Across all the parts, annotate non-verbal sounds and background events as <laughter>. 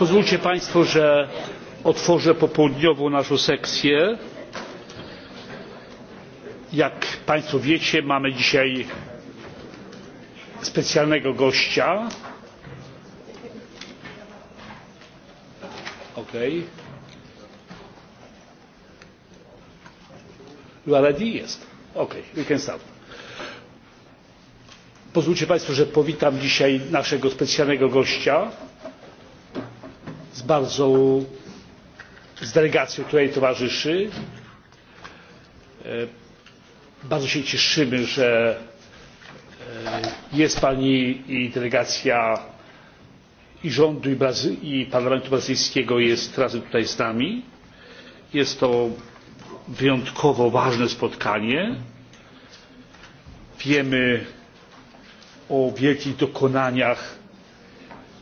pozwólcie państwo że otworzę popołudniową naszą sekcję. jak państwo wiecie mamy dzisiaj specjalnego gościa okay. You are ready? Jest. Okay, we can start. Pozwólcie Państwo, że powitam dzisiaj naszego specjalnego gościa bardzo z delegacją której towarzyszy. E, bardzo się cieszymy że e, jest pani i delegacja i rządu i parlamentu brazylijskiego jest razem tutaj z nami. jest to wyjątkowo ważne spotkanie. wiemy o wielkich dokonaniach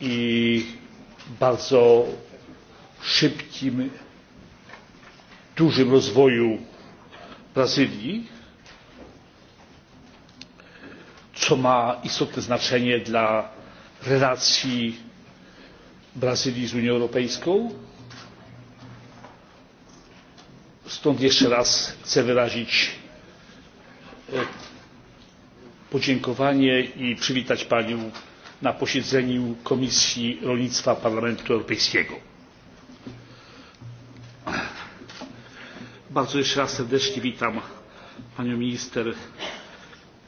i bardzo szybkim dużym rozwoju brazylii co ma istotne znaczenie dla relacji brazylii z unią europejską. stąd jeszcze raz chcę wyrazić e, podziękowanie i przywitać panią na posiedzeniu komisji rolnictwa parlamentu europejskiego. bardzo jeszcze raz serdecznie witam panią minister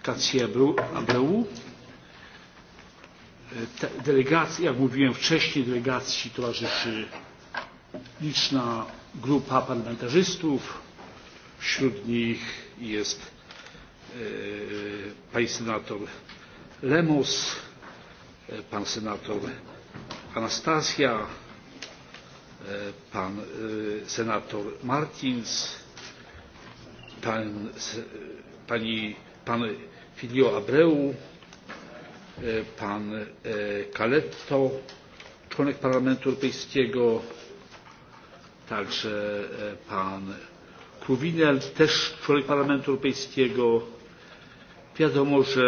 Kację Abreu. Delegacji, jak mówiłem wcześniej, delegacji towarzyszy liczna grupa parlamentarzystów. Wśród nich jest e, e, pani senator Lemos, pan senator Anastasia, e, pan e, senator Martins, pan, pani, pan Filio Abreu, e, pan Caletto, członek Parlamentu Europejskiego, także pan Kruwinel, też członek Parlamentu Europejskiego. Wiadomo, że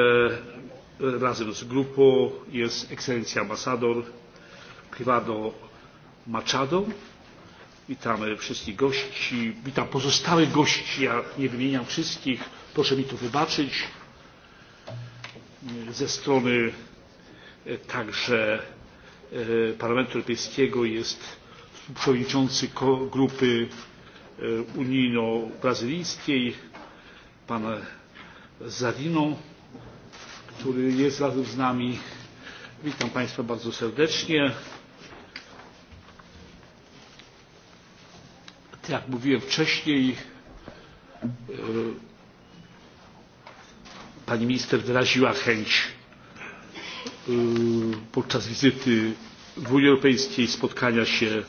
razem z grupą jest ekscelencja ambasador privado machado. witamy wszystkich gości witam pozostałych gości ja nie wymieniam wszystkich proszę mi to wybaczyć ze strony e, także e, parlamentu europejskiego jest współprzewodniczący grupy e, unijno brazylijskiej pan zarino który jest razem z nami. Witam Państwa bardzo serdecznie. Tak jak mówiłem wcześniej, e, pani minister wyraziła chęć e, podczas wizyty w Unii Europejskiej spotkania się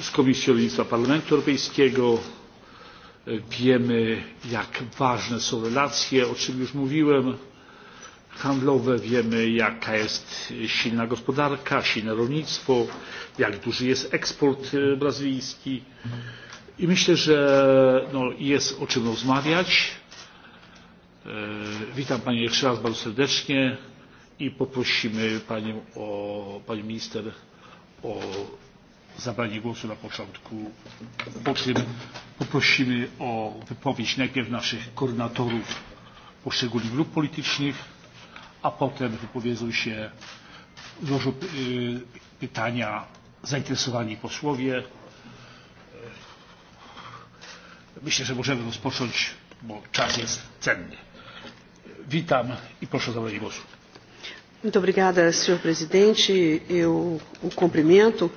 z Komisją Rolnictwa Parlamentu Europejskiego. E, wiemy, jak ważne są relacje, o czym już mówiłem handlowe, wiemy jaka jest silna gospodarka, silne rolnictwo, jak duży jest eksport e, brazylijski i myślę, że no, jest o czym rozmawiać. E, witam Panią jeszcze raz bardzo serdecznie i poprosimy Panią, o, Panią Minister o zabranie głosu na początku, po czym poprosimy o wypowiedź najpierw naszych koordynatorów poszczególnych grup politycznych, a potem wypowiedzą się, złożą pytania zainteresowani posłowie. Myślę, że możemy rozpocząć, bo czas jest cenny. Witam i proszę o zabranie głosu. Muito obrigada, senhor presidente. Eu o cumprimento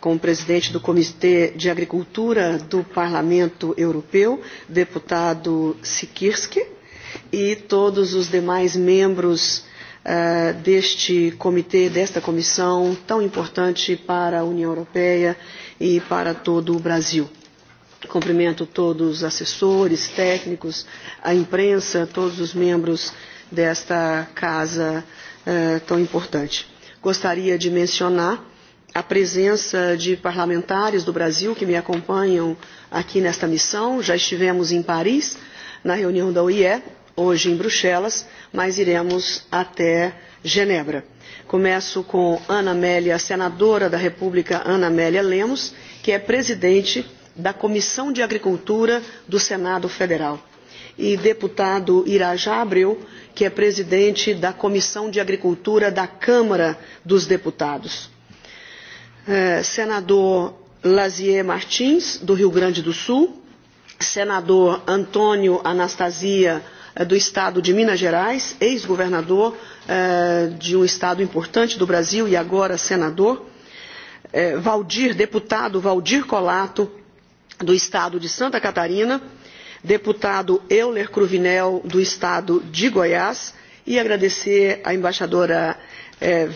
como presidente do Comitê de Agricultura do Parlamento Europeu, deputado Sikirski, e todos os demais membros uh, deste comitê, desta comissão tão importante para a União Europeia e para todo o Brasil. Cumprimento todos os assessores, técnicos, a imprensa, todos os membros desta casa uh, tão importante. Gostaria de mencionar a presença de parlamentares do Brasil que me acompanham aqui nesta missão. Já estivemos em Paris, na reunião da OIE, hoje em Bruxelas, mas iremos até Genebra. Começo com Ana Amélia, senadora da República Ana Amélia Lemos, que é presidente da Comissão de Agricultura do Senado Federal, e deputado Irajá Abreu, que é presidente da Comissão de Agricultura da Câmara dos Deputados. Eh, senador Lazier Martins, do Rio Grande do Sul, senador Antônio Anastasia Eh, do estado de Minas Gerais, ex-governador eh, de um estado importante do Brasil e agora senador. Eh, Valdir, deputado Valdir Colato, do estado de Santa Catarina, deputado Euler Cruvinel, do estado de Goiás, e agradecer à embaixadora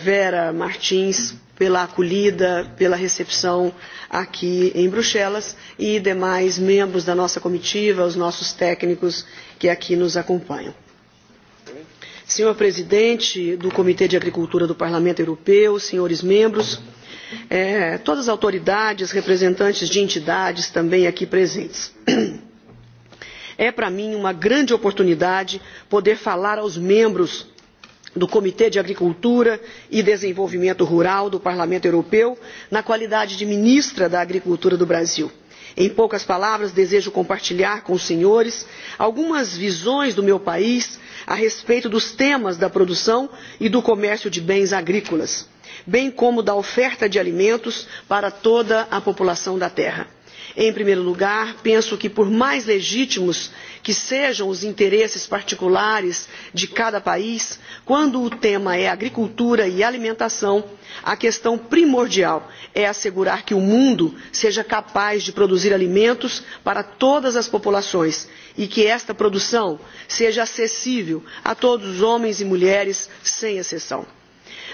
Vera Martins pela acolhida, pela recepção aqui em Bruxelas e demais membros da nossa comitiva, os nossos técnicos que aqui nos acompanham. Senhor presidente do Comitê de Agricultura do Parlamento Europeu, senhores membros, é, todas as autoridades, representantes de entidades também aqui presentes. <clears throat> É para mim uma grande oportunidade poder falar aos membros do Comitê de Agricultura e Desenvolvimento Rural do Parlamento Europeu, na qualidade de ministra da Agricultura do Brasil Em poucas palavras, desejo compartilhar com os senhores algumas visões do meu país a respeito dos temas da produção e do comércio de bens agrícolas, bem como da oferta de alimentos para toda a população da terra. Em primeiro lugar, penso que por mais legítimos que sejam os interesses particulares de cada país, quando o tema é agricultura e alimentação, a questão primordial é assegurar que o mundo seja capaz de produzir alimentos para todas as populações e que esta produção seja acessível a todos os homens e mulheres, sem exceção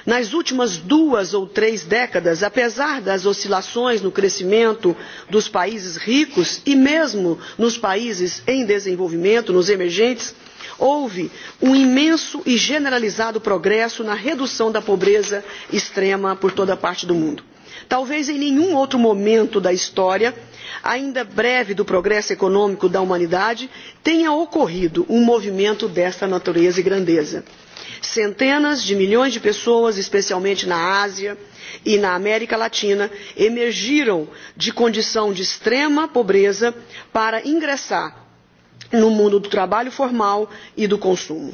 nas últimas duas ou três décadas apesar das oscilações no crescimento dos países ricos e mesmo nos países em desenvolvimento nos emergentes houve um imenso e generalizado progresso na redução da pobreza extrema por toda a parte do mundo. talvez em nenhum outro momento da história ainda breve do progresso econômico da humanidade tenha ocorrido um movimento desta natureza e grandeza centenas de milhões de pessoas, especialmente na Ásia e na América Latina, emergiram de condição de extrema pobreza para ingressar no mundo do trabalho formal e do consumo.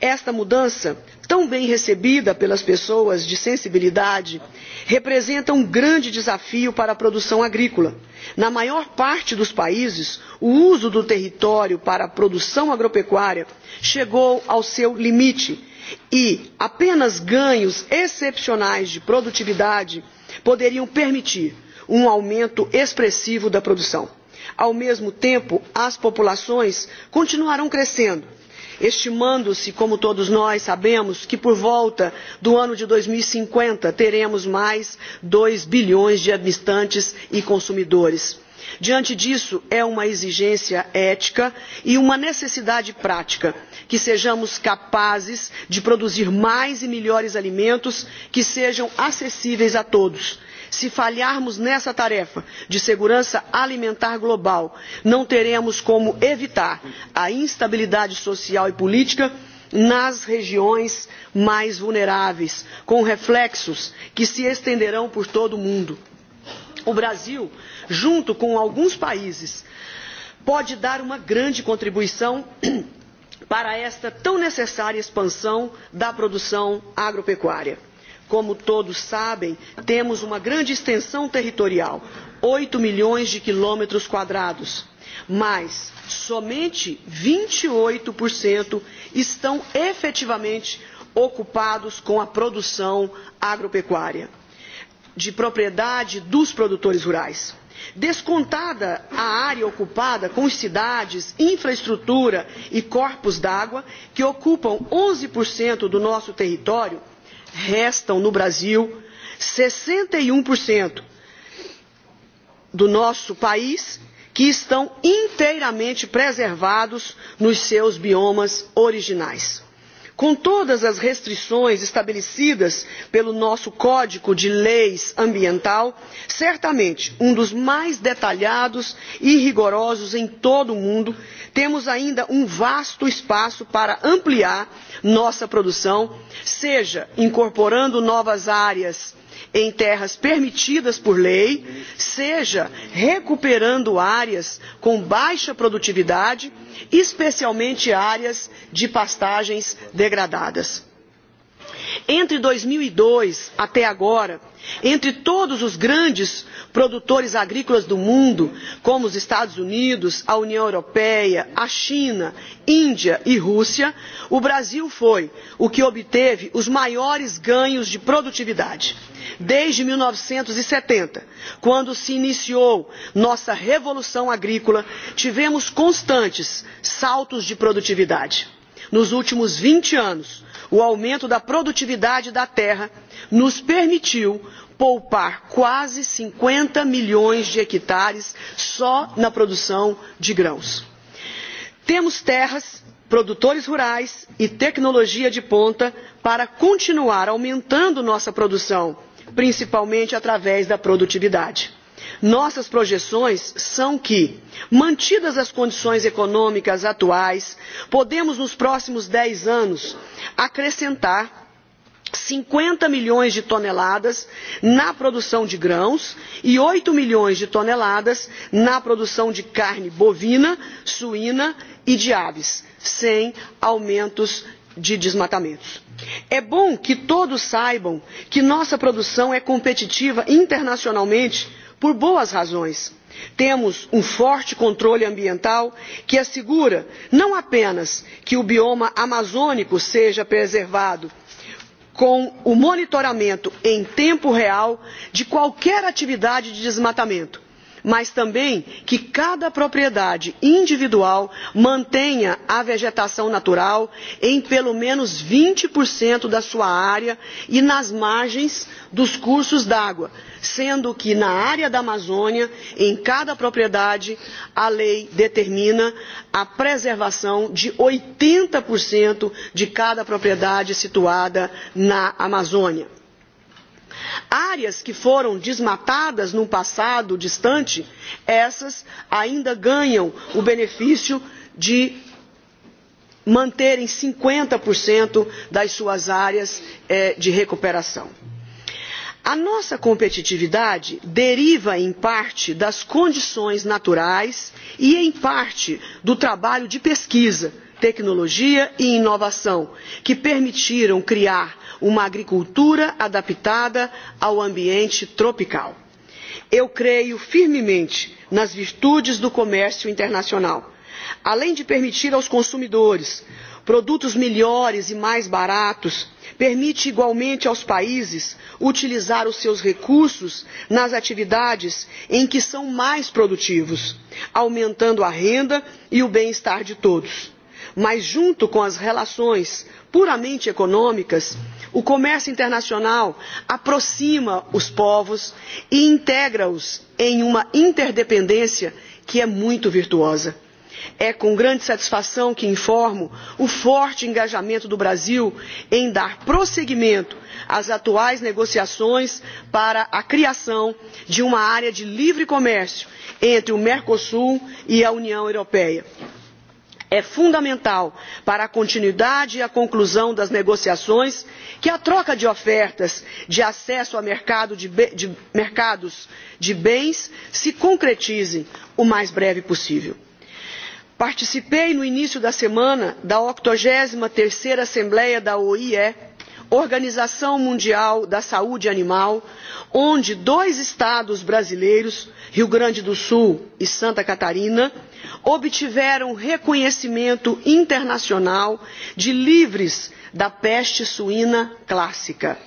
Esta mudança, tão bem recebida pelas pessoas de sensibilidade, representa um grande desafio para a produção agrícola. Na maior parte dos países, o uso do território para a produção agropecuária chegou ao seu limite e apenas ganhos excepcionais de produtividade poderiam permitir um aumento expressivo da produção. ao mesmo tempo as populações continuarão crescendo estimando se como todos nós sabemos que por volta do ano de dois mil e cinquenta teremos mais dois bilhões de habitantes e consumidores diante disso é uma exigência ética e uma necessidade prática que sejamos capazes de produzir mais e melhores alimentos que sejam acessíveis a todos. se falharmos nessa tarefa de segurança alimentar global não teremos como evitar a instabilidade social e política nas regiões mais vulneráveis com reflexos que se estenderão por todo o mundo. o brasil junto com alguns países, pode dar uma grande contribuição <clears throat> para esta tão necessária expansão da produção agropecuária. Como todos sabem, temos uma grande extensão territorial, 8 milhões de quilômetros quadrados, mas somente 28% e estão efetivamente ocupados com a produção agropecuária, de propriedade dos produtores rurais Descontada a área ocupada com cidades, infraestrutura e corpos d'água, que ocupam 11% do nosso território, restam no Brasil 61% e um do nosso país que estão inteiramente preservados nos seus biomas originais com todas as restrições estabelecidas pelo nosso código de leis ambientais certamente um dos mais detalhados e rigorosos em todo o mundo temos ainda um vasto espaço para ampliar nossa produção seja incorporando novas áreas em terras permitidas por lei, seja recuperando áreas com baixa produtividade, especialmente áreas de pastagens degradadas Entre 2002 e até agora, entre todos os grandes produtores agrícolas do mundo, como os Estados Unidos, a União Europeia, a China, Índia e Rússia, o Brasil foi o que obteve os maiores ganhos de produtividade desde 1970, e quando se iniciou nossa revolução agrícola, tivemos constantes saltos de produtividade. Nos últimos 20 anos, o aumento da produtividade da terra nos permitiu poupar quase cinquenta milhões de hectares só na produção de grãos. temos terras produtores rurais e tecnologia de ponta para continuar aumentando nossa produção principalmente através da produtividade nossas projeções são que mantidas as condições econômicas atuais podemos nos próximos dez anos acrescentar cinquenta milhões de toneladas na produção de grãos e oito milhões de toneladas na produção de carne bovina suína e de aves sem aumentos de desmatamentos. é bom que todos saibam que nossa produção é competitiva internacionalmente por boas razões temos um forte controle ambiental que assegura não apenas que o bioma amazônico seja preservado com o monitoramento em tempo real de qualquer atividade de desmatamento mas também que cada propriedade individual mantenha a vegetação natural em pelo menos vinte da sua área e nas margens dos cursos d'água sendo que na área da amazônia em cada propriedade a lei determina a preservação de oitenta de cada propriedade situada na amazônia áreas que foram desmatadas num passado distante essas ainda ganham o benefício de manterem 50% das suas áreas eh, de recuperação. A nossa competitividade deriva, em parte, das condições naturais e, em parte, do trabalho de pesquisa, tecnologia e inovação, que permitiram criar uma agricultura adaptada ao ambiente tropical. eu creio firmemente nas virtudes do comércio internacional além de permitir aos consumidores produtos melhores e mais baratos permite igualmente aos países utilizar os seus recursos nas atividades em que são mais produtivos aumentando a renda e o bem estar de todos mas junto com as relações puramente econômicas o comércio internacional aproxima os povos e integra os em uma interdependência que é muito virtuosa. é com grande satisfação que informo o forte engajamento do brasil em dar prosseguimento às atuais negociações para a criação de uma área de livre comércio entre o mercosul e a união europeia é fundamental para a continuidade e a conclusão das negociações que a troca de ofertas de acesso a mercado de, de mercados de bens se concretize o mais breve possível. participei no início da semana da octogésima terceira assembleia da oie organização mundial da saúde animal onde dois estados brasileiros rio grande do sul e santa catarina obtiveram reconhecimento internacional de livres da peste suína clássica.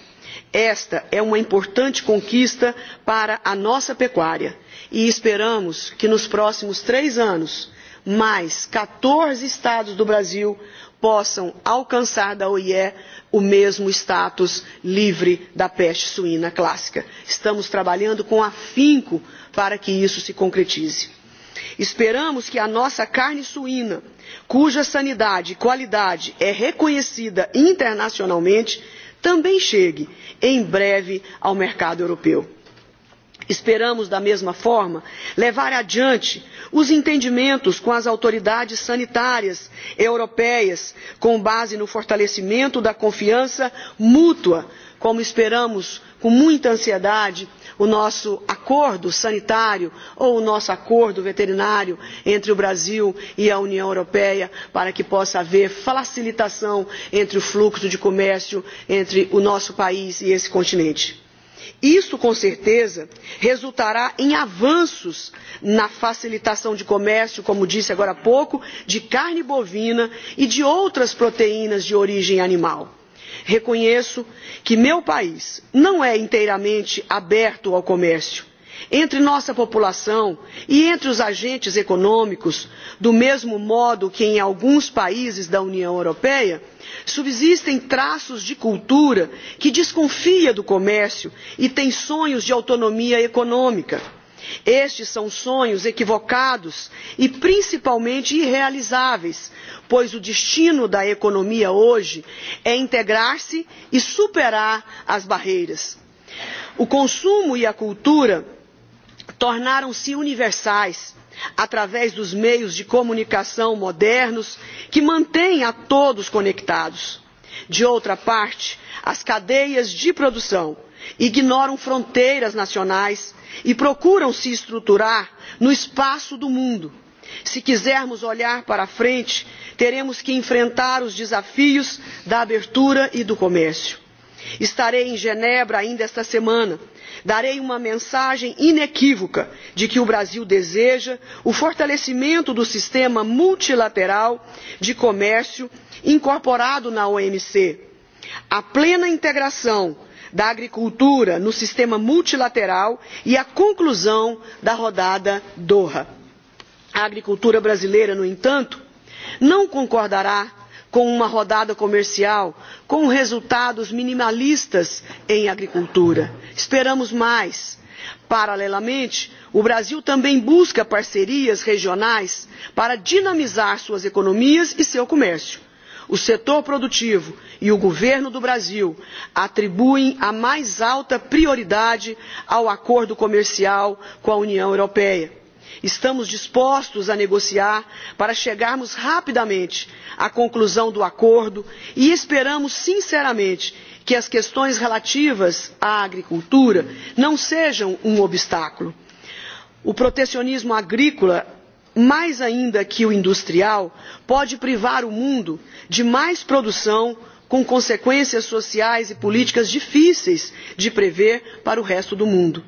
esta é uma importante conquista para a nossa pecuária e esperamos que nos próximos três anos mais quatorze estados do brasil possam alcançar da oie o mesmo status livre da peste suína clássica. estamos trabalhando com afinco para que isso se concretize esperamos que a nossa carne suína cuja sanidade e qualidade é reconhecida internacionalmente também chegue em breve ao mercado europeu esperamos da mesma forma levar adiante os entendimentos com as autoridades sanitárias europeias com base no fortalecimento da confiança mútua como esperamos com muita ansiedade o nosso acordo sanitário ou o nosso acordo veterinário entre o Brasil e a União Europeia para que possa haver facilitação entre o fluxo de comércio entre o nosso país e esse continente. Isso, com certeza, resultará em avanços na facilitação de comércio, como disse agora há pouco, de carne bovina e de outras proteínas de origem animal reconheço que meu país não é inteiramente aberto ao comércio entre nossa população e entre os agentes econômicos do mesmo modo que em alguns países da união europeia subsistem traços de cultura que desconfia do comércio e tem sonhos de autonomia econômica estes são sonhos equivocados e principalmente irrealizáveis pois o destino da economia hoje é integrar se e superar as barreiras. o consumo e a cultura tornaram se universais através dos meios de comunicação modernos que mantêm a todos conectados. de outra parte as cadeias de produção ignoram fronteiras nacionais e procuram se estruturar no espaço do mundo. se quisermos olhar para frente teremos que enfrentar os desafios da abertura e do comércio. estarei em genebra ainda esta semana darei uma mensagem inequívoca de que o brasil deseja o fortalecimento do sistema multilateral de comércio incorporado na omc a plena integração da agricultura no sistema multilateral e a conclusão da rodada doha. a agricultura brasileira no entanto não concordará com uma rodada comercial com resultados minimalistas em agricultura. esperamos mais. paralelamente o brasil também busca parcerias regionais para dinamizar suas economias e seu comércio o setor produtivo e o governo do brasil atribuem a mais alta prioridade ao acordo comercial com a união europeia. estamos dispostos a negociar para chegarmos rapidamente à conclusão do acordo e esperamos sinceramente que as questões relativas à agricultura não sejam um obstáculo. o protecionismo agrícola mais ainda que o industrial pode privar o mundo de mais produção com consequências sociais e políticas difíceis de prever para o resto do mundo.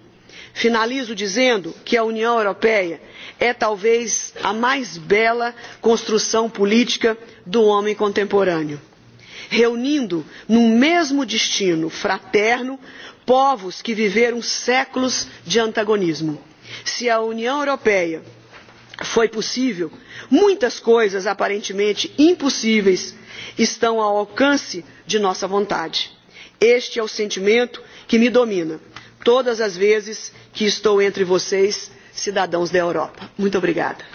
finalizo dizendo que a união europeia é talvez a mais bela construção política do homem contemporâneo reunindo num mesmo destino fraterno povos que viveram séculos de antagonismo. se a união europeia foi possível muitas coisas aparentemente impossíveis estão ao alcance de nossa vontade. este é o sentimento que me domina todas as vezes que estou entre vocês cidadãos da europa. muito obrigada.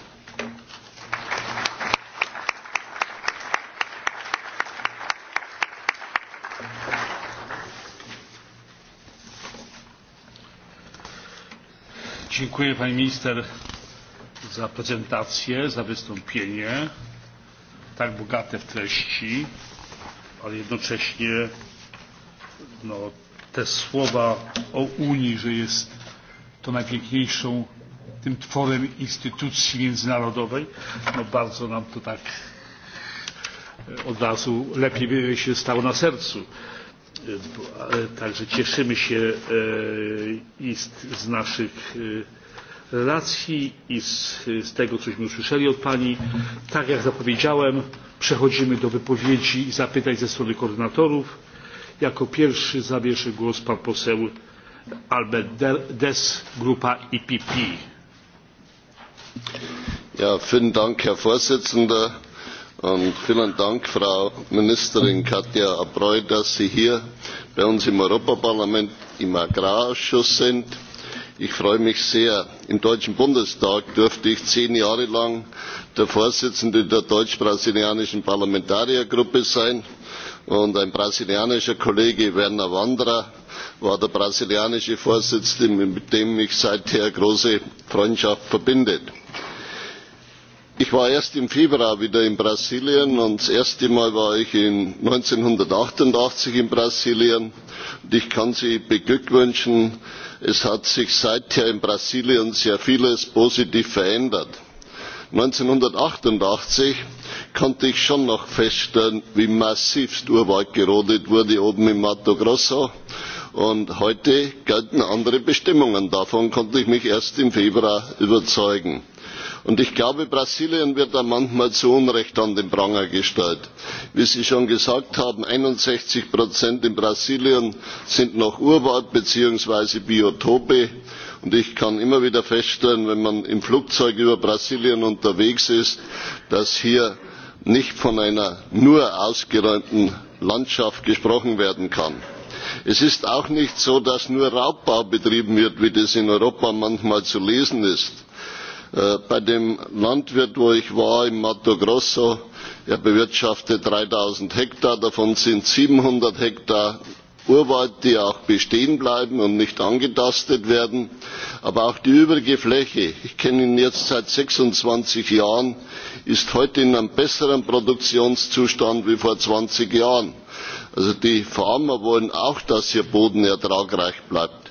dziękuję pani minister za prezentację, za wystąpienie, tak bogate w treści, ale jednocześnie no, te słowa o Unii, że jest to najpiękniejszą tym tworem instytucji międzynarodowej, no bardzo nam to tak e, od razu lepiej by się stało na sercu. E, e, także cieszymy się z naszych relacji i z, z tego cośmy usłyszeli od pani tak jak zapowiedziałem przechodzimy do wypowiedzi i zapytań ze strony koordynatorów. jako pierwszy zabierze głos pan poseł albert deß grupa ppe. Ja, vielen Dank, herr präsident! Und vielen Dank, Frau Ministerin Katja Abreu, dass Sie hier bei uns im Europaparlament im Agrarausschuss sind ich freue mich sehr im deutschen bundestag durfte ich zehn jahre lang der vorsitzende der deutsch brasilianischen parlamentariergruppe sein und ein brasilianischer kollege werner vondra war der brasilianische vorsitzende mit dem mich seither große freundschaft verbindet. Ich war erst im Februar wieder in Brasilien und das erste Mal war ich in 1988 in Brasilien. Und ich kann Sie beglückwünschen, es hat sich seither in Brasilien sehr vieles positiv verändert. 1988 konnte ich schon noch feststellen, wie massivst Urwald gerodet wurde oben im Mato Grosso. Und heute gelten andere Bestimmungen. Davon konnte ich mich erst im Februar überzeugen und ich glaube brasilien wird da manchmal zu unrecht an den pranger gestellt. wie sie schon gesagt haben einundsechzig in brasilien sind noch urwald beziehungsweise biotope und ich kann immer wieder feststellen wenn man im flugzeug über brasilien unterwegs ist dass hier nicht von einer nur ausgeräumten landschaft gesprochen werden kann. es ist auch nicht so dass nur raubbau betrieben wird wie das in europa manchmal zu lesen ist. Äh, bei dem landwirt wo ich war in mato grosso er bewirtschaftet dreitausend hektar davon sind siebenhundert hektar urwald die auch bestehen bleiben und nicht angetastet werden aber auch die übrige fläche ich kenne ihn jetzt seit sechsundzwanzig jahren ist heute in einem besseren produktionszustand als vor zwanzig jahren. also die farmer wollen auch dass ihr boden ertragreich bleibt.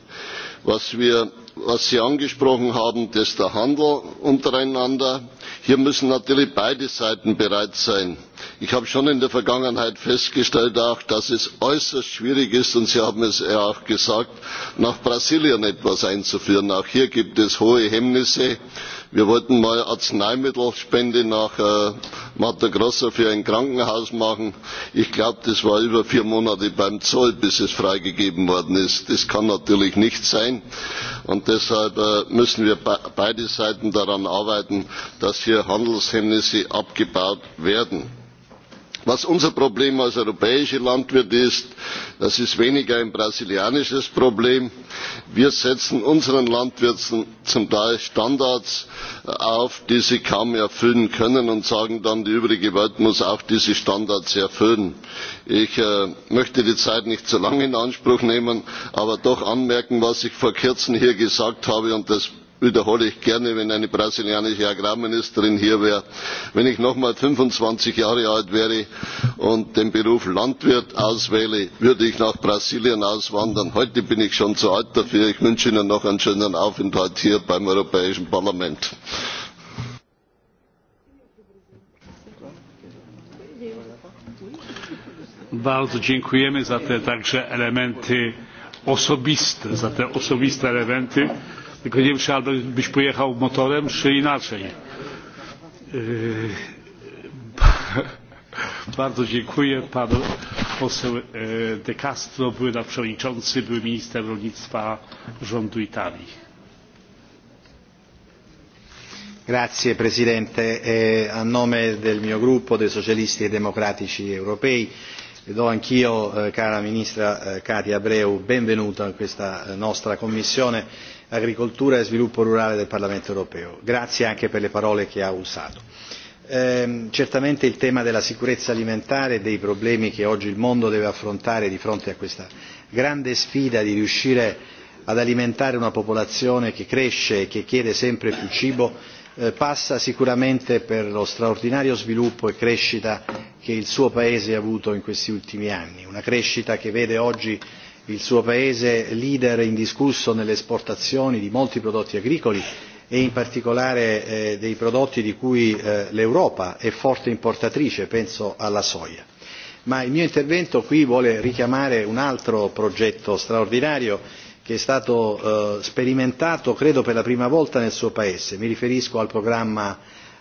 was wir was sie angesprochen haben das ist der handel untereinander. hier müssen natürlich beide seiten bereit sein ich habe schon in der vergangenheit festgestellt auch, dass es äußerst schwierig ist und sie haben es ja auch gesagt nach brasilien etwas einzuführen. auch hier gibt es hohe hemmnisse. wir wollten mal arzneimittelspende nach äh, mato grosso für ein krankenhaus machen. ich glaube das war über vier monate beim zoll bis es freigegeben worden ist. das kann natürlich nicht sein und deshalb äh, müssen wir be beide seiten daran arbeiten dass hier handelshemmnisse abgebaut werden was unser problem als europäische landwirte ist das ist weniger ein brasilianisches problem. wir setzen unseren landwirten zum teil standards äh, auf die sie kaum erfüllen können und sagen dann die übrige welt muss auch diese standards erfüllen. ich äh, möchte die zeit nicht zu lange in anspruch nehmen aber doch anmerken was ich vor kurzem hier gesagt habe und das wiederhole ich gerne wenn eine brasilianische agrarministerin hier wäre wenn ich nochmals fünfundzwanzig jahre alt wäre und den beruf landwirt auswähle würde ich nach brasilien auswandern. heute bin ich schon zu alt dafür. ich wünsche ihnen noch einen schönen aufenthalt hier beim europäischen parlament. bardzo dziękujemy za te także elementy osobiste za te osobiste elementy Tylko nie wiem, czy Albert byś pojechał motorem, czy inaczej. Yy, e, bardzo dziękuję pan poseł e, de castro były nasz przewodniczący były minister rolnictwa rządu italii. signor presidente eh, a nome del mio gruppo dei socialisti e democratici europei do anch'io eh, cara ministra eh, katia abreu il benvenuto a questa eh, nostra commissione agricoltura e sviluppo rurale del Parlamento europeo. Grazie anche per le parole che ha usato. Ehm, certamente il tema della sicurezza alimentare e dei problemi che oggi il mondo deve affrontare di fronte a questa grande sfida di riuscire ad alimentare una popolazione che cresce e che chiede sempre più cibo eh, passa sicuramente per lo straordinario sviluppo e crescita che il suo paese ha avuto in questi ultimi anni una crescita che vede oggi il suo paese leader indiscusso nelle esportazioni di molti prodotti agricoli e in particolare eh, dei prodotti di cui eh, l'Europa è forte importatrice, penso alla soia. Ma il mio intervento qui vuole richiamare un altro progetto straordinario che è stato eh, sperimentato, credo, per la prima volta nel suo paese. Mi riferisco al programma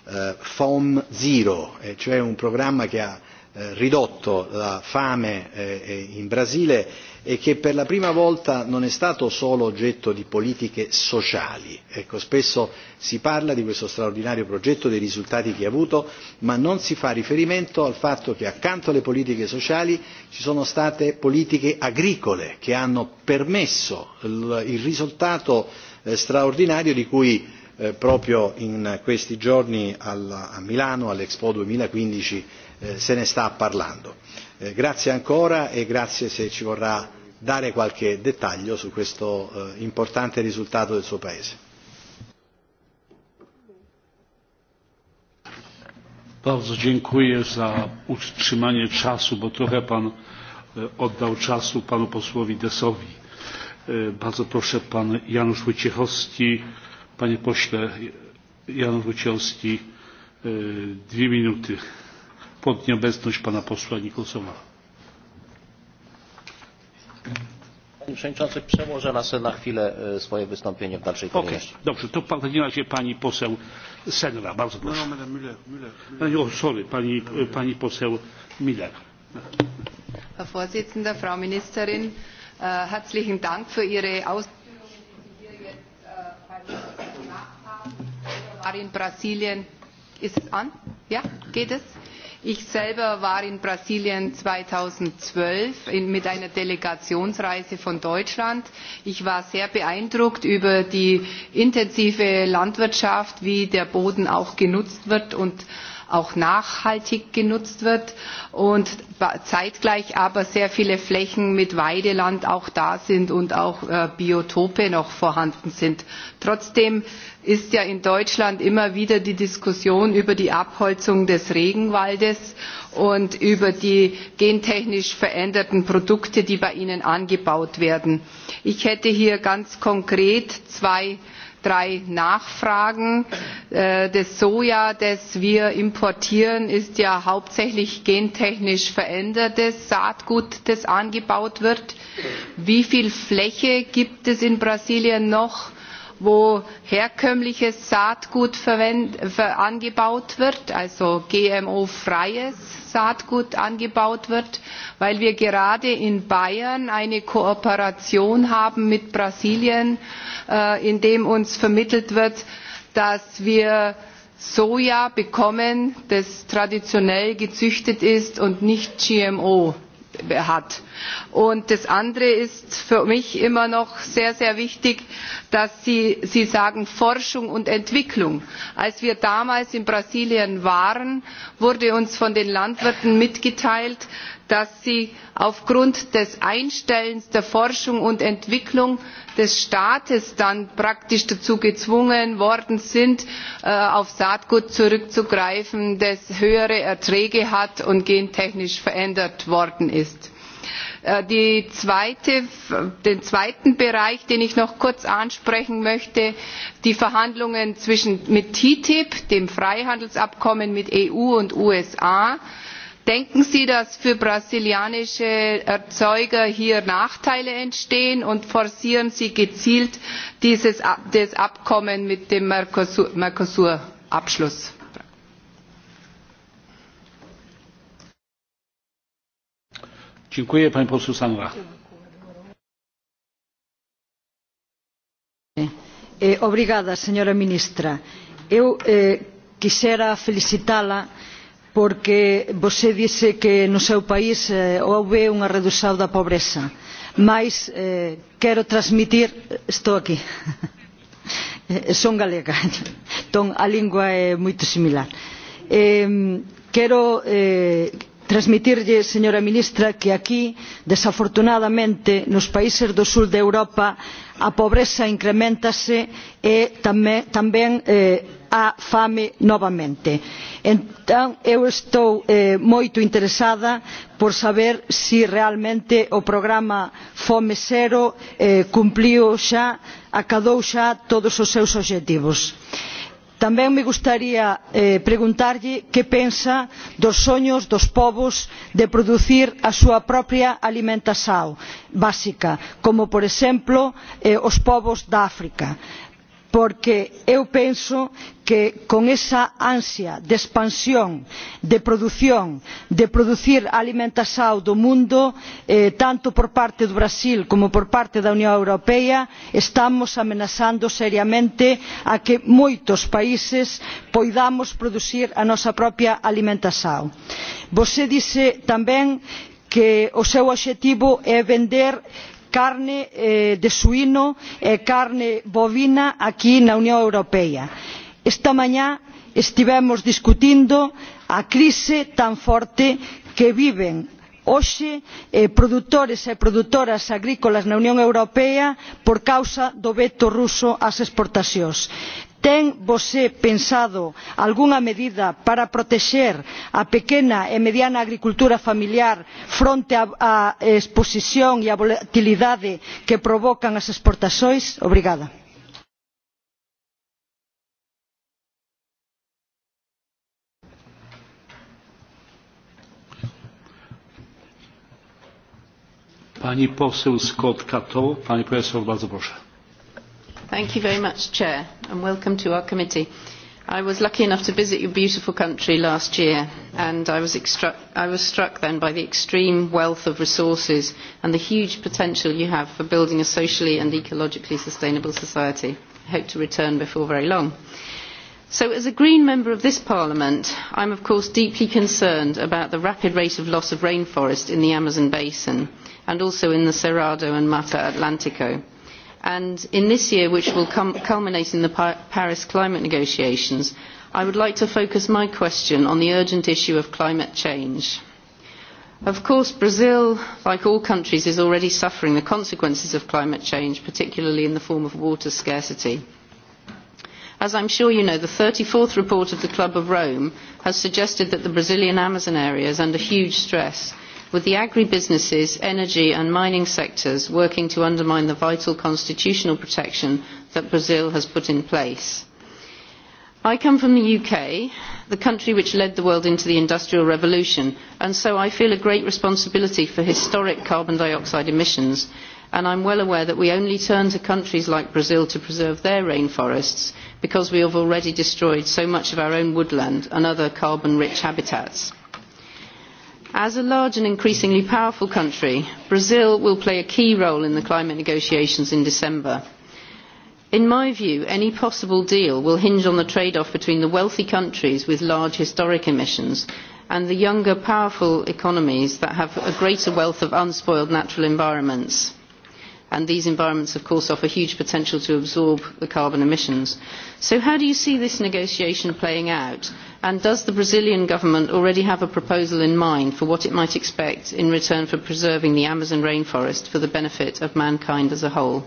eh, FOM Zero, eh, cioè un programma che ha Eh, ridotto la fame eh, eh, in Brasile e che per la prima volta non è stato solo oggetto di politiche sociali. Ecco, spesso si parla di questo straordinario progetto, dei risultati che ha avuto, ma non si fa riferimento al fatto che accanto alle politiche sociali ci sono state politiche agricole che hanno permesso il risultato straordinario di cui proprio in questi giorni a Milano all'Expo 2015 eh, se ne sta parlando. Eh, grazie ancora e grazie se ci vorrà dare qualche dettaglio su questo eh, importante risultato del suo Paese. Bardzo dziękuję za utrzymanie czasu, bo trochę Pan e, oddał czasu Panu posłowi Desowi. E, bardzo proszę Pan Janusz Wojciechowski. Panie pośle Janusz Wojciechowski, e, dwie minuty pod nieobecność pana posła nicholsona. panie przewodniczący przełożę na chwilę e, swoje wystąpienie w dalszej kolejności. dobrze to w takim razie pani poseł senra bardzo proszę. No, sorry pani, pani poseł miller. herr präsident frau ministerin! Äh, herzlichen dank für ihre ausführungen äh, die sie hier jetzt bei uns gemacht haben. in brasilien ist es an? ja geht es? ich selber war in brasilien zweitausendzwölf mit einer delegationsreise von deutschland. ich war sehr beeindruckt von der intensiven landwirtschaft wie der boden auch genutzt wird und auch nachhaltig genutzt wird und zeitgleich aber sehr viele Flächen mit Weideland auch da sind und auch äh, Biotope noch vorhanden sind. Trotzdem ist ja in Deutschland immer wieder die Diskussion über die Abholzung des Regenwaldes und über die gentechnisch veränderten Produkte, die bei Ihnen angebaut werden. Ich hätte hier ganz konkret zwei drei nachfragen äh, das soja das wir importieren ist ja hauptsächlich gentechnisch verändertes saatgut das angebaut wird. wie viel fläche gibt es in brasilien noch wo herkömmliches Saatgut angebaut wird, also GMO-freies Saatgut angebaut wird, weil wir gerade in Bayern eine Kooperation haben mit Brasilien, äh, in dem uns vermittelt wird, dass wir Soja bekommen, das traditionell gezüchtet ist und nicht GMO hat. Und das andere ist für mich immer noch sehr, sehr wichtig, dass Sie, Sie sagen Forschung und Entwicklung. Als wir damals in Brasilien waren, wurde uns von den Landwirten mitgeteilt, dass sie aufgrund des Einstellens der Forschung und Entwicklung des staates dann praktisch dazu gezwungen worden sind äh, auf saatgut zurückzugreifen das höhere erträge hat und gentechnisch verändert worden ist. Äh, zweite, den zweiten bereich den ich noch kurz ansprechen möchte die verhandlungen zwischen, mit ttip dem freihandelsabkommen mit eu und usa denken sie dass für brasilianische erzeuger hier nachteile entstehen und forcieren sie gezielt dieses, das abkommen mit dem mercosur, mercosur abschluss? Dziękuję, pani poseł Sanra. Eh, e, obrigada, señora ministra. Eu eh, quisera felicitá-la eh, porque vosté dise que no seu país eh, houve unha redución da pobreza mais eh, quero transmitir estou aquí <laughs> son galega entón a lingua é moito similar eh, quero eh, transmitirlle señora ministra que aquí desafortunadamente nos países do sur de europa a pobreza increméntase e tamén, tamén eh, a fame novamente. entón eu estou eh, moito interesada por saber se si realmente o programa fome zero eh, cumpriu xa acadou xa todos os seus obxectivos tamén me gustaría eh, preguntarlle que pensa dos soños dos pobos de producir a súa propia alimentación básica como por exemplo eh, os pobos da áfrica porque eu penso que con esa ansia de expansión de produción de producir alimenta sao do mundo eh, tanto por parte do brasil como por parte da unión europea estamos amenazando seriamente a que moitos países poidamos producir a nosa propia alimenta sao. você dise tamén que o seu obxectivo é vender carne eh, de suino e eh, carne bovina aquí na unión europea. esta mañá estivemos discutindo a crise tan forte que viven hoxe eh, produtores e produtoras agrícolas na unión europea por causa do veto ruso ás exportacións ten vostede pensado algunha medida para protexer a pequena e mediana agricultura familiar fronte á exposición e á volatilidade que provocan as exportaxois? obrigada. pani poseł scott cato pani profesor bardzo proszę. Thank you very much, Chair, and welcome to our committee. I was lucky enough to visit your beautiful country last year, and I was, extru- I was struck then by the extreme wealth of resources and the huge potential you have for building a socially and ecologically sustainable society. I hope to return before very long. So as a Green member of this Parliament, I'm of course deeply concerned about the rapid rate of loss of rainforest in the Amazon basin and also in the Cerrado and Mata Atlantico and in this year which will culminate in the paris climate negotiations i would like to focus my question on the urgent issue of climate change. of course brazil like all countries is already suffering the consequences of climate change particularly in the form of water scarcity. as i am sure you know the thirty fourth report of the club of rome has suggested that the brazilian amazon area is under huge stress with the agribusinesses, energy and mining sectors working to undermine the vital constitutional protection that Brazil has put in place. I come from the UK, the country which led the world into the Industrial Revolution, and so I feel a great responsibility for historic carbon dioxide emissions, and I'm well aware that we only turn to countries like Brazil to preserve their rainforests because we have already destroyed so much of our own woodland and other carbon-rich habitats as a large and increasingly powerful country brazil will play a key role in the climate negotiations in december. in my view any possible deal will hinge on the trade off between the wealthy countries with large historic emissions and the younger powerful economies that have a greater wealth of unspoiled natural environments and these environments of course offer huge potential to absorb the carbon emissions. So how do you see this negotiation playing out and does the Brazilian government already have a proposal in mind for what it might expect in return for preserving the Amazon rainforest for the benefit of mankind as a whole?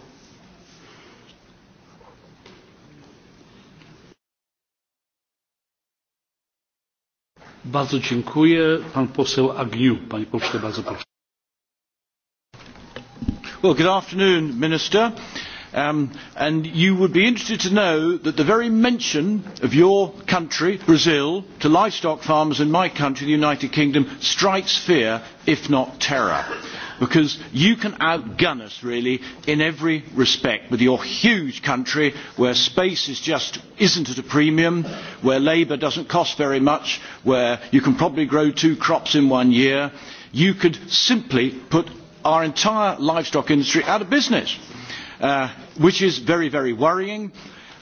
Bardzo dziękuję. Pan poseł Agniu. Panie pośle, bardzo proszę. Well, good afternoon, Minister. Um, and you would be interested to know that the very mention of your country, Brazil, to livestock farmers in my country, the United Kingdom, strikes fear, if not terror. Because you can outgun us, really, in every respect, with your huge country, where space is just isn't at a premium, where labour doesn't cost very much, where you can probably grow two crops in one year, you could simply put our entire livestock industry out of business, uh, which is very, very worrying.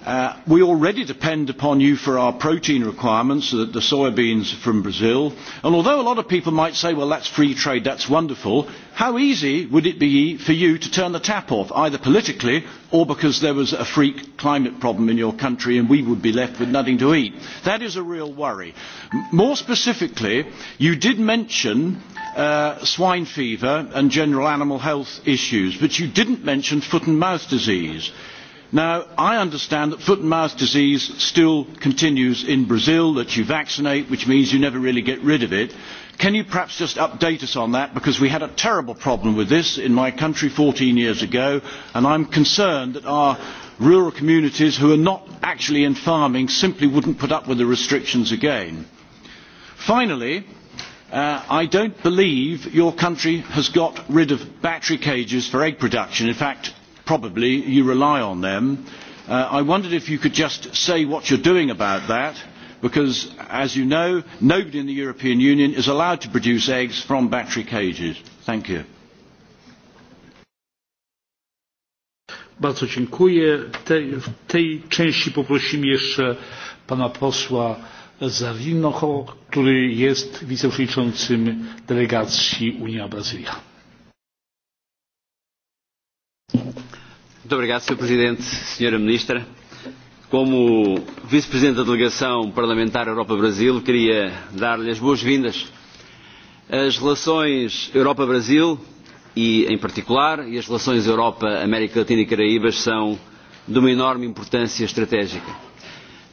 Uh, we already depend upon you for our protein requirements, so that the soybeans from Brazil. And although a lot of people might say, well, that's free trade, that's wonderful, how easy would it be for you to turn the tap off, either politically or because there was a freak climate problem in your country and we would be left with nothing to eat? That is a real worry. M more specifically, you did mention uh, swine fever and general animal health issues, but you didn't mention foot and mouth disease. Now, I understand that foot and mouth disease still continues in Brazil, that you vaccinate, which means you never really get rid of it. Can you perhaps just update us on that? Because we had a terrible problem with this in my country 14 years ago, and I'm concerned that our rural communities who are not actually in farming simply wouldn't put up with the restrictions again. Finally, Uh, I don't believe your country has got rid of battery cages for egg production. In fact, probably you rely on them. Uh, I wondered if you could just say what you're doing about that, because, as you know, nobody in the European Union is allowed to produce eggs from battery cages. Thank you. Bardzo dziękuję. Te, w tej części poprosimy jeszcze pana posła Zawinoho, który jest wiceprzewodniczącym delegacji Unia-Brazylia. Muito obrigado, Sr. Presidente, Sra. Ministra. Como Vice-Presidente da Delegação Parlamentar Europa-Brasil, queria dar-lhe as boas-vindas. As relações Europa-Brasil, e em particular, e as relações Europa-América Latina e Caraíbas são de uma enorme importância estratégica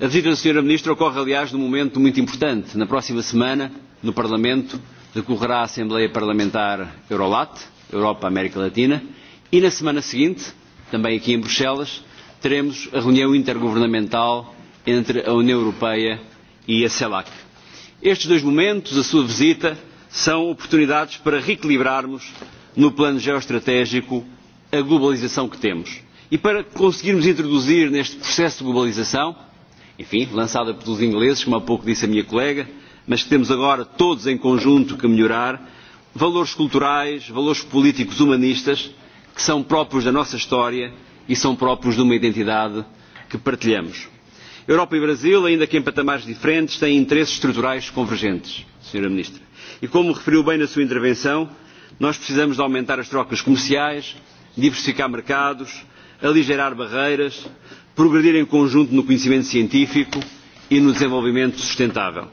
A visita da Sra. Ministra ocorre, aliás, num momento muito importante. Na próxima semana, no Parlamento, decorrerá a Assembleia Parlamentar Eurolat, Europa-América Latina, e na semana seguinte, também aqui em Bruxelas, teremos a reunião intergovernamental entre a União Europeia e a CELAC. Estes dois momentos, a sua visita, são oportunidades para reequilibrarmos no plano geoestratégico a globalização que temos. E para conseguirmos introduzir neste processo de globalização, enfim, lançada pelos ingleses, como há pouco disse a minha colega, mas que temos agora todos em conjunto que melhorar, valores culturais, valores políticos humanistas, que são próprios da nossa história e são próprios de uma identidade que partilhamos. Europa e Brasil, ainda que em patamares diferentes, têm interesses estruturais convergentes, Sra. Ministra. E como referiu bem na sua intervenção, nós precisamos de aumentar as trocas comerciais, diversificar mercados, aligerar barreiras, progredir em conjunto no conhecimento científico e no desenvolvimento sustentável.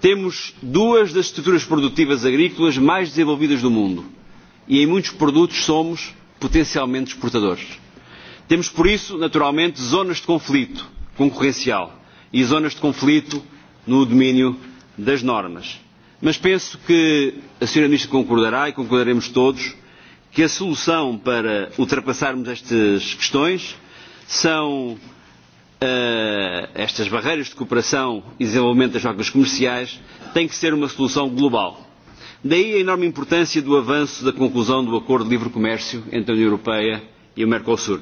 Temos duas das estruturas produtivas agrícolas mais desenvolvidas do mundo e em muitos produtos somos potencialmente exportadores. Temos, por isso, naturalmente, zonas de conflito concorrencial e zonas de conflito no domínio das normas. Mas penso que a Sra. Ministra concordará e concordaremos todos que a solução para ultrapassarmos estas questões são uh, estas barreiras de cooperação e desenvolvimento das trocas comerciais têm que ser uma solução global. Daí a enorme importância do avanço da conclusão do Acordo de Livre Comércio entre a União Europeia e o Mercosul.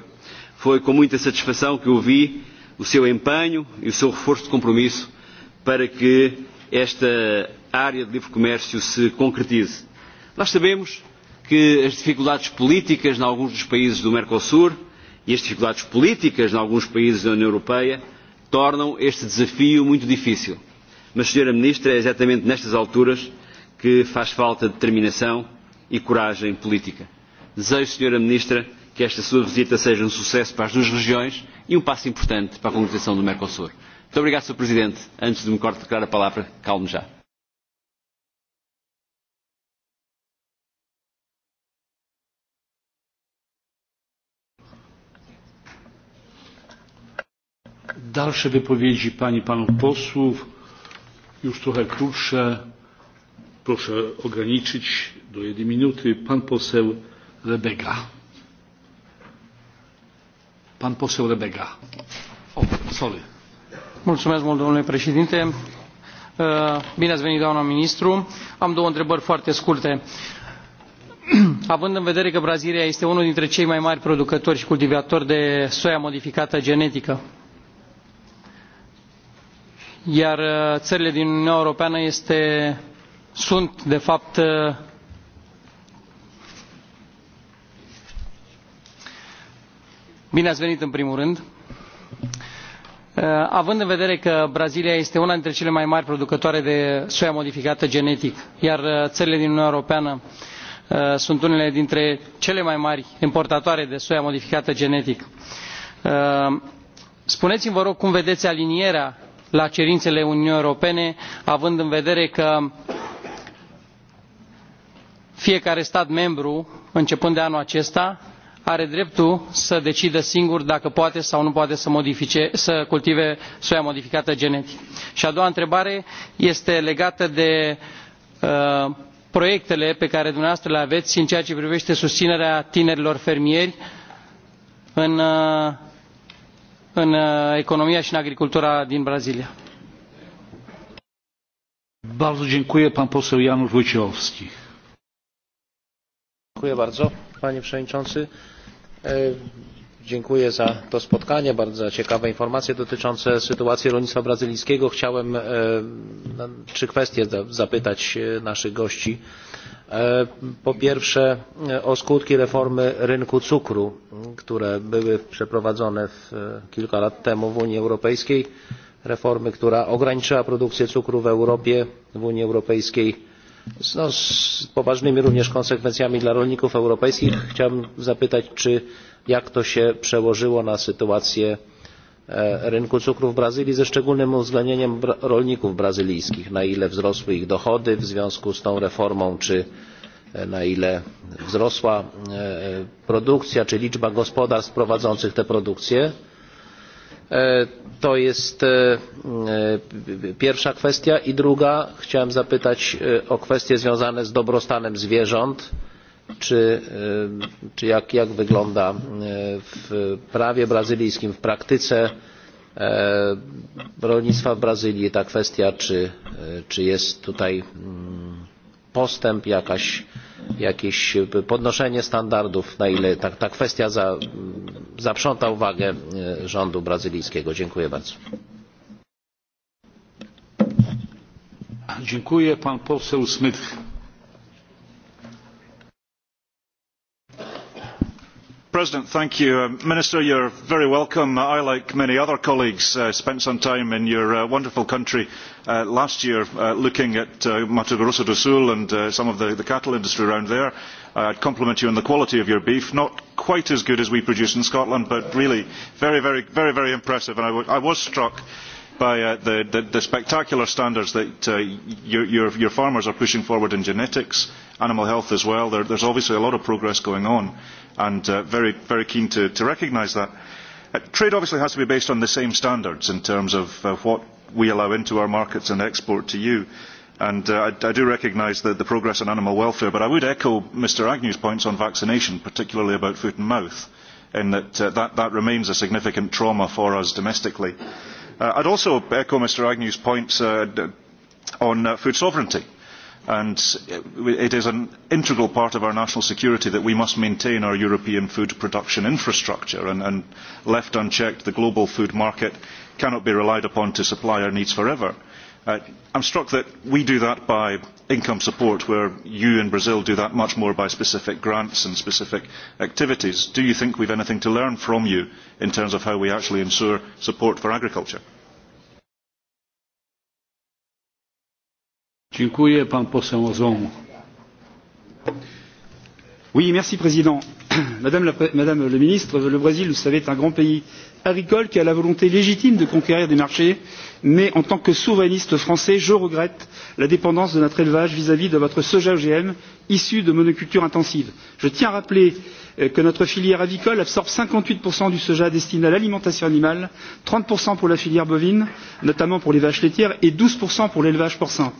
Foi com muita satisfação que ouvi o seu empenho e o seu reforço de compromisso para que esta área de livre comércio se concretize. Nós sabemos que as dificuldades políticas em alguns dos países do Mercosul e as dificuldades políticas em alguns países da União Europeia tornam este desafio muito difícil. Mas, Sra. Ministra, é exatamente nestas alturas que faz falta determinação e coragem política. Desejo, Sra. Ministra, que esta sua visita seja um sucesso para as duas regiões e um passo importante para a concretização do Mercosul. Muito obrigado, Sr. Presidente. Antes de me cortar a palavra, calmo já. dalsze wypowiedzi pań i panów posłów już trochę krótsze proszę ograniczyć do jednej minuty pan poseł rebega pan poseł rebega oh, sorry mulțumesc mult domnule președinte e, bine ați venit doamnă ministru am două întrebări foarte scurte <clears throat> având în vedere că brazilia este unul dintre cei mai mari producători și cultivatori de soia modificată genetic iar uh, țările din uniunea europeană este, sunt de fapt uh, bine ați venit în primul rând uh, având în vedere că brazilia este una dintre cele mai mari producătoare de soia modificată genetic iar țările din uniunea europeană sunt unele dintre cele mai mari importatoare de soia modificată genetic spuneți mi vă rog cum vedeți alinierea la cerințele uniunii europene având în vedere că fiecare stat membru începând de anul acesta are dreptul să decidă singur dacă poate sau nu poate să, modifice, să cultive soia modificată genetic. și a doua întrebare este legată de uh, proiectele pe care dumneavoastră le aveți în ceea ce privește susținerea tinerilor fermieri în uh, în uh, economia și în agricultura din brazilia. Bardzo dziękuję. Pan poseł Janusz Wojciechowski. Dziękuję bardzo, panie przewodniczący e, dziękuję za to spotkanie bardzo ciekawe informacje dotyczące sytuacji rolnictwa brazylijskiego. chciałem o e, trzy kwestie zapytać e, naszych gości e, po pierwsze o skutki reformy rynku cukru które były przeprowadzone kilka lat temu w unii europejskiej reformy która ograniczyła produkcję cukru w europie w unii europejskiej no, z poważnymi również konsekwencjami dla rolników europejskich. chciałbym zapytać czy jak to się przełożyło na sytuację e, rynku cukru w Brazylii, ze szczególnym uwzględnieniem rolników brazylijskich, na ile wzrosły ich dochody w związku z tą reformą, czy e, na ile wzrosła e, produkcja, czy liczba gospodarstw prowadzących tę produkcję. To jest pierwsza kwestia. I druga, chciałem zapytać o kwestie związane z dobrostanem zwierząt czy, e, czy jak, jak wygląda e, w prawie brazylijskim, w praktyce e, rolnictwa w Brazylii ta kwestia, czy, czy jest tutaj mm, postęp, jakaś, jakieś podnoszenie standardów, na ile ta, ta kwestia za, mm, zaprząta uwagę rządu brazylijskiego. Dziękuję bardzo. Dziękuję. Pan poseł Smith president uh, minister you are very welcome. i like many other colleagues uh, spent some time in your uh, wonderful country uh, last year uh, looking at uh, mato grosso do sul and some of the, the cattle industry around there. i would compliment you on the quality of your beef not quite as good as we produce in scotland but really very very very, very impressive and I, I was struck by uh, the, the, the spectacular standards that uh, your, your, your farmers are pushing forward in genetics animal health as well. There, there's obviously a lot of progress going on, and uh, very, very keen to, to recognise that. Uh, trade obviously has to be based on the same standards in terms of uh, what we allow into our markets and export to you. And uh, I, I do recognise the, the progress on animal welfare, but I would echo Mr Agnew's points on vaccination, particularly about foot and mouth, in that uh, that, that remains a significant trauma for us domestically. Uh, I'd also echo Mr Agnew's points uh, on uh, food sovereignty. Uh, and it is an integral part of our national security that we must maintain our European food production infrastructure and, and left unchecked the global food market cannot be relied upon to supply our needs forever. Uh, I'm struck that we do that by income support, where you in Brazil do that much more by specific grants and specific activities. Do you think we've anything to learn from you in terms of how we actually ensure support for agriculture? Uh, Oui, merci, président madame, <clears throat> madame la ministre le brésil vous le savez est un grand pays agricole qui a la volonté légitime de conquérir des marchés mais en tant que souverainiste français je regrette la dépendance de notre élevage vis à vis de votre soja ogm issu de monocultures intensives. je tiens à rappeler euh, que notre filière avicole absorbe cinquante huit du soja destiné à l'alimentation animale trente pour la filière bovine notamment pour les vaches laitières et douze pour l'élevage porcin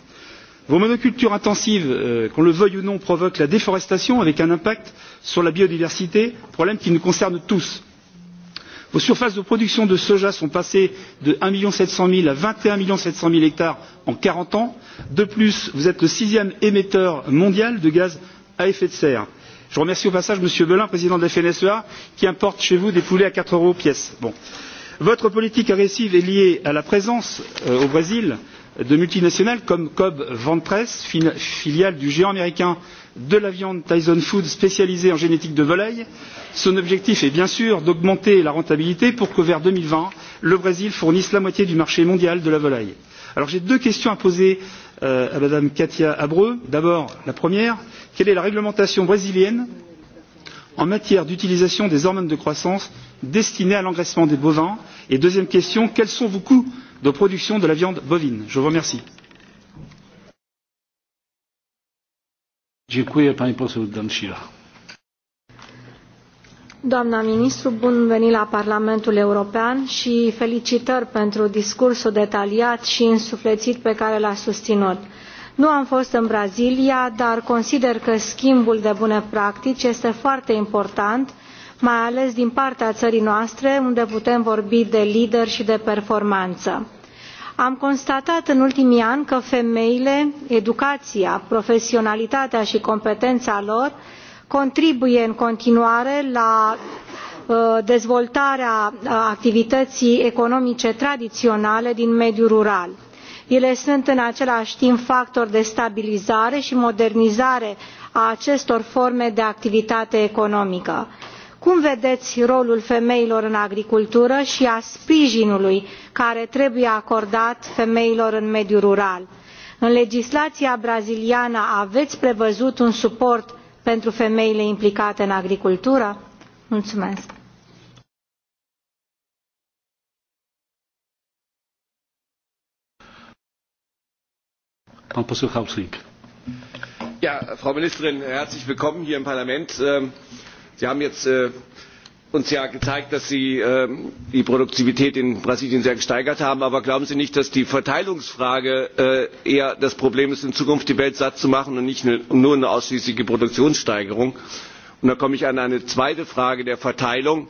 vos monocultures intensives euh, qu'on le veuille ou non provoquent la déforestation avec un impact sur la biodiversité problème qui nous concerne tous. vos surfaces de production de soja sont passées de un sept million à vingt et un sept cents zéro hectares en quarante ans. de plus vous êtes le sixième émetteur mondial de gaz à effet de serre. je remercie au passage m. belin président de la fnsea qui importe chez vous des poulets à quatre euros pièce. votre politique agressive est liée à la présence euh, au brésil de multinationales comme Cobb Ventress, filiale du géant américain de la viande Tyson Foods spécialisée en génétique de volaille. Son objectif est bien sûr d'augmenter la rentabilité pour que vers 2020, le Brésil fournisse la moitié du marché mondial de la volaille. Alors j'ai deux questions à poser euh, à Madame Katia Abreu. D'abord, la première, quelle est la réglementation brésilienne en matière d'utilisation des hormones de croissance destinées à l'engraissement des bovins Et deuxième question, quels sont vos coûts de production de la viande bovine. je vous remercie. doamnă ministru bun venit la parlamentul european și felicitări pentru discursul detaliat și însuflețit pe care l ați susținut. nu am fost în brazilia dar consider că schimbul de bune practici este foarte important mai ales din partea țării noastre, unde putem vorbi de lider și de performanță. Am constatat în ultimii ani că femeile, educația, profesionalitatea și competența lor contribuie în continuare la uh, dezvoltarea uh, activității economice tradiționale din mediul rural. ele sunt în același timp factor de stabilizare și modernizare a acestor forme de activitate economică cum vedeți rolul femeilor în agricultură și al sprijinului care trebuie acordat femeilor în mediul rural? în legislația braziliană aveți prevăzut un suport pentru femeile implicate în agricultură? mulțumesc. Pan poseł Hausling. Ja, Frau Ministerin, herzlich willkommen hier im Parlament. Ähm sie haben jetzt äh, uns ja gezeigt dass sie äh, die produktivität in brasilien sehr gesteigert haben aber glauben sie nicht dass die verteilungsfrage äh, eher das problem ist in zukunft die welt satt zu machen und nicht eine, nur eine ausschließliche produktionssteigerung? und da komme ich an eine zweite frage der verteilung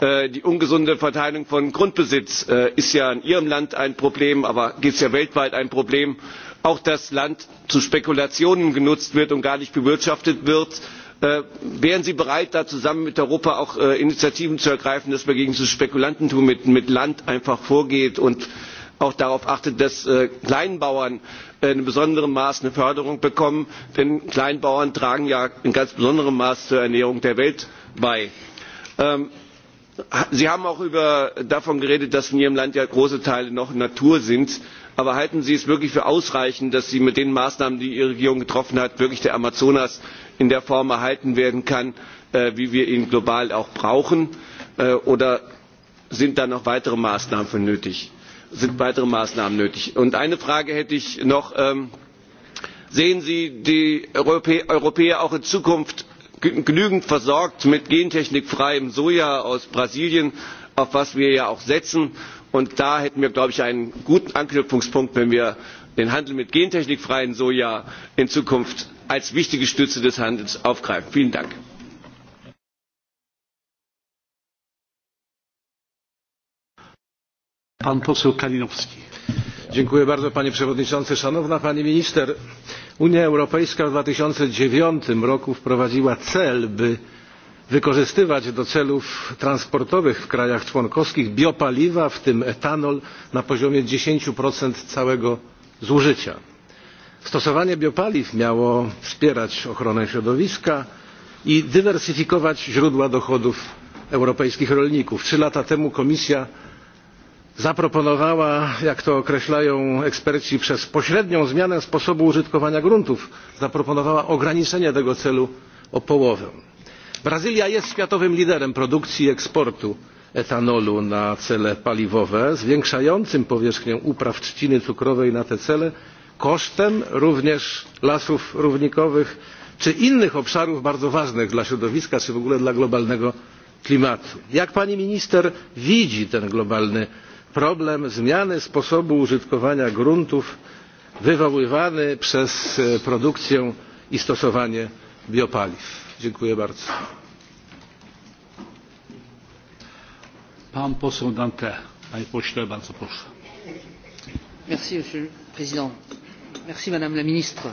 äh, die ungesunde verteilung von grundbesitz äh, ist ja in ihrem land ein problem aber ist ja weltweit ein problem auch dass land zu spekulationen genutzt wird und gar nicht bewirtschaftet wird Äh, wären sie bereit da zusammen mit europa auch äh, initiativen zu ergreifen dass man gegen dieses spekulantentum mit land einfach vorgeht und auch darauf achtet dass äh, kleinbauern in besonderem maß eine förderung bekommen denn kleinbauern tragen ja in ganz besonderem maß zur ernährung der welt bei. Ähm, sie haben auch davon geredet dass in ihrem land ja große teile noch natur sind aber halten sie es wirklich für ausreichend dass mit den maßnahmen die ihre regierung getroffen hat wirklich der amazonas in der Form erhalten werden kann, äh, wie wir ihn global auch brauchen? Äh, oder sind da noch weitere Maßnahmen für nötig? Sind weitere Maßnahmen nötig? Und eine Frage hätte ich noch. Ähm, sehen Sie die Europäer auch in Zukunft genügend versorgt mit gentechnikfreiem Soja aus Brasilien, auf was wir ja auch setzen? Und da hätten wir, glaube ich, einen guten Anknüpfungspunkt, wenn wir den Handel mit gentechnikfreiem Soja in Zukunft als wichtige stütze des handels aufgreifen. vielen dank! Bardzo, panie przewodniczący! szanowna pani minister! unia europejska w dwa tysiące dziewięć roku wprowadziła cel by wykorzystywać do celów transportowych w krajach członkowskich biopaliwa w tym etanol na poziomie dziesięć całego zużycia stosowanie biopaliw miało wspierać ochronę środowiska i dywersyfikować źródła dochodów europejskich rolników. trzy lata temu komisja zaproponowała jak to określają eksperci przez pośrednią zmianę sposobu użytkowania gruntów zaproponowała ograniczenie tego celu o połowę. brazylia jest światowym liderem produkcji i eksportu etanolu na cele paliwowe zwiększającym powierzchnię upraw trzciny cukrowej na te cele kosztem również lasów równikowych czy innych obszarów bardzo ważnych dla środowiska czy w ogóle dla globalnego klimatu. jak pani minister widzi ten globalny problem zmiany sposobu użytkowania gruntów wywoływany przez e, produkcję i stosowanie biopaliw? dziękuję bardzo. Pan poseł Dante, panie pośle, bardzo proszę. Merci, monsieur le président merci madame la ministre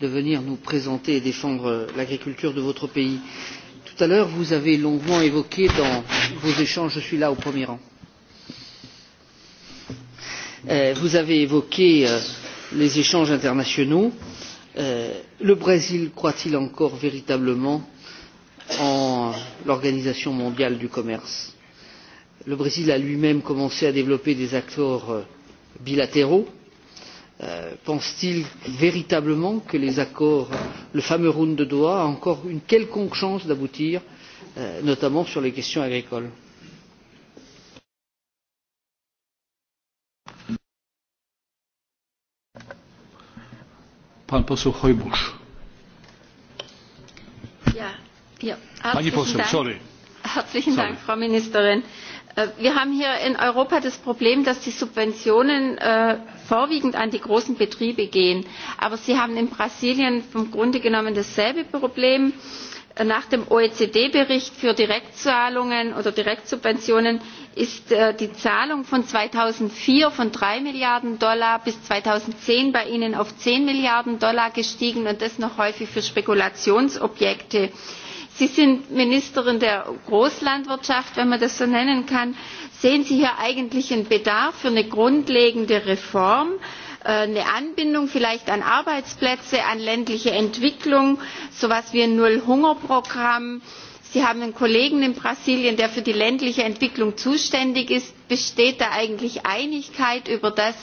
de venir nous présenter et défendre l'agriculture de votre pays. tout à l'heure vous avez longuement évoqué dans vos échanges je suis là au premier rang euh, vous avez évoqué euh, les échanges internationaux. Euh, le brésil croit il encore véritablement en l'organisation mondiale du commerce? le brésil a lui même commencé à développer des accords bilatéraux Euh, pense t il véritablement que les accords le fameux round de doha ont encore une quelconque chance d'aboutir euh, notamment sur les questions agricoles? Pan poseł Hojbusz. Ja, ja. Pani poseł, sorry. Herzlichen Dank, Frau Ministerin. Äh, wir haben hier in europa das problem dass die subventionen äh, vorwiegend an die großen betriebe gehen aber sie haben in brasilien im grunde genommen dasselbe problem äh, nach dem oecd bericht für direktzahlungen oder direktsubventionen ist die zahlung von zweitausendvier von drei milliarden dollar bis zweitausendzehn bei ihnen auf zehn milliarden dollar gestiegen und das noch häufig für spekulationsobjekte sie sind ministerin der großlandwirtschaft wenn man das so nennen kann sehen sie hier eigentlich einen bedarf für eine grundlegende reform äh, eine anbindung vielleicht an arbeitsplätze an ländliche entwicklung so etwas wie ein null hunger programm? sie haben einen kollegen in brasilien der für die ländliche entwicklung zuständig ist. besteht da eigentlich einigkeit über das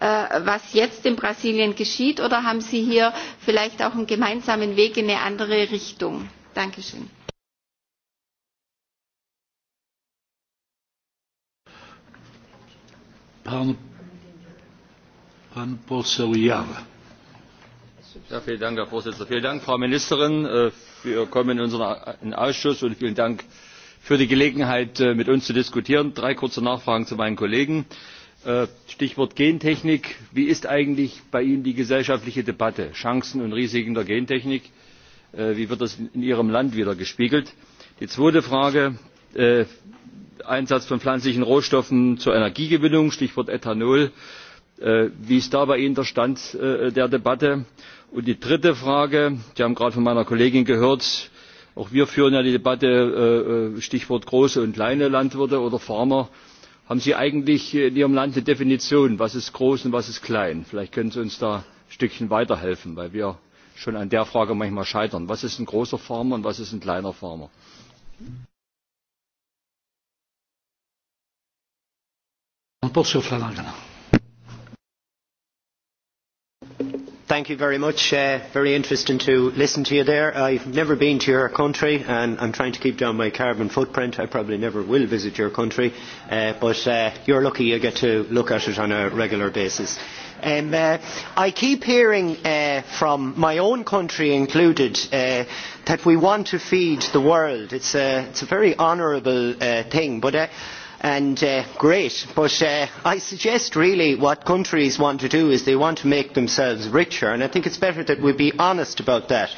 äh, was jetzt in brasilien geschieht oder haben sie hier vielleicht auch einen gemeinsamen weg in eine andere richtung? Dankeschön. Pan, pan poseł Jara. Ja, vielen Dank, Herr Vorsitzender. Vielen Dank, Frau Ministerin, äh, für Ihr Kommen in unseren Ausschuss und vielen Dank für die Gelegenheit, äh, mit uns zu diskutieren. Drei kurze Nachfragen zu meinen Kollegen. Äh, Stichwort Gentechnik. Wie ist eigentlich bei Ihnen die gesellschaftliche Debatte? Chancen und Risiken der Gentechnik? Äh, wie wird das in ihrem land widergespiegelt? die zweite frage äh, einsatz von pflanzlichen rohstoffen zur energiegewinnung stichwort ethanol äh, wie ist da bei ihnen der stand der debatte? und die dritte frage sie haben gerade von meiner kollegin gehört auch wir führen ja die debatte stichwort große und kleine landwirte oder farmer haben sie eigentlich in ihrem land eine definition was ist groß und was ist klein? vielleicht können sie uns da ein stückchen weiterhelfen denn wir schon an der Frage manchmal scheitern. Was ist ein großer Farmer und was ist ein kleiner Farmer? Thank you very much. Uh, very interesting to listen to you there. I've never been to your country and I'm trying to keep down my carbon footprint. I probably never will visit your country, uh, but uh, you're lucky you get to look at it on a regular basis. Um, uh, I keep hearing uh, from my own country included uh, that we want to feed the world. It's a, it's a very honourable uh, thing. But uh, and uh, great but uh, i suggest really what countries want to do is they want to make themselves richer and i think it is better that we be honest about that.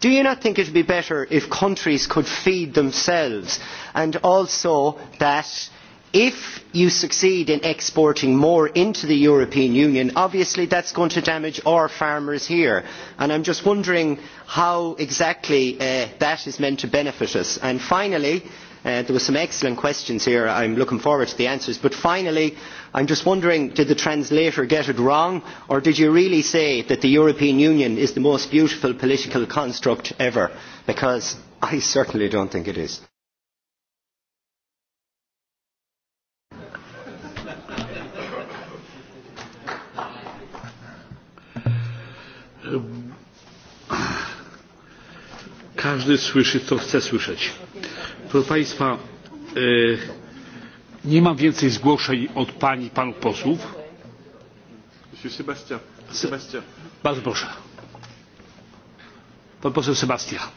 do you not think it would be better if countries could feed themselves and also that if you succeed in exporting more into the european union obviously that is going to damage our farmers here and i am just wondering how exactly uh, that is meant to benefit us. And finally uh, there were some excellent questions here i am looking forward to the answers but finally i am just wondering did the translator get it wrong or did you really say that the european union is the most beautiful political construct ever because i certainly do not think it is. Każdy słyszy, co chce słyszeć. Proszę Państwa, e, nie mam więcej zgłoszeń od Pani i Panów posłów. Sebastian. Sebastian. Bardzo proszę. Pan poseł Sebastian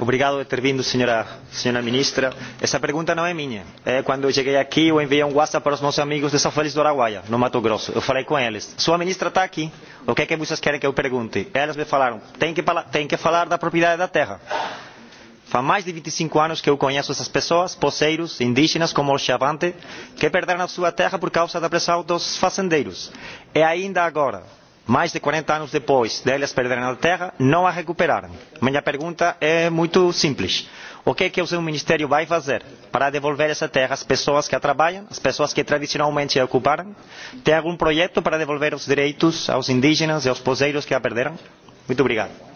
Obrigado, intervindo, senhora, senhora ministra. Essa pergunta não é minha. É quando eu cheguei aqui, eu enviei um WhatsApp para os meus amigos de São Félix do Araguaia, no Mato Grosso. Eu falei com eles. Sua ministra está aqui. O que é que vocês querem que eu pergunte? Elas me falaram, tem que, tem que falar da propriedade da terra. Faz mais de 25 e anos que eu conheço essas pessoas, poceiros, indígenas como o Chavante, que perderam a sua terra por causa da pressão dos fazendeiros. E ainda agora, mais de 40 anos depois deles perderem a terra, não a recuperaram. Minha pergunta é muito simples. O que é que o seu ministério vai fazer para devolver essa terra às pessoas que a trabalham, às pessoas que tradicionalmente a ocuparam? Tem algum projeto para devolver os direitos aos indígenas e aos poseiros que a perderam? Muito obrigado.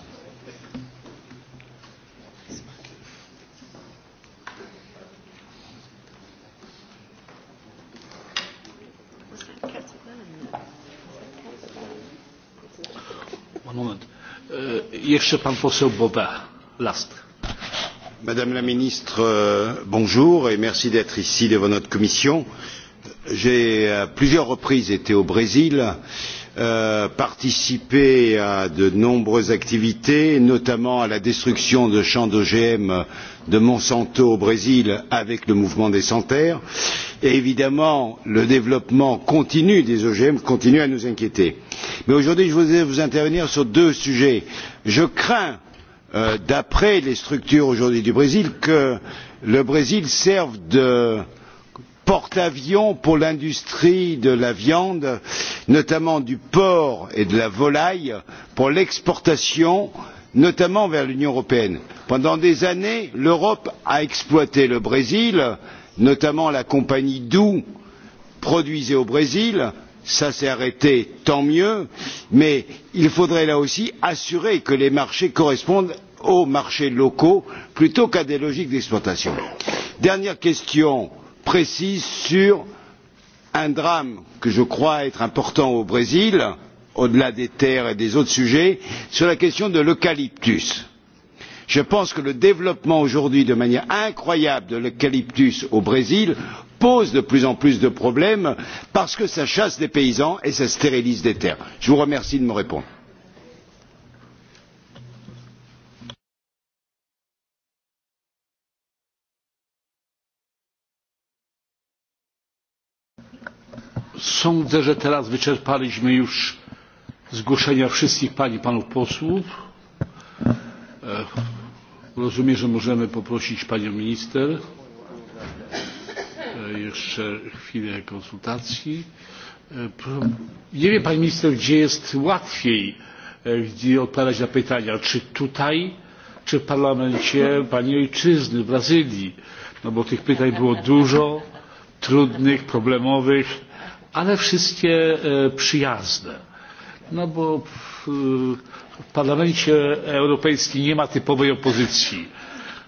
Jeszcze pan poseł Bobin, last. Madame la ministre, euh, bonjour et merci d'être ici devant notre commission. J'ai à plusieurs reprises été au Brésil. Euh, euh, participé à de nombreuses activités notamment à la destruction de champs d'ogm de monsanto au brésil avec le mouvement des sans terre et évidemment le développement continu des ogm continue à nous inquiéter. mais aujourd'hui je voudrais vous intervenir sur deux sujets. je crains euh, d'après les structures aujourd'hui du brésil que le brésil serve de euh, porte avions pour l'industrie de la viande notamment du porc et de la volaille pour l'exportation notamment vers l'union européenne. pendant des années l'europe a exploité le brésil notamment la compagnie doux produisait au brésil cela s'est arrêté tant mieux mais il faudrait là aussi assurer que les marchés correspondent aux marchés locaux plutôt qu'à des logiques d'exportation. dernière question précise sur un drame que je crois être important au brésil au delà des terres et des autres sujets sur la question de l'eucalyptus. je pense que le développement aujourd'hui de manière incroyable de l'eucalyptus au brésil pose de plus en plus de problèmes parce que cela chasse des paysans et stérilise des terres. je vous remercie de me répondre. Sądzę, że teraz wyczerpaliśmy już zgłoszenia wszystkich pań i panów posłów. E, rozumiem, że możemy poprosić panią minister e, jeszcze chwilę konsultacji. E, nie wiem pani minister, gdzie jest łatwiej gdzie odpowiadać na pytania, czy tutaj, czy w parlamencie pani ojczyzny w Brazylii, no bo tych pytań było dużo, trudnych, problemowych ale wszystkie e, przyjazne. No bo w, e, w Parlamencie Europejskim nie ma typowej opozycji.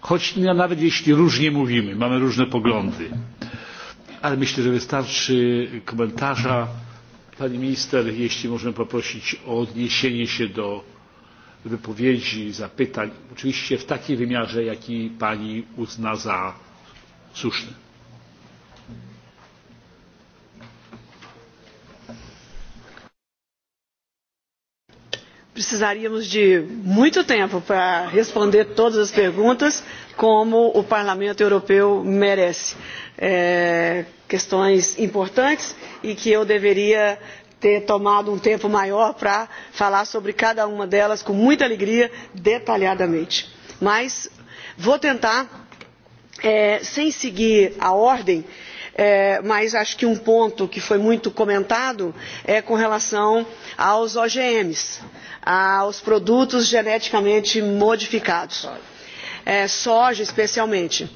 Choć no, nawet jeśli różnie mówimy, mamy różne poglądy. Ale myślę, że wystarczy komentarza. Pani minister, jeśli możemy poprosić o odniesienie się do wypowiedzi, zapytań, oczywiście w takim wymiarze, jaki pani uzna za słuszny. precisaríamos de muito tempo para responder todas as perguntas, como o Parlamento Europeu merece. É, questões importantes e que eu deveria ter tomado um tempo maior para falar sobre cada uma delas com muita alegria, detalhadamente. Mas vou tentar, é, sem seguir a ordem, É, mas acho que um ponto que foi muito comentado é com relação aos OGMs aos produtos geneticamente modificados, é, soja especialmente.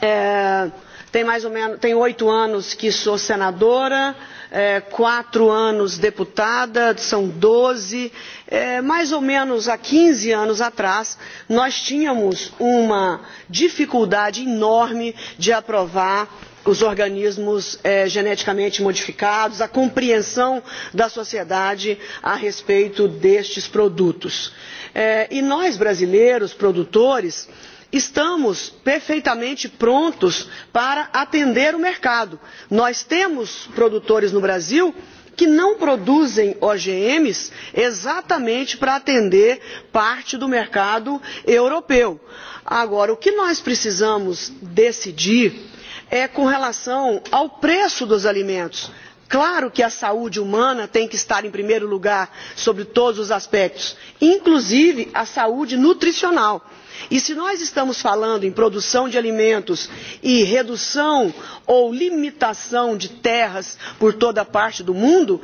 É, tem mais ou menos tem oito anos que sou senadora, é, quatro anos deputada, são doze. É, mais ou menos há 15 anos atrás, nós tínhamos uma dificuldade enorme de aprovar os organismos eh, geneticamente modificados, a compreensão da sociedade a respeito destes produtos. Eh, e nós, brasileiros, produtores, estamos perfeitamente prontos para atender o mercado. Nós temos produtores no Brasil que não produzem OGMs exatamente para atender parte do mercado europeu. Agora, o que nós precisamos decidir é com relação ao preço dos alimentos. Claro que a saúde humana tem que estar em primeiro lugar sobre todos os aspectos, inclusive a saúde nutricional. E se nós estamos falando em produção de alimentos e redução ou limitação de terras por toda parte do mundo,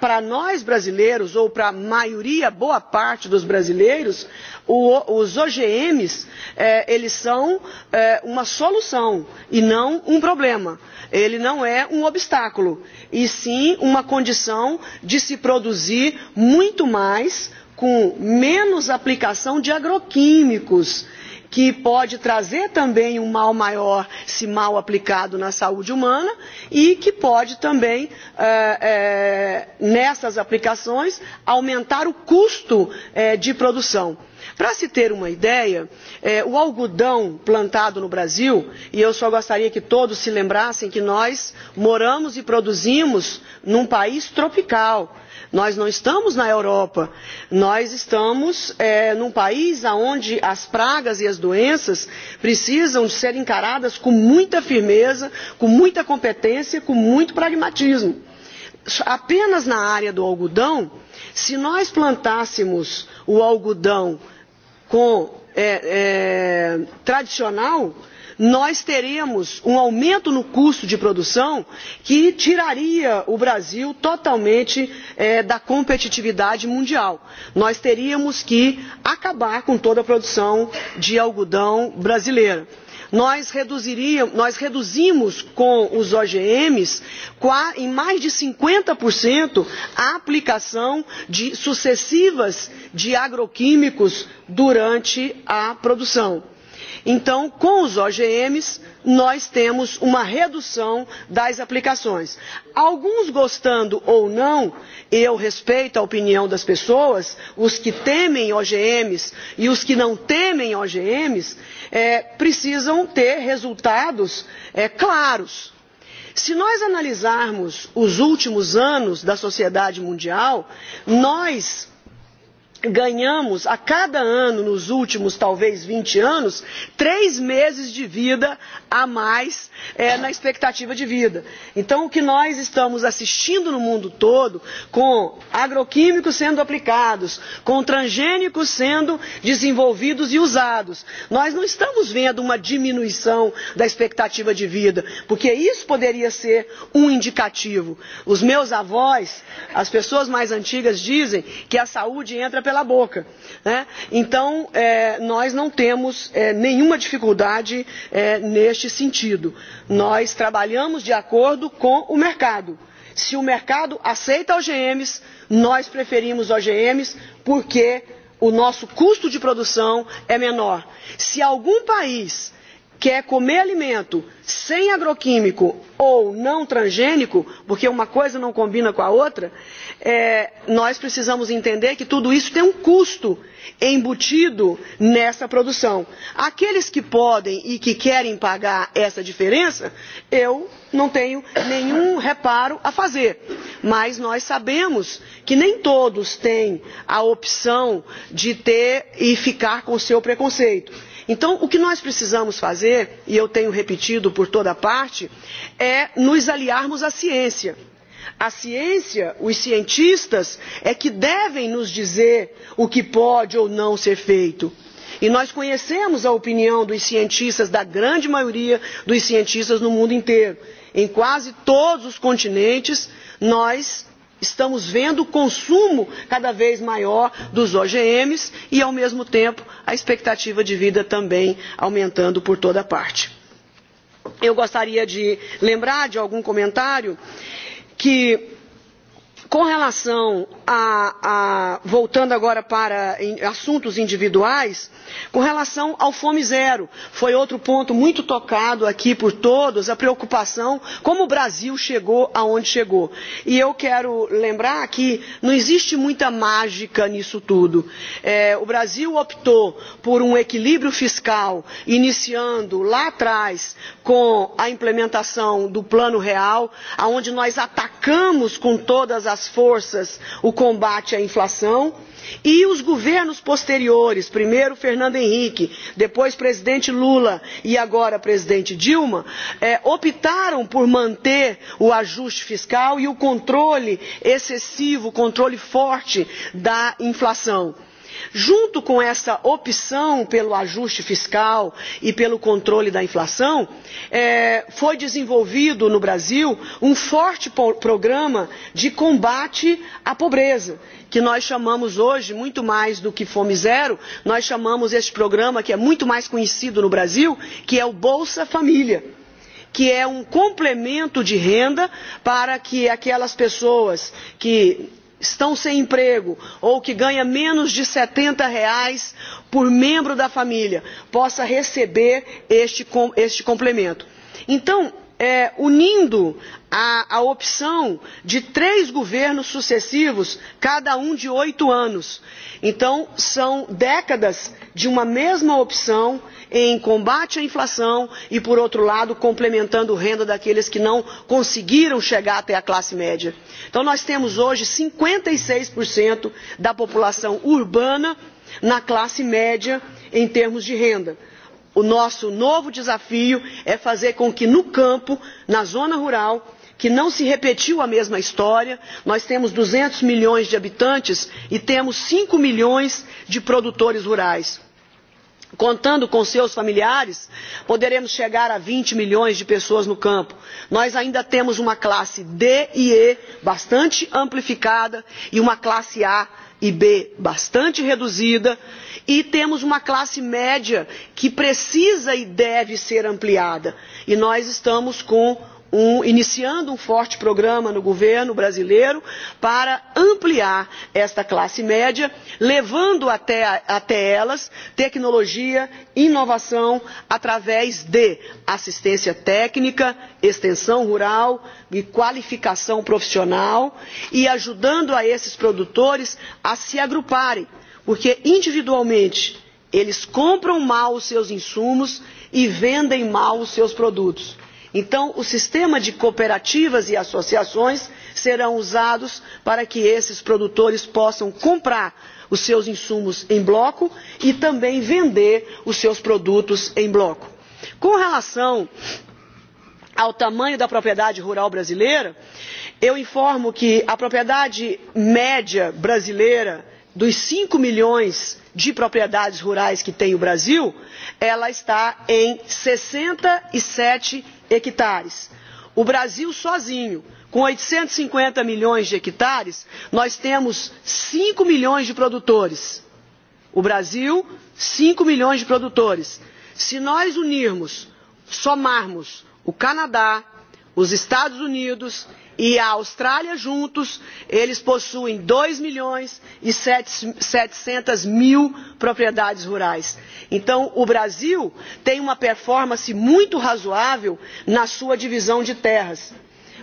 para nós brasileiros, ou para a maioria, boa parte dos brasileiros, o, os OGMs é, eles são é, uma solução e não um problema. Ele não é um obstáculo, e sim uma condição de se produzir muito mais com menos aplicação de agroquímicos que pode trazer também um mal maior se mal aplicado na saúde humana e que pode também, é, eh, é, eh, nessas aplicações, aumentar o custo é, eh, de produção. Para se ter uma ideia, é, o algodão plantado no Brasil, e eu só gostaria que todos se lembrassem que nós moramos e produzimos num país tropical nós não estamos na europa nós estamos é, num país onde as pragas e as doenças precisam ser encaradas com muita firmeza com muita competência com muito pragmatismo. apenas na área do algodão se nós plantássemos o algodão com, é, é, tradicional nós teríamos um aumento no custo de produção que tiraria o Brasil totalmente é, eh, da competitividade mundial. Nós teríamos que acabar com toda a produção de algodão brasileira. Nós, nós reduzimos com os OGMs em mais de 50% a aplicação de sucessivas de agroquímicos durante a produção Então, com os OGMs, nós temos uma redução das aplicações. Alguns gostando ou não, eu respeito a opinião das pessoas, os que temem OGMs e os que não temem OGMs, é, precisam ter resultados é, claros. Se nós analisarmos os últimos anos da sociedade mundial, nós ganhamos a cada ano nos últimos talvez vinte anos três meses de vida a mais é, na expectativa de vida. Então, o que nós estamos assistindo no mundo todo, com agroquímicos sendo aplicados, com transgênicos sendo desenvolvidos e usados, nós não estamos vendo uma diminuição da expectativa de vida, porque isso poderia ser um indicativo. Os meus avós, as pessoas mais antigas dizem que a saúde entra pela boca. Né? Então, é, nós não temos é, nenhuma dificuldade é, neste sentido. Nós trabalhamos de acordo com o mercado. Se o mercado aceita OGMs, nós preferimos OGMs porque o nosso custo de produção é menor. Se algum país que é comer alimento sem agroquímico ou não transgênico, porque uma coisa não combina com a outra, é, nós precisamos entender que tudo isso tem um custo embutido nessa produção. Aqueles que podem e que querem pagar essa diferença, eu não tenho nenhum reparo a fazer. Mas nós sabemos que nem todos têm a opção de ter e ficar com seu preconceito Então, o que nós precisamos fazer, e eu tenho repetido por toda parte, é nos aliarmos à ciência. A ciência, os cientistas, é que devem nos dizer o que pode ou não ser feito. E nós conhecemos a opinião dos cientistas, da grande maioria dos cientistas no mundo inteiro. Em quase todos os continentes, nós estamos vendo o consumo cada vez maior dos OGMs e, ao mesmo tempo, a expectativa de vida também aumentando por toda parte. Eu gostaria de lembrar de algum comentário que, com relação a, a, voltando agora para em, assuntos individuais, com relação ao Fome Zero, foi outro ponto muito tocado aqui por todos, a preocupação como o Brasil chegou aonde chegou. E eu quero lembrar que não existe muita mágica nisso tudo. É, o Brasil optou por um equilíbrio fiscal, iniciando lá atrás com a implementação do Plano Real, onde nós atacamos com todas as forças o combate à inflação e os governos posteriores primeiro fernando henrique depois presidente lula e agora presidente dilma eh, optaram por manter o ajuste fiscal e o controle excessivo o controle forte da inflação junto com essa opção pelo ajuste fiscal e pelo controle da inflação é, foi desenvolvido no brasil um forte programa de combate à pobreza que nós chamamos hoje muito mais do que fome zero nós chamamos este programa que é muito mais conhecido no brasil que é o bolsa família que é um complemento de renda para que aquelas pessoas que estão sem emprego ou que ganha menos de R$ 70 reais por membro da família possa receber este, este complemento. Então, é, unindo a, a opção de três governos sucessivos, cada um de oito anos. Então, são décadas de uma mesma opção em combate à inflação e, por outro lado, complementando renda daqueles que não conseguiram chegar até a classe média. Então, nós temos hoje 56% e da população urbana na classe média em termos de renda. O nosso novo desafio é fazer com que no campo, na zona rural, que não se repetiu a mesma história, nós temos 200 milhões de habitantes e temos 5 milhões de produtores rurais contando com seus familiares poderemos chegar a vinte milhões de pessoas no campo. nós ainda temos uma classe d e e bastante amplificada e uma classe a e b bastante reduzida e temos uma classe média que precisa e deve ser ampliada e nós estamos com um, iniciando um forte programa no governo brasileiro para ampliar esta classe média, levando até, até elas tecnologia, inovação, através de assistência técnica, extensão rural e qualificação profissional, e ajudando a esses produtores a se agruparem, porque individualmente eles compram mal os seus insumos e vendem mal os seus produtos então o sistema de cooperativas e associações serão usados para que esses produtores possam comprar os seus insumos em bloco e também vender os seus produtos em bloco. com relação ao tamanho da propriedade rural brasileira eu informo que a propriedade média brasileira dos cinco milhões de propriedades rurais que tem o brasil ela está em sessenta e sete hectares. O Brasil sozinho, com 850 e milhões de hectares, nós temos 5 milhões de produtores. O Brasil, 5 milhões de produtores. Se nós unirmos, somarmos o Canadá, os Estados Unidos e a Austrália juntos, eles possuem 2 milhões e 700 mil propriedades rurais. Então, o Brasil tem uma performance muito razoável na sua divisão de terras.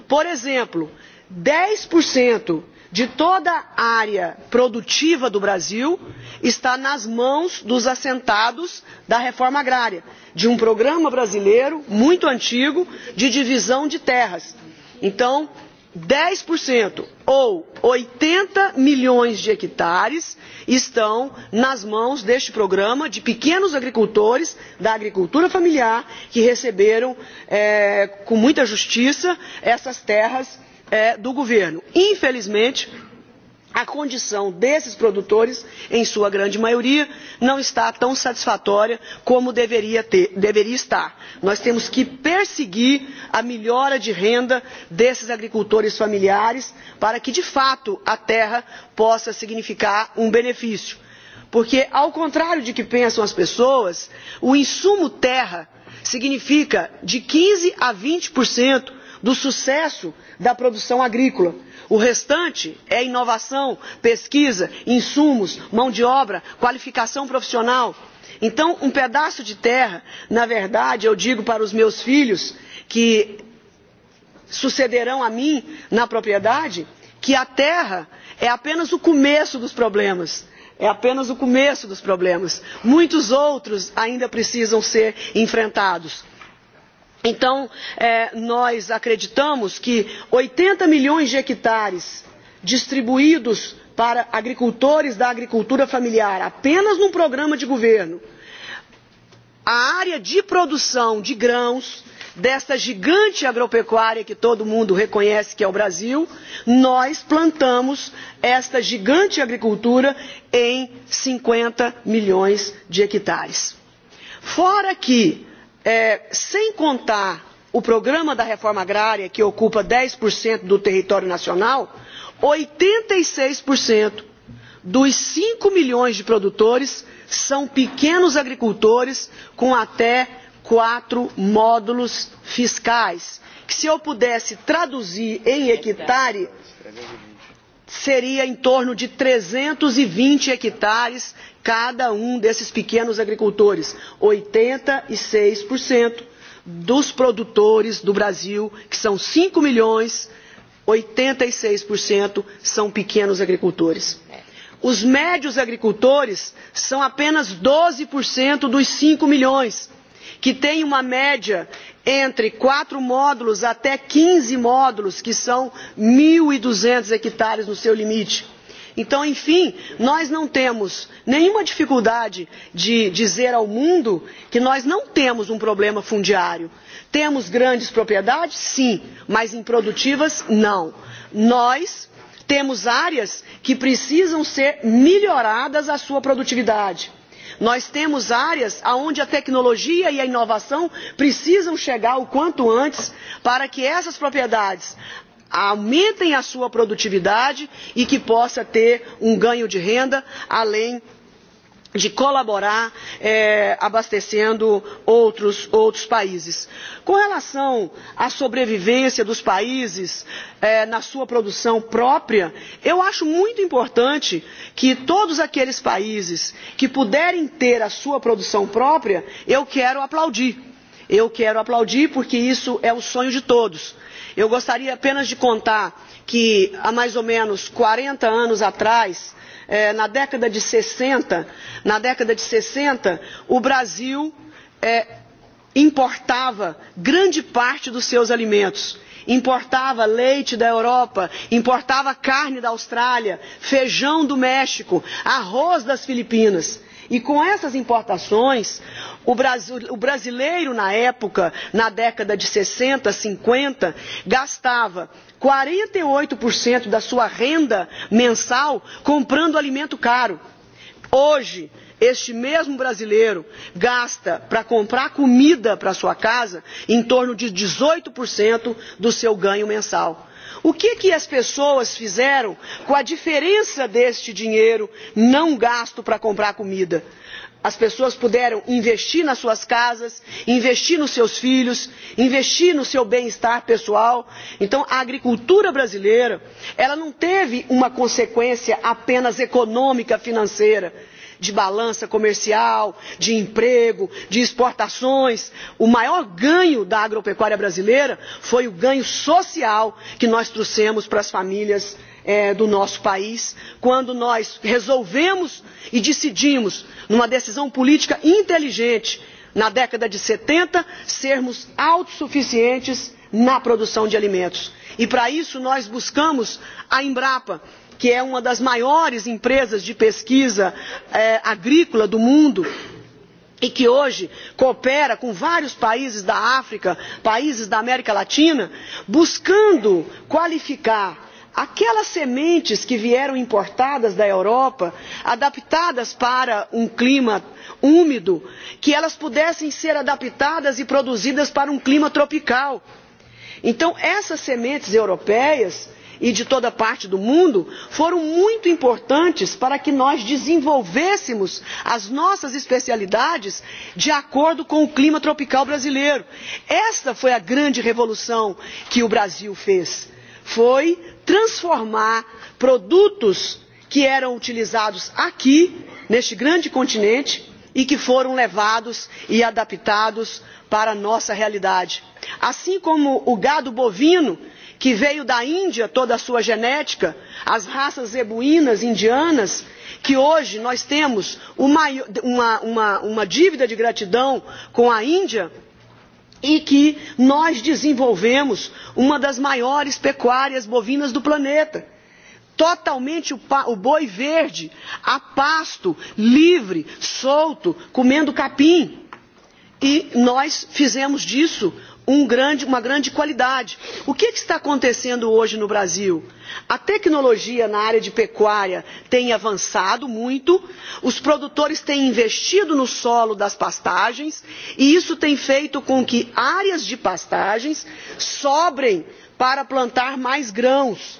Por exemplo, 10% de toda a área produtiva do Brasil está nas mãos dos assentados da reforma agrária, de um programa brasileiro muito antigo de divisão de terras. Então, 10% ou 80 milhões de hectares estão nas mãos deste programa de pequenos agricultores da agricultura familiar que receberam é, com muita justiça essas terras é, do governo. Infelizmente, a condição desses produtores em sua grande maioria não está tão satisfatória como deveria, ter, deveria estar. nós temos que perseguir a melhora de renda desses agricultores familiares para que de fato a terra possa significar um benefício porque ao contrário do que pensam as pessoas o insumo terra significa de quinze a vinte por cento do sucesso da produção agrícola. O restante é inovação, pesquisa, insumos, mão de obra, qualificação profissional. Então, um pedaço de terra, na verdade, eu digo para os meus filhos que sucederão a mim na propriedade, que a terra é apenas o começo dos problemas. É apenas o começo dos problemas. Muitos outros ainda precisam ser enfrentados então nós acreditamos que oitenta milhões de hectares distribuídos para agricultores da agricultura familiar apenas num programa de governo a área de produção de grãos desta gigante agropecuária que todo mundo reconhece que é o Brasil, nós plantamos esta gigante agricultura em 50 milhões de hectares. Fora que É, sem contar o programa da reforma agrária, que ocupa 10% do território nacional, 86% e dos 5 milhões de produtores são pequenos agricultores com até quatro módulos fiscais, que se eu pudesse traduzir em hectare, seria em torno de 320 e hectares cada um desses pequenos agricultores, 86% e dos produtores do Brasil, que são 5 milhões, 86% e são pequenos agricultores. Os médios agricultores são apenas 12% dos 5 milhões, que tem uma média entre quatro módulos até quinze módulos, que são 1.200 e hectares no seu limite. Então, enfim, nós não temos nenhuma dificuldade de dizer ao mundo que nós não temos um problema fundiário. Temos grandes propriedades, sim, mas improdutivas, não. Nós temos áreas que precisam ser melhoradas a sua produtividade nós temos áreas onde a tecnologia e a inovação precisam chegar o quanto antes para que essas propriedades aumentem a sua produtividade e que possa ter um ganho de renda além de colaborar é, abastecendo outros, outros países. Com relação à sobrevivência dos países é, na sua produção própria, eu acho muito importante que todos aqueles países que puderem ter a sua produção própria, eu quero aplaudir. Eu quero aplaudir porque isso é o sonho de todos eu gostaria apenas de contar que há mais ou menos quarenta anos atrás eh, na década de sessenta na década de sessenta o brasil eh, importava grande parte dos seus alimentos importava leite da Europa, importava carne da Austrália, feijão do México, arroz das Filipinas. E com essas importações, o, Brasil, o brasileiro, na época, na década de 60, 50, gastava 48% e da sua renda mensal comprando alimento caro. Hoje, este mesmo brasileiro gasta para comprar comida para sua casa em torno de 18% do seu ganho mensal O que, que as pessoas fizeram com a diferença deste dinheiro não gasto para comprar comida? as pessoas puderam investir nas suas casas investir nos seus filhos investir no seu bem estar pessoal. então a agricultura brasileira não teve uma consequência apenas econômica financeira de balança comercial de emprego de exportações o maior ganho da agropecuária brasileira foi o ganho social que nós trouxemos para as famílias é, do nosso país quando nós resolvemos e decidimos numa decisão política inteligente na década de setenta sermos autossuficientes na produção de alimentos e para isso nós buscamos a embrapa que é uma das maiores empresas de pesquisa é, eh, agrícola do mundo e que hoje coopera com vários países da áfrica países da américa latina buscando qualificar aquelas sementes que vieram importadas da europa adaptadas para um clima úmido que elas pudessem ser adaptadas e produzidas para um clima tropical. então essas sementes europeias e de toda parte do mundo foram muito importantes para que nós desenvolvêssemos as nossas especialidades de acordo com o clima tropical brasileiro. esta foi a grande revolução que o brasil fez foi transformar produtos que eram utilizados aqui neste grande continente e que foram levados e adaptados para a nossa realidade assim como o gado bovino que veio da Índia toda a sua genética, as raças zebuínas indianas, que hoje nós temos uma, uma, uma, uma dívida de gratidão com a Índia e que nós desenvolvemos uma das maiores pecuárias bovinas do planeta totalmente o, o boi verde a pasto, livre, solto, comendo capim. E nós fizemos disso um grande, uma grande qualidade. O que, que está acontecendo hoje no Brasil? A tecnologia na área de pecuária tem avançado muito, os produtores têm investido no solo das pastagens e isso tem feito com que áreas de pastagens sobrem para plantar mais grãos.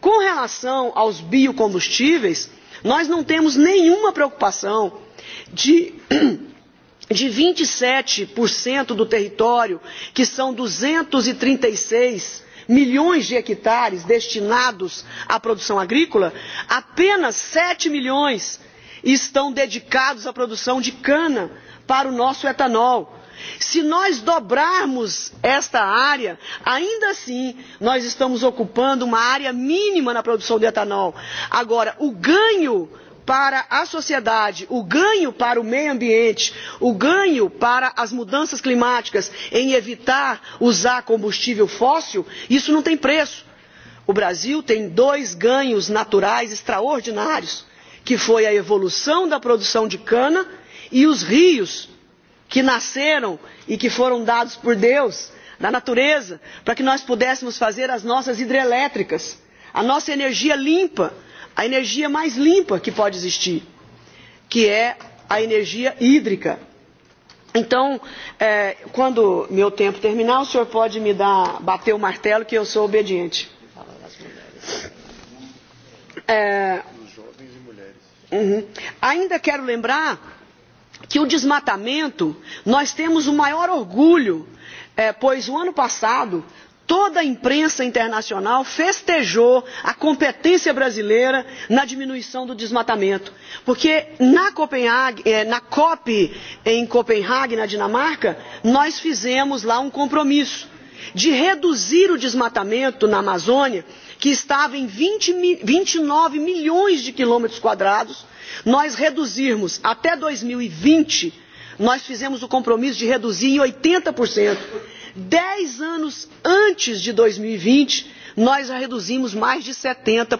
Com relação aos biocombustíveis, nós não temos nenhuma preocupação de <clears throat> de vinte e sete do território que são duzentos e trinta e seis milhões de hectares destinados à produção agrícola apenas sete milhões estão dedicados à produção de cana para o nosso etanol. Se nós dobrarmos esta área, ainda assim nós estamos ocupando uma área mínima na produção de etanol. Agora, o ganho para a sociedade o ganho para o meio ambiente o ganho para as mudanças climáticas em evitar usar combustível fóssil isso não tem preço. o brasil tem dois ganhos naturais extraordinários que foi a evolução da produção de cana e os rios que nasceram e que foram dados por deus da natureza para que nós pudéssemos fazer as nossas hidrelétricas a nossa energia limpa a energia mais limpa que pode existir, que é a energia hídrica. Então, é, quando meu tempo terminar, o senhor pode me dar, bater o martelo que eu sou obediente. É, uhum. Ainda quero lembrar que o desmatamento, nós temos o maior orgulho, é, pois o ano passado toda a imprensa internacional festejou a competência brasileira na diminuição do desmatamento porque na, eh, na cop em copenhague na dinamarca nós fizemos lá um compromisso de reduzir o desmatamento na amazônia que estava em vinte e nove milhões de quilômetros quadrados nós reduzirmos até dois mil e vinte nós fizemos o compromisso de reduzir em oitenta dez anos antes de dois mil e vinte nós já reduzimos mais de setenta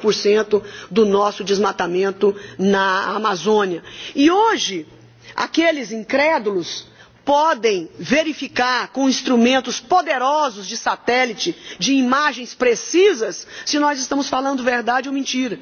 do nosso desmatamento na amazônia e hoje aqueles incrédulos podem verificar com instrumentos poderosos de satélite de imagens precisas se nós estamos falando verdade ou mentira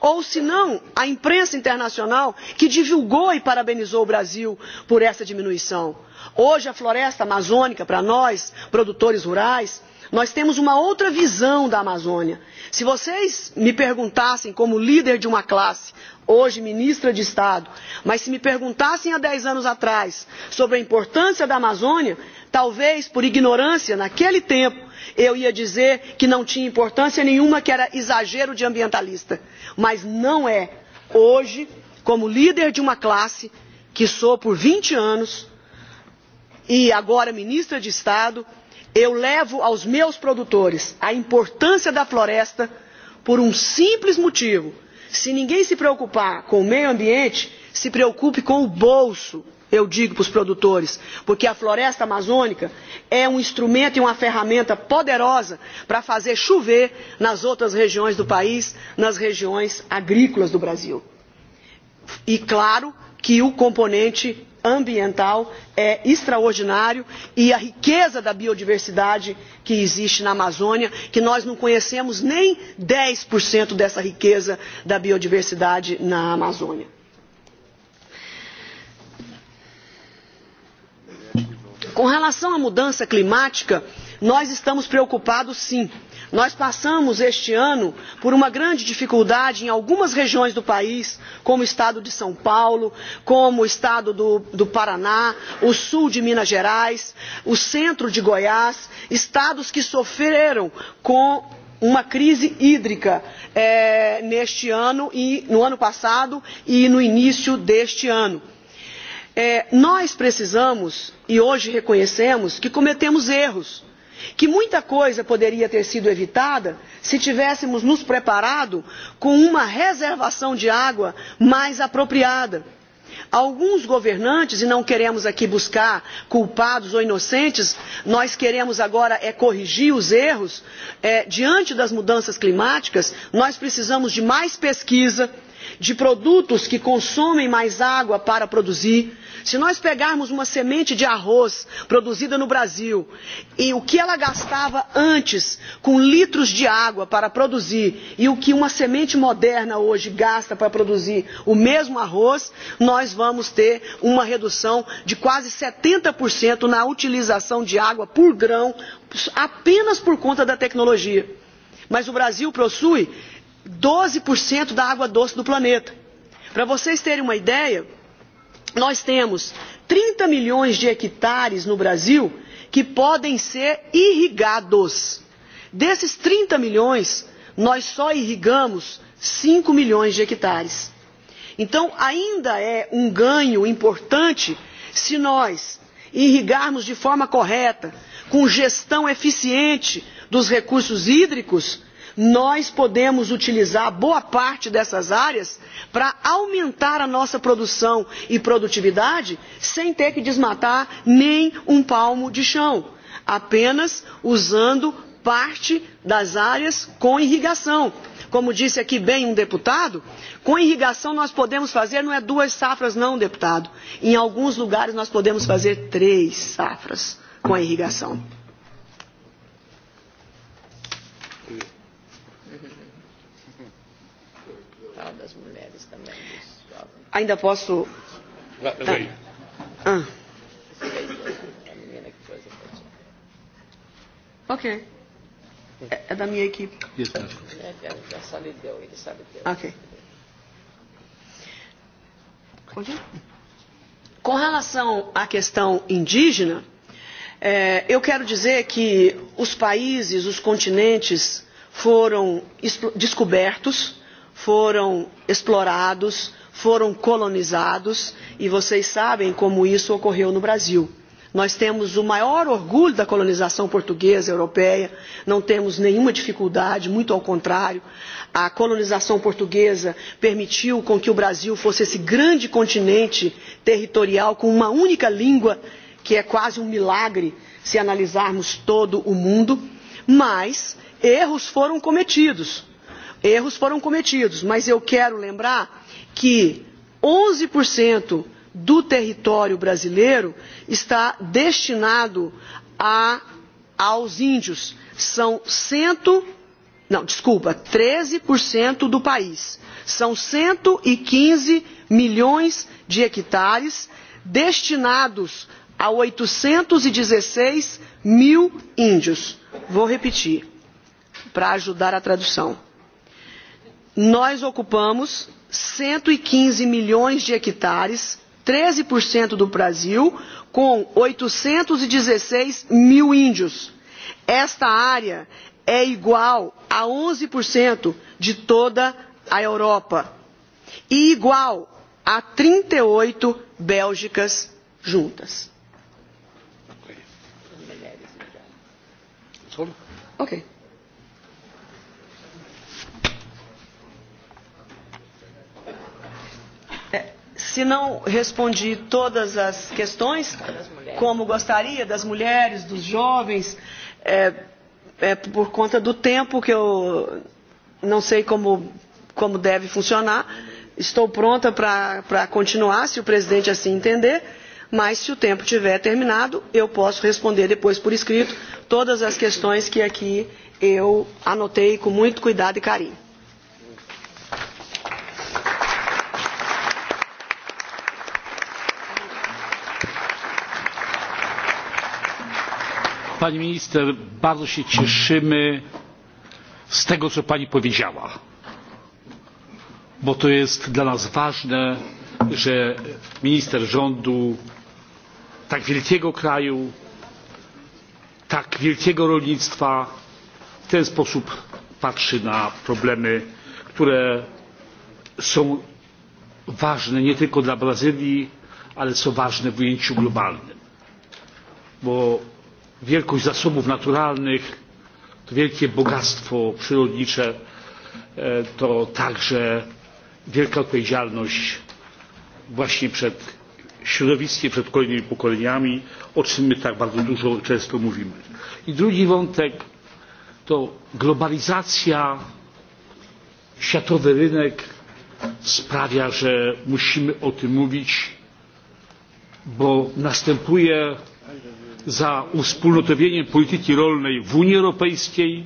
ou se não a imprensa internacional que divulgou e parabenizou o brasil por essa diminuição hoje a floresta amazônica para nós produtores rurais nós temos uma outra visão da amazônia. se vocês me perguntassem como líder de uma classe hoje ministra de estado mas se me perguntassem há dez anos atrás sobre a importância da amazônia talvez por ignorância naquele tempo eu ia dizer que não tinha importância nenhuma que era exagero de ambientalista mas não é hoje como líder de uma classe que sou por vinte anos e agora ministra de estado eu levo aos meus produtores a importância da floresta por um simples motivo se ninguém se preocupar com o meio ambiente se preocupe com o bolso eu digo para os produtores porque a floresta amazônica é um instrumento e uma ferramenta poderosa para fazer chover nas outras regiões do país nas regiões agrícolas do brasil e claro que o componente ambiental é extraordinário e a riqueza da biodiversidade que existe na Amazônia, que nós não conhecemos nem 10% dessa riqueza da biodiversidade na Amazônia. Com relação à mudança climática, nós estamos preocupados sim nós passamos este ano por uma grande dificuldade em algumas regiões do país como o estado de são paulo como o estado do, do paraná o sul de minas gerais o centro de goiás estados que sofreram com uma crise hídrica é, eh, neste ano e no ano passado e no início deste ano. É, eh, nós precisamos e hoje reconhecemos que cometemos erros que muita coisa poderia ter sido evitada se tivéssemos nos preparado com uma reservação de água mais apropriada. Alguns governantes, e não queremos aqui buscar culpados ou inocentes, nós queremos agora é corrigir os erros. É, diante das mudanças climáticas, nós precisamos de mais pesquisa, de produtos que consomem mais água para produzir, se nós pegarmos uma semente de arroz produzida no Brasil e o que ela gastava antes com litros de água para produzir e o que uma semente moderna hoje gasta para produzir o mesmo arroz, nós vamos ter uma redução de quase 70% na utilização de água por grão apenas por conta da tecnologia. Mas o Brasil possui 12% da água doce do planeta. Para vocês terem uma ideia, nós temos 30 milhões de hectares no Brasil que podem ser irrigados. Desses 30 milhões, nós só irrigamos 5 milhões de hectares. Então, ainda é um ganho importante se nós irrigarmos de forma correta, com gestão eficiente dos recursos hídricos, nós podemos utilizar boa parte dessas áreas para aumentar a nossa produção e produtividade sem ter que desmatar nem um palmo de chão, apenas usando parte das áreas com irrigação. Como disse aqui bem um deputado, com irrigação nós podemos fazer não é duas safras não, deputado. Em alguns lugares nós podemos fazer três safras com a irrigação. Ainda posso. Peraí. Ah. ah. Ok. É, é da minha equipe. Yes, já sabe deu, ele sabe deu. Ok. Com relação à questão indígena, é, eu quero dizer que os países, os continentes foram descobertos, foram explorados, foram colonizados e vocês sabem como isso ocorreu no Brasil. Nós temos o maior orgulho da colonização portuguesa europeia, não temos nenhuma dificuldade, muito ao contrário. A colonização portuguesa permitiu com que o Brasil fosse esse grande continente territorial com uma única língua, que é quase um milagre se analisarmos todo o mundo, mas erros foram cometidos. Erros foram cometidos, mas eu quero lembrar que 11% do território brasileiro está destinado a, aos índios. São 100, não, desculpa, 13% do país. São 115 e milhões de hectares destinados a 816 e mil índios. Vou repetir, para ajudar a tradução. Nós ocupamos 115 e milhões de hectares, 13% do Brasil, com 816 e mil índios. Esta área é igual a 11% de toda a Europa e igual a 38 e Bélgicas juntas. Okay. se não respondi todas as questões, como gostaria, das mulheres, dos jovens, é, é por conta do tempo que eu não sei como, como deve funcionar. Estou pronta para continuar, se o presidente assim entender, mas se o tempo tiver terminado, eu posso responder depois por escrito todas as questões que aqui eu anotei com muito cuidado e carinho. pani minister bardzo się cieszymy z tego co pani powiedziała bo to jest dla nas ważne że minister rządu tak wielkiego kraju tak wielkiego rolnictwa w ten sposób patrzy na problemy które są ważne nie tylko dla brazylii ale są ważne w ujęciu globalnym bo wielkość zasobów naturalnych to wielkie bogactwo przyrodnicze e, to także wielka odpowiedzialność właśnie przed środowiskiem przed kolejnymi pokoleniami o czym my tak bardzo dużo często mówimy. i drugi wątek to globalizacja światowy rynek sprawia że musimy o tym mówić bo następuje za uwspólnotowienie polityki rolnej w unii europejskiej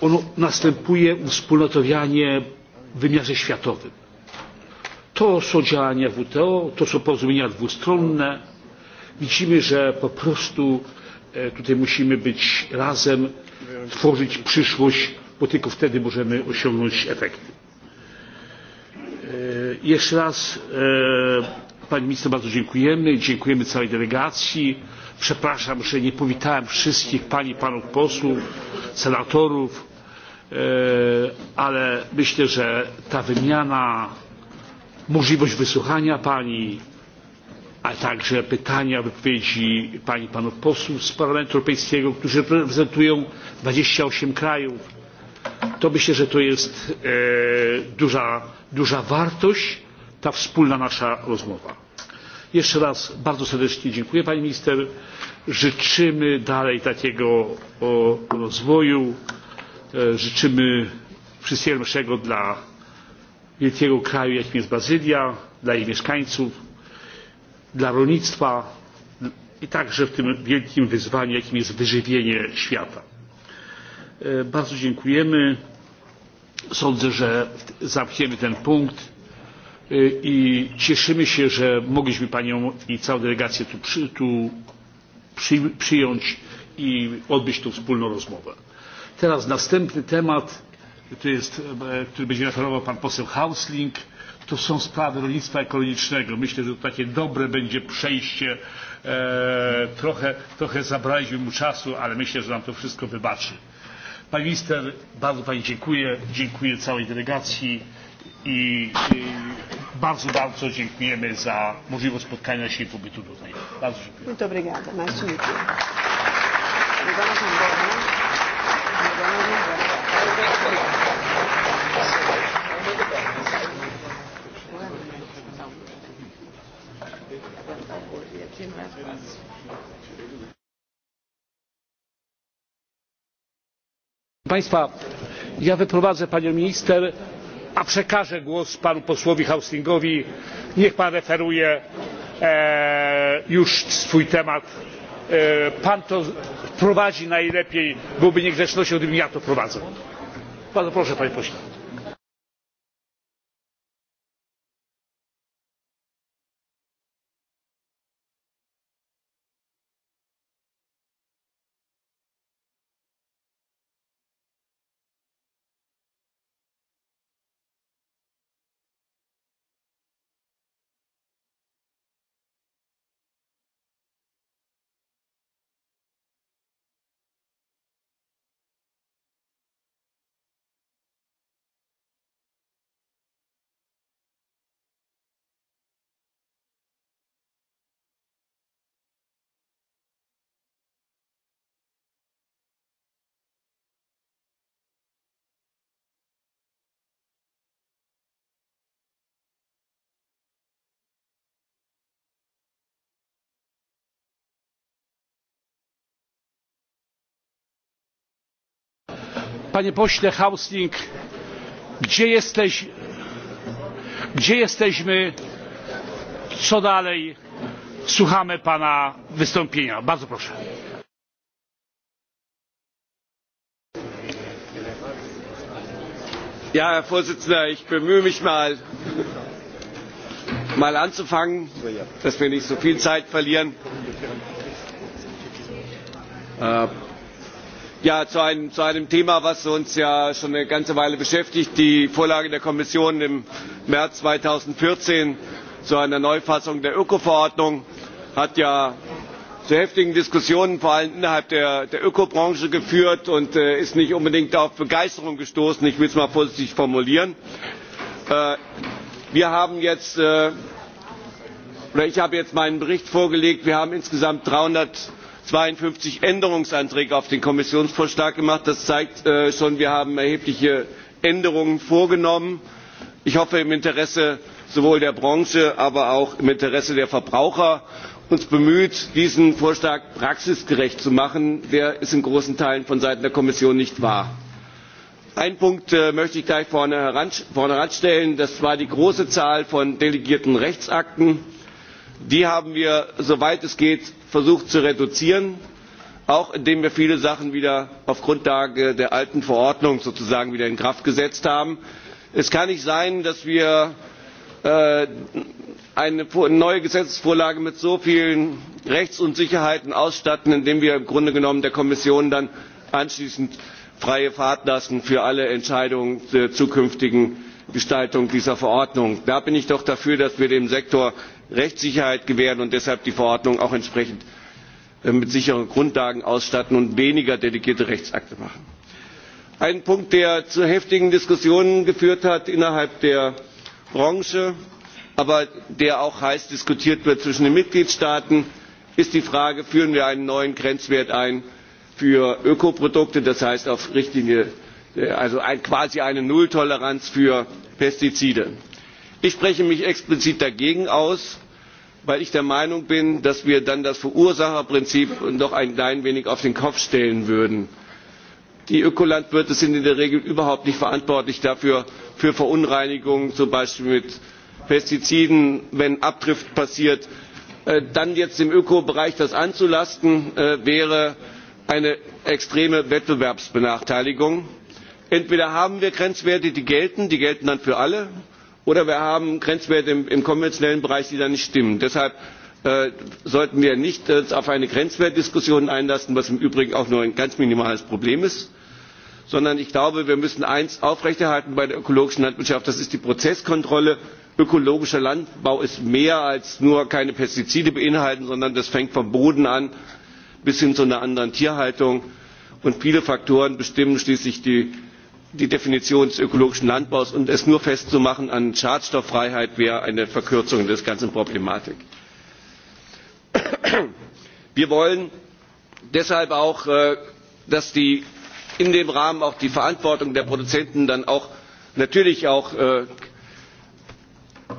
ono następuje uwspólnotowianie w wymiarze światowym. to są działania wto to są porozumienia dwustronne widzimy że po prostu e, tutaj musimy być razem tworzyć przyszłość bo tylko wtedy możemy osiągnąć efekty. E, jeszcze raz e, pani minister bardzo dziękujemy dziękujemy całej delegacji przepraszam że nie powitałem wszystkich pań i panów posłów senatorów e, ale myślę że ta wymiana możliwość wysłuchania pani a także pytania wypowiedzi pań i panów posłów z parlamentu europejskiego którzy reprezentują dwadzieścia osiem krajów to myślę że to jest e, duża, duża wartość ta wspólna nasza rozmowa. jeszcze raz bardzo serdecznie dziękuję pani minister życzymy dalej takiego o, rozwoju e, życzymy wszystkiego najlepszego dla wielkiego kraju jakim jest brazylia dla jej mieszkańców dla rolnictwa i także w tym wielkim wyzwaniu jakim jest wyżywienie świata. E, bardzo dziękujemy. sądzę że zamkniemy ten punkt i cieszymy się że mogliśmy panią i całą delegację tu, przy, tu przy, przyjąć i odbyć tę wspólną rozmowę. teraz następny temat jest, e, który będzie referował pan poseł husling to są sprawy rolnictwa ekologicznego. myślę że to takie dobre będzie przejście e, trochę, trochę zabraliśmy mu czasu ale myślę że nam to wszystko wybaczy. pani minister bardzo pani dziękuję dziękuję całej delegacji i bardzo, bardzo dziękujemy za możliwość spotkania się i pobytu tutaj. Bardzo dziękuję. Muito obrigada, mais um Państwa, ja wyprowadzę panią minister a przekażę głos panu posłowi hustingowi niech pan referuje e, już swój temat e, pan to prowadzi najlepiej byłoby niegrzecznością gdybym ja to prowadził. bardzo proszę panie pośle. panie pośle husling gdzie jesteś gdzie jesteśmy co dalej słuchamy pana wystąpienia bardzo proszę. Ja, herr präsident! ich bemühe mich mal, mal anzufangen dass wir nicht so viel zeit verlieren. Äh, Ja, zu, einem, zu einem thema das uns ja schon eine ganze weile beschäftigt die vorlage der kommission im märz zweitausendvierzehn zu einer neufassung der ökoverordnung hat ja zu heftigen diskussionen vor allem innerhalb der, der ökobranche geführt und äh, ist nicht unbedingt auf begeisterung gestoßen ich will es mal vorsichtig formulieren. Äh, wir haben jetzt äh, oder ich habe jetzt meinen bericht vorgelegt wir haben insgesamt dreihundert zweiundfünfzig änderungsanträge auf den kommissionsvorschlag gemacht. das zeigt äh, schon wir haben erhebliche änderungen vorgenommen. ich hoffe im interesse sowohl der branche aber auch im interesse der verbraucher uns bemüht diesen vorschlag praxisgerecht zu machen der es in großen teilen vonseiten der kommission nicht war. einen punkt äh, möchte ich gleich vorne heranstellen das war die große zahl von delegierten rechtsakten. die haben wir soweit es geht versucht zu reduzieren auch indem wir viele sachen wieder auf grundlage der alten verordnung sozusagen wieder in kraft gesetzt haben. es kann nicht sein dass wir äh, eine neue gesetzesvorlage mit so vielen rechtsunsicherheiten ausstatten indem wir im grunde genommen der kommission dann anschließend freie fahrt lassen für alle entscheidungen zur zukünftigen gestaltung dieser verordnung. da bin ich doch dafür dass wir dem sektor rechtssicherheit gewähren und deshalb die verordnung auch entsprechend äh, mit sicheren grundlagen ausstatten und weniger delegierte rechtsakte machen. ein punkt der zu heftigen diskussionen geführt hat innerhalb der branche aber der auch heiß diskutiert wird zwischen den mitgliedstaaten ist die frage führen wir einen neuen grenzwert ein für ökoprodukte das heißt auf richtlinie äh, also quasi eine nulltoleranz für pestizide? ich spreche mich explizit dagegen aus weil ich der meinung bin dass wir dann das verursacherprinzip noch ein klein wenig auf den kopf stellen würden. die ökolandwirte sind in der regel überhaupt nicht verantwortlich dafür für verunreinigungen zum beispiel mit pestiziden wenn abdrift passiert. Äh, dann jetzt dem ökobereich das anzulasten äh, wäre eine extreme wettbewerbsbenachteiligung. entweder haben wir grenzwerte die gelten die gelten dann für alle oder wir haben grenzwerte im, im konventionellen bereich die dann nicht stimmen. deshalb äh, sollten wir uns nicht äh, auf eine grenzwertdiskussion einlassen was im übrigen auch nur ein ganz minimales problem ist sondern ich glaube wir müssen eines aufrechterhalten bei der ökologischen landwirtschaft das ist die prozesskontrolle. ökologischer landbau ist mehr als nur keine pestizide beinhalten sondern das fängt vom boden an bis hin zu einer anderen tierhaltung und viele faktoren bestimmen schließlich die die definition des ökologischen landbaus und es nur festzumachen an schadstofffreiheit wäre eine verkürzung der ganzen problematik. wir wollen deshalb auch äh, dass in dem rahmen auch die verantwortung der produzenten dann auch natürlich auch äh,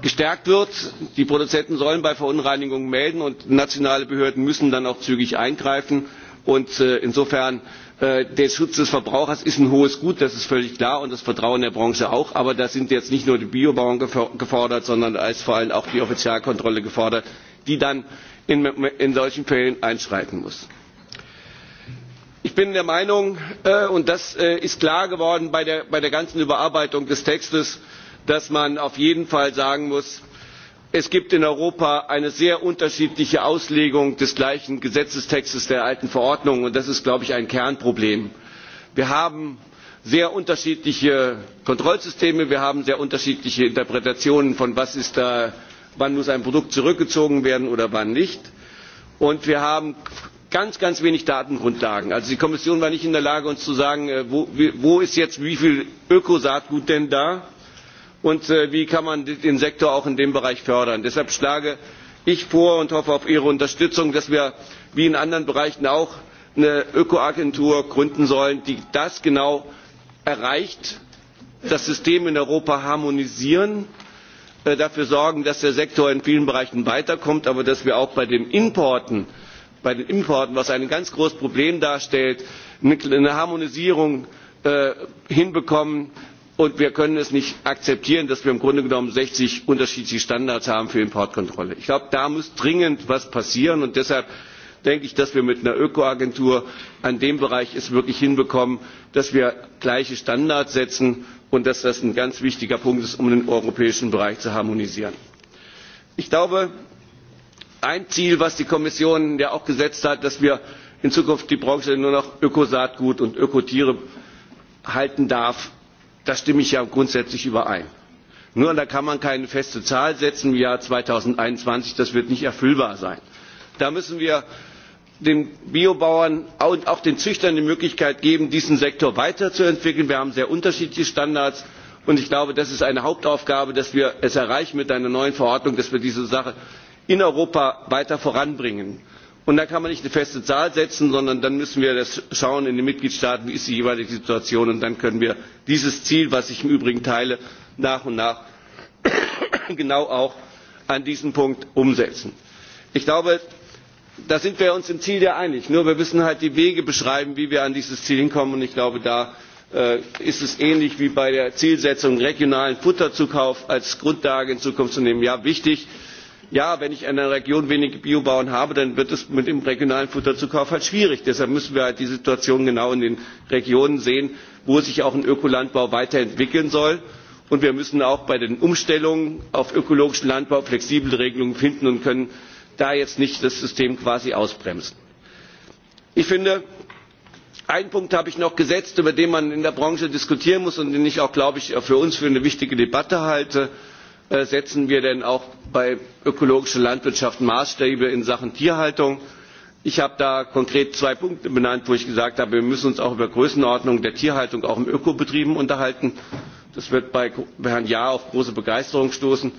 gestärkt wird. die produzenten sollen bei verunreinigungen melden und nationale behörden müssen dann auch zügig eingreifen und äh, insofern Äh, der schutz des verbrauchers ist ein hohes gut das ist völlig klar und das vertrauen der branche auch aber da sind jetzt nicht nur die biobauern gefordert sondern da ist vor allem auch die offizialkontrolle gefordert die dann in, in solchen fällen einschreiten muss. ich bin der meinung äh, und das äh, ist klar geworden bei der, bei der ganzen überarbeitung des textes dass man auf jeden fall sagen muss es gibt in europa eine sehr unterschiedliche auslegung des gleichen gesetzestextes der alten verordnung und das ist glaube ich ein kernproblem. wir haben sehr unterschiedliche kontrollsysteme wir haben sehr unterschiedliche interpretationen von da, wann muss ein produkt zurückgezogen werden und wann nicht und wir haben ganz ganz wenig datengrundlagen. also die kommission war nicht in der lage uns zu sagen äh, wo, wo ist jetzt wie viel ökosaatgut denn da? und äh, wie kann man den sektor auch in dem bereich fördern? deshalb schlage ich vor und hoffe auf ihre unterstützung dass wir wie in anderen bereichen auch eine öko agentur gründen sollen die das genau erreicht das system in europa harmonisieren äh, dafür sorgen dass der sektor in vielen bereichen weiterkommt aber dass wir auch bei den importen bei den importen was ein ganz großes problem darstellt eine harmonisierung äh, hinbekommen und wir können es nicht akzeptieren dass wir im grunde genommen sechzig unterschiedliche standards haben für importkontrolle. ich glaube da muss dringend etwas passieren und deshalb denke ich dass wir es mit einer öko agentur in dem bereich wirklich hinbekommen dass wir gleiche standards setzen und dass das ein ganz wichtiger punkt ist um den europäischen bereich zu harmonisieren. ich glaube ein ziel das die kommission ja auch gesetzt hat dass wir in zukunft die branche nur noch öko saatgut und ökotiere halten darf da stimme ich ja grundsätzlich überein. nur da kann man keine feste zahl setzen im jahr zweitausendeinundzwanzig das wird nicht erfüllbar sein. da müssen wir den biobauern und auch den züchtern die möglichkeit geben diesen sektor weiterzuentwickeln. wir haben sehr unterschiedliche standards und ich glaube das ist eine hauptaufgabe dass wir es erreichen mit einer neuen verordnung dass wir diese sache in europa weiter voranbringen und da kann man nicht eine feste zahl setzen sondern dann müssen wir schauen in den mitgliedstaaten wie ist die jeweilige situation und dann können wir dieses ziel das ich im übrigen teile nach und nach <coughs> genau auch an diesem punkt umsetzen. ich glaube da sind wir uns im ziel ja einig nur müssen wir halt die wege beschreiben wie wir an dieses ziel hinkommen und ich glaube da äh, ist es ähnlich wie bei der zielsetzung regionalen futterzukauf als grundlage in zukunft zu nehmen ja wichtig ja wenn ich in einer region wenige biobauern habe dann wird es mit dem regionalen futterzukauf halt schwierig. deshalb müssen wir halt die situation genau in den regionen sehen wo sich auch ein ökolandbau weiterentwickeln soll. und wir müssen auch bei den umstellungen auf ökologischen landbau flexible regelungen finden und können da jetzt nicht das system quasi ausbremsen. ich finde einen punkt habe ich noch gesetzt über den man in der branche diskutieren muss und den ich auch glaube ich für uns für eine wichtige debatte halte Äh, setzen wir denn auch bei ökologischer landwirtschaft maßstäbe in sachen tierhaltung? ich habe da konkret zwei punkte benannt wo ich gesagt habe wir müssen uns auch über größenordnungen der tierhaltung auch in ökobetrieben unterhalten. das wird bei herrn jahr auf große begeisterung stoßen.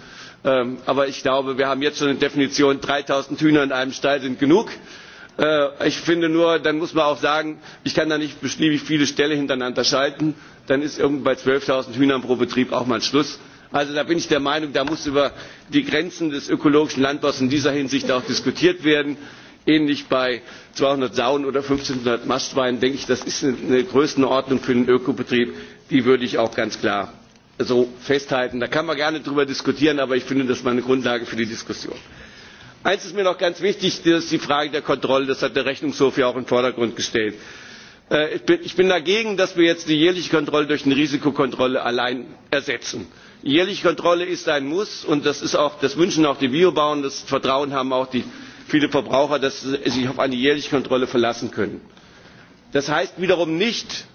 Ähm, aber ich glaube wir haben jetzt schon eine definition drei null hühner in einem stall sind genug. Äh, ich finde nur dann muss man auch sagen ich kann da nicht beliebig viele ställe hintereinander schalten dann ist irgendwann bei zwölf null hühnern pro betrieb auch mal schluss also da bin ich der meinung da muss über die grenzen des ökologischen landbaus in dieser hinsicht auch diskutiert werden. ähnlich bei zweihundert sauen oder eintausendfünfhundert mastschweinen denke ich das ist eine größenordnung für den ökobetrieb die würde ich auch ganz klar so festhalten. da kann man gerne darüber diskutieren aber ich finde das war eine grundlage für die diskussion. eines ist mir noch ganz wichtig das ist die frage der kontrolle das hat der rechnungshof ja auch in den vordergrund gestellt. Äh, ich bin dagegen dass wir jetzt die jährliche kontrolle durch eine risikokontrolle allein ersetzen jährliche kontrolle ist ein muss und das, auch, das wünschen auch die biobauern das vertrauen haben auch die, viele verbraucher dass sie sich auf eine jährliche kontrolle verlassen können. das heißt wiederum nicht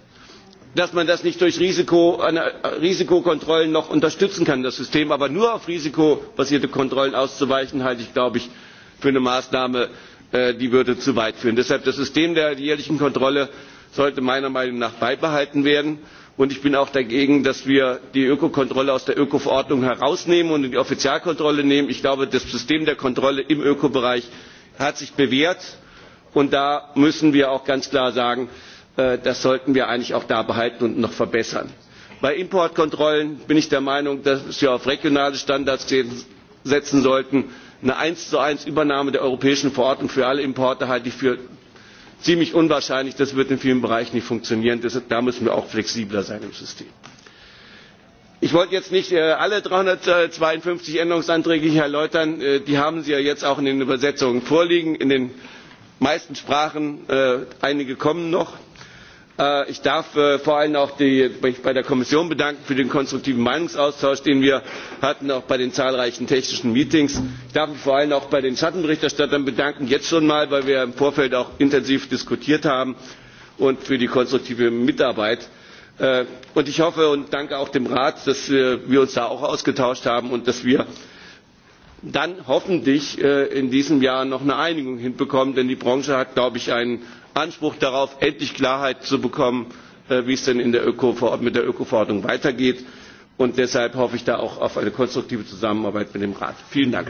dass man das nicht durch Risiko, risikokontrollen noch unterstützen kann das system aber nur auf risikobasierte kontrollen auszuweichen halte ich glaube ich für eine maßnahme äh, die würde zu weit führen. deshalb das system der jährlichen kontrolle sollte meiner meinung nach beibehalten werden und ich bin auch dagegen dass wir die ökokontrolle aus der ökoverordnung herausnehmen und in die offizialkontrolle nehmen. ich glaube das system der kontrolle im ökobereich hat sich bewährt und da müssen wir auch ganz klar sagen äh, das sollten wir eigentlich auch da behalten und noch verbessern. bei importkontrollen bin ich der meinung dass wir auf regionale standards setzen sollten. eine eins zu eins übernahme der europäischen verordnung für alle importe halte ich ziemlich unwahrscheinlich das wird in vielen bereichen nicht funktionieren. da müssen wir auch flexibler sein im system. ich wollte jetzt nicht äh, alle dreihundertzweiundfünfzig änderungsanträge hier erläutern äh, die haben sie ja jetzt auch in den übersetzungen vorliegen in den meisten sprachen äh, einige kommen noch. Äh, ich darf äh, vor allem auch mich bei der kommission bedanken für den konstruktiven meinungsaustausch den wir hatten auch bei den zahlreichen technischen meetings. ich darf mich vor allem auch bei den schattenberichterstattern bedanken jetzt schon einmal weil wir im vorfeld auch intensiv diskutiert haben und für die konstruktive mitarbeit. Äh, und ich hoffe und danke auch dem rat dass wir uns da auch ausgetauscht haben und dass wir dann hoffentlich in diesem jahr noch eine einigung hinbekommen denn die branche hat glaube ich einen anspruch darauf endlich klarheit zu bekommen äh, wie es denn mit der öko verordnung weitergeht und deshalb hoffe ich da auch auf eine konstruktive zusammenarbeit mit dem rat. vielen dank!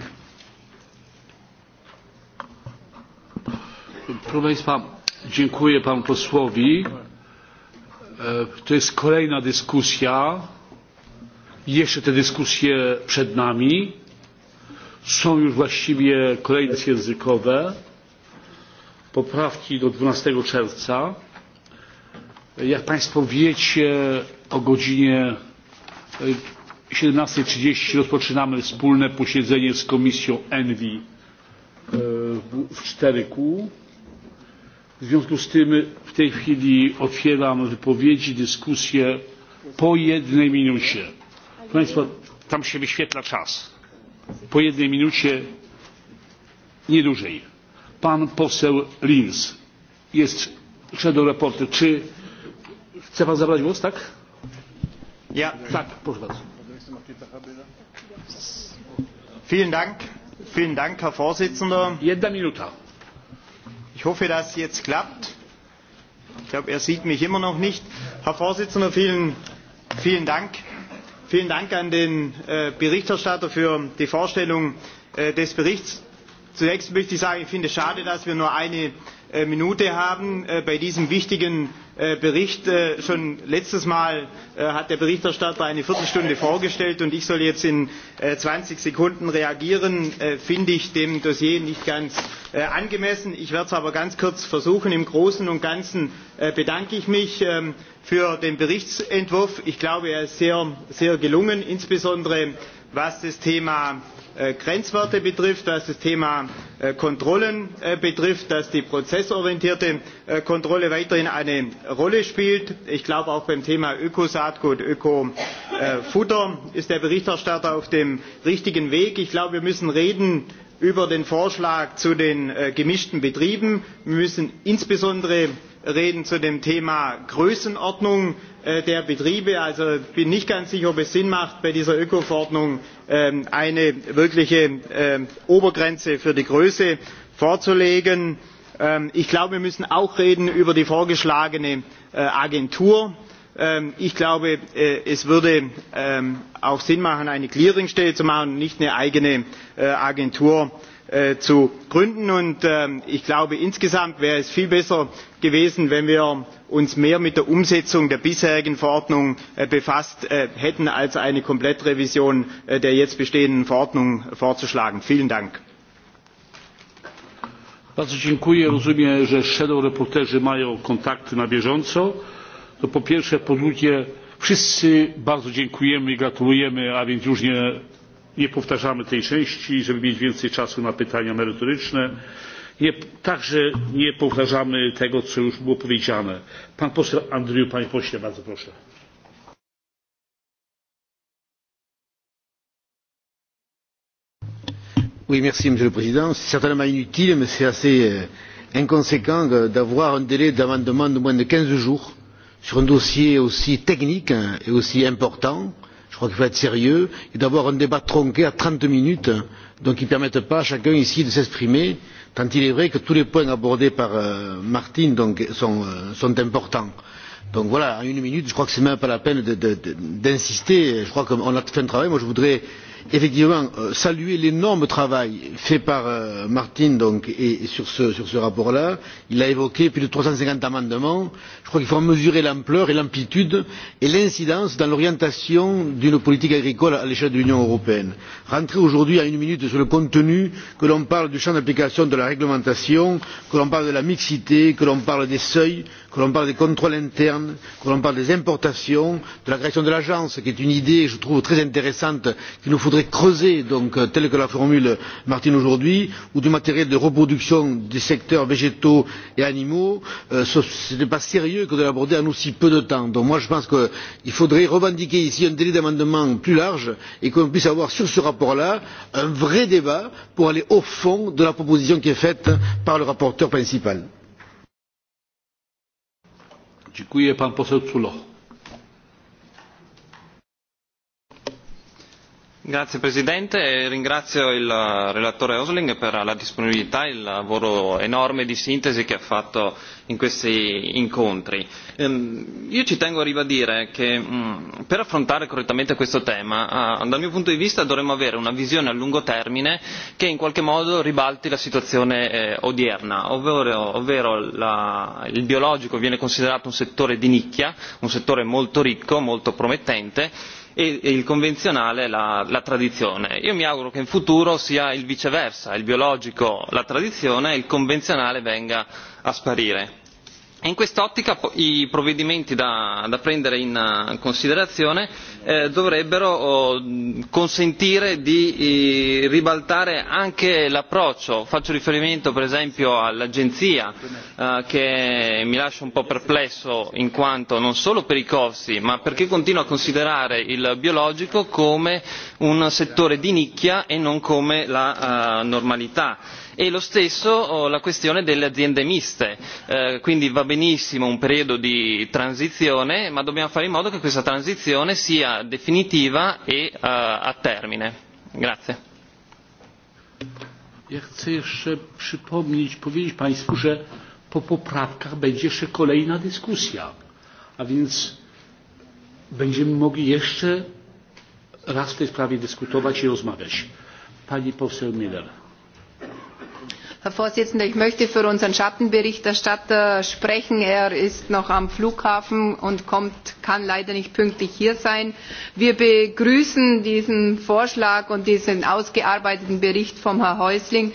proszę państwa dziękuję panu posłowi. E, to jest kolejna dyskusja jeszcze te dyskusje przed nami są już właściwie kolejne dyskusje językowe poprawki do 12 czerwca. Jak Państwo wiecie, o godzinie 17.30 e, rozpoczynamy wspólne posiedzenie z Komisją ENVI w 4Q. W związku z tym w tej chwili otwieram wypowiedzi, dyskusję po jednej minucie. Proszę Państwa, tam się wyświetla czas. Po jednej minucie, nie dłużej Pan poseł Linz jest shadow reporter. Czy chce pan zabrać głos, tak? Ja. Tak, proszę bardzo. Vielen Dank, vielen Dank, Herr Vorsitzender. Jedna minuta. Ich hoffe, dass jetzt klappt. Ich glaube, er sieht mich immer noch nicht. Herr Vorsitzender, vielen, vielen Dank. Vielen Dank an den äh, Berichterstatter für die Vorstellung äh, des Berichts zunächst möchte ich sagen ich finde es schade dass wir nur eine äh, minute haben äh, bei diesem wichtigen äh, bericht. schon letztes mal hat der berichterstatter eine viertelstunde vorgestellt und ich soll jetzt in zwanzig sekunden reagieren finde ich dem dossier nicht ganz angemessen. ich werde es aber ganz kurz versuchen. im großen und ganzen bedanke ich mich ähm, für den berichtsentwurf. ich glaube er ist sehr, sehr gelungen insbesondere was das Thema äh, Grenzwerte betrifft, was das Thema äh, Kontrollen äh, betrifft, dass die prozessorientierte Kontrolle weiterhin eine Rolle spielt. Ich glaube, auch beim Thema Ökosaatgut, Ökofutter ist der Berichterstatter auf dem richtigen Weg. Ich glaube, wir müssen reden über den Vorschlag zu den gemischten Betrieben. Wir müssen insbesondere reden zu dem Thema Größenordnung Äh, der betriebe. also ich bin nicht ganz sicher ob es sinn macht bei dieser ökoverordnung ähm, eine wirkliche ähm, obergrenze für die größe vorzulegen. Ähm, ich glaube wir müssen auch reden über die vorgeschlagene äh, agentur ich glaube äh, es würde auch sinn machen eine clearingstelle zu machen und nicht eine eigene agentur Äh, zu gründen. Und, ähm, ich glaube insgesamt wäre es viel besser gewesen wenn wir uns mehr mit der umsetzung der bisherigen verordnung äh, befasst äh, hätten als eine komplettrevision der jetzt bestehenden verordnung vorzuschlagen. vielen dank! bardzo dziękuję. rozumiem że sprawozdawcy mają kontakty na bieżąco. to po pierwsze. po drugie wszyscy bardzo dziękujemy i gratulujemy a więc różnie nie powtarzamy tej części żeby mieć więcej czasu na pytania merytoryczne także nie powtarzamy tego co już było powiedziane. pan poseł andrieu panie pośle bardzo proszę. Oui, merci, monsieur le président c'est certainement inutile mais c'est assez euh, inconséquent euh, d'avoir un délai d'amendement de moins de quinze jours sur un dossier aussi technique et aussi important euh, je crois qu'il faut être sérieux et d'avoir un débat tronqué à trente minutes donc qui ne permette pas à chacun ici de s'exprimer tant il est vrai que tous les points abordés par euh, martin donc, sont, euh, sont importants. donc voilà en une minute je crois que ce n'est même pas la peine d'insister je crois qu'on a fait un travail. Moi, je voudrais effectivement euh, saluer l'énorme travail fait par euh, martin donc, et, et sur, ce, sur ce rapport là. il a évoqué plus de trois cent cinquante amendements. je crois qu'il faut en mesurer l'ampleur et l'amplitude et l'incidence dans l'orientation d'une politique agricole à l'échelle de l'union européenne. rentrer aujourd'hui à une minute sur le contenu que l'on parle du champ d'application de la réglementation que l'on parle de la mixité que l'on parle des seuils que l'on parle des contrôles internes que l'on parle des importations de la création de l'agence qui est une idée je trouve très intéressante qu'il nous faudrait creuser euh, telle que la formule martin aujourd'hui ou du matériel de reproduction des secteurs végétaux et animaux euh, ce n'est pas sérieux que de l'aborder en aussi peu de temps. donc je pense qu'il faudrait revendiquer ici un délai d'amendement plus large et que l'on puisse avoir sur ce rapport là un vrai débat pour aller au fond de la proposition qui est faite par le rapporteur principal dziękuję. pan poseł zullo. Grazie Presidente, e ringrazio il eh, relatore Osling per la disponibilità e il lavoro enorme di sintesi che ha fatto in questi incontri. Ehm, io ci tengo a ribadire che mm, per affrontare correttamente questo tema, eh, dal mio punto di vista, dovremmo avere una visione a lungo termine che in qualche modo ribalti la situazione eh, odierna, ovvero, ovvero la, il biologico viene considerato un settore di nicchia, un settore molto ricco, molto promettente, e il convenzionale la, la tradizione. io mi auguro che in futuro sia il viceversa il biologico la tradizione e il convenzionale venga a sparire. E in quest'ottica i provvedimenti da, da prendere in eh, considerazione eh, dovrebbero oh, consentire di eh, ribaltare anche l'approccio faccio riferimento per esempio all'agenzia eh, che mi lascia un po' perplesso in quanto non solo per i costi ma perché continua a considerare il biologico come un settore di nicchia e non come la eh, normalità e lo stesso oh, la questione delle aziende miste eh, quindi va benissimo un periodo di transizione ma dobbiamo fare in modo che questa transizione sia definitiva e eh, a termine. ja chcę jeszcze przypomnieć powiedzieć państwu że po poprawkach będzie jeszcze kolejna dyskusja a więc będziemy mogli jeszcze raz w tej sprawie dyskutować i rozmawiać. pani poseł miller herr präsident! ich möchte für unseren schattenberichterstatter sprechen. er ist noch am flughafen und kommt, kann leider nicht pünktlich hier sein. wir begrüßen diesen vorschlag und diesen ausgearbeiteten bericht von herrn häusling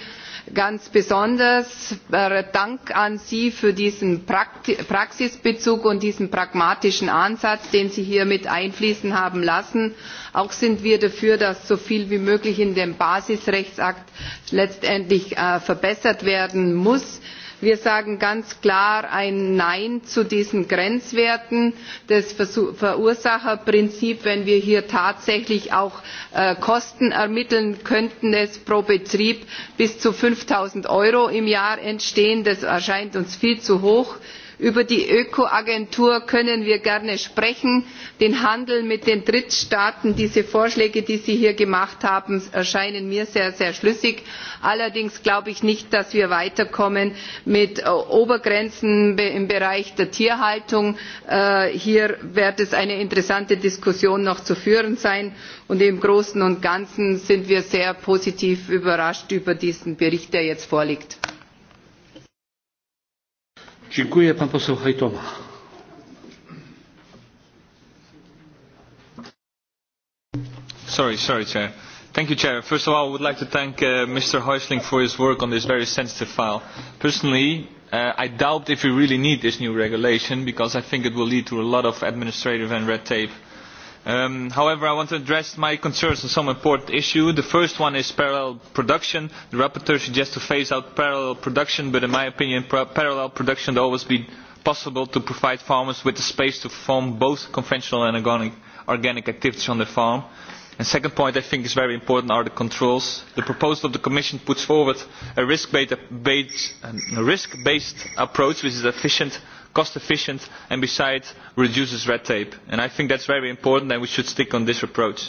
ganz besonders äh, dank an sie für diesen praxisbezug und diesen pragmatischen ansatz den sie hier mit einfließen haben lassen. auch sind wir dafür dass so viel wie möglich in dem basisrechtsakt letztendlich äh, verbessert werden muss wir sagen ganz klar ein nein zu diesen grenzwerten das verursacherprinzip wenn wir hier tatsächlich auch äh, kosten ermitteln könnten es pro betrieb bis zu fünftausend euro im jahr entstehen das erscheint uns viel zu hoch über die öko agentur können wir gerne sprechen den handel mit den drittstaaten diese vorschläge die sie hier gemacht haben erscheinen mir sehr sehr schlüssig. allerdings glaube ich nicht dass wir weiterkommen mit äh, obergrenzen im bereich der tierhaltung. Äh, hier wird es eine interessante diskussion noch zu führen sein und im großen und ganzen sind wir sehr positiv überrascht über diesen bericht der jetzt vorliegt. Dziękuję, pan poseł Hajtoma. Sorry, sorry, Chair. Thank you, Chair. First of all, I would like to thank uh, Mr. Heusling for his work on this very sensitive file. Personally, uh, I doubt if we really need this new regulation because I think it will lead to a lot of administrative and red tape uh, Um, however i want to address my concerns on some important issues. the first one is parallel production. the rapporteur suggests to phase out parallel production but in my opinion parallel production should always be possible to provide farmers with the space to perform both conventional and organic, organic activities on their farm. the second point i think is very important are the controls. the proposal of the commission puts forward a risk based, based, a risk -based approach which is efficient cost efficient and besides reduces red tape and i think that is very important and we should stick to this approach.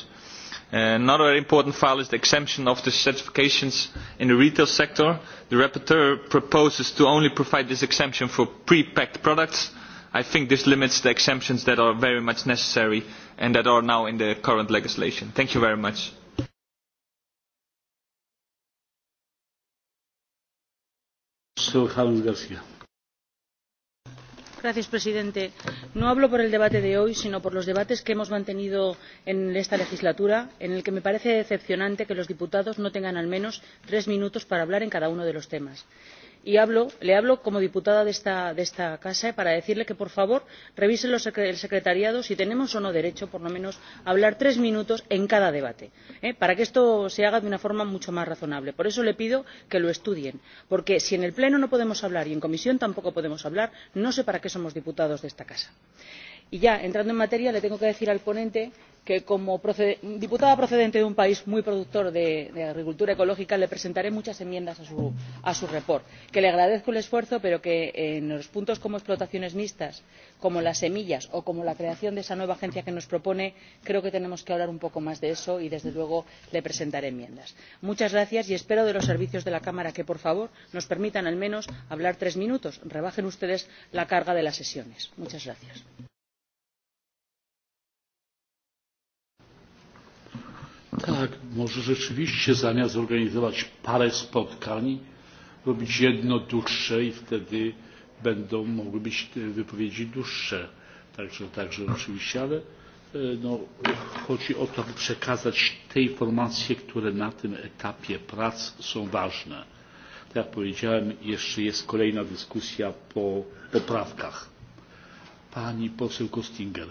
another important file is the exemption of the certifications in the retail sector. the rapporteur proposes to only provide this exemption for pre packed products. i think this limits the exemptions that are very much necessary and that are now in the current legislation. thank you very much. So, Carlos Garcia señor presidente no hablo por el debate de hoy sino por los debates que hemos mantenido en esta legislatura en los que me parece decepcionante que los diputados no tengan al menos tres minutos para hablar en cada uno de los temas y hablo, le hablo como diputada de esta, de esta casa eh, para decirle que por favor revise el secretariado si tenemos o no derecho por lo menos a hablar tres minutos en cada debate ¿eh? para que esto se haga de una forma mucho más razonable. por eso le pido que lo estudien porque si en el pleno no podemos hablar y en comisión tampoco podemos hablar no sé para qué somos diputados de esta casa. en y ya entrando en materia le tengo que decir al ponente que como diputada procedente de un país muy productor de agricultura ecológica le presentaré muchas enmiendas a su informe que le agradezco el esfuerzo pero que en puntos como explotaciones mixtas como las semillas o como la creación de esa nueva agencia que nos propone creo que tenemos que hablar un poco más de eso y desde luego le presentaré enmiendas. muchas gracias y espero de los servicios de la cámara que por favor nos permitan al menos hablar tres minutos rebajen ustedes la carga de las sesiones. muchas gracias. Tak, może rzeczywiście zamiast zorganizować parę spotkań, robić jedno dłuższe i wtedy będą mogły być wypowiedzi dłuższe. Także, także oczywiście, ale e, no, chodzi o to, aby przekazać te informacje, które na tym etapie prac są ważne. Tak jak powiedziałem, jeszcze jest kolejna dyskusja po poprawkach. Pani poseł Kostinger.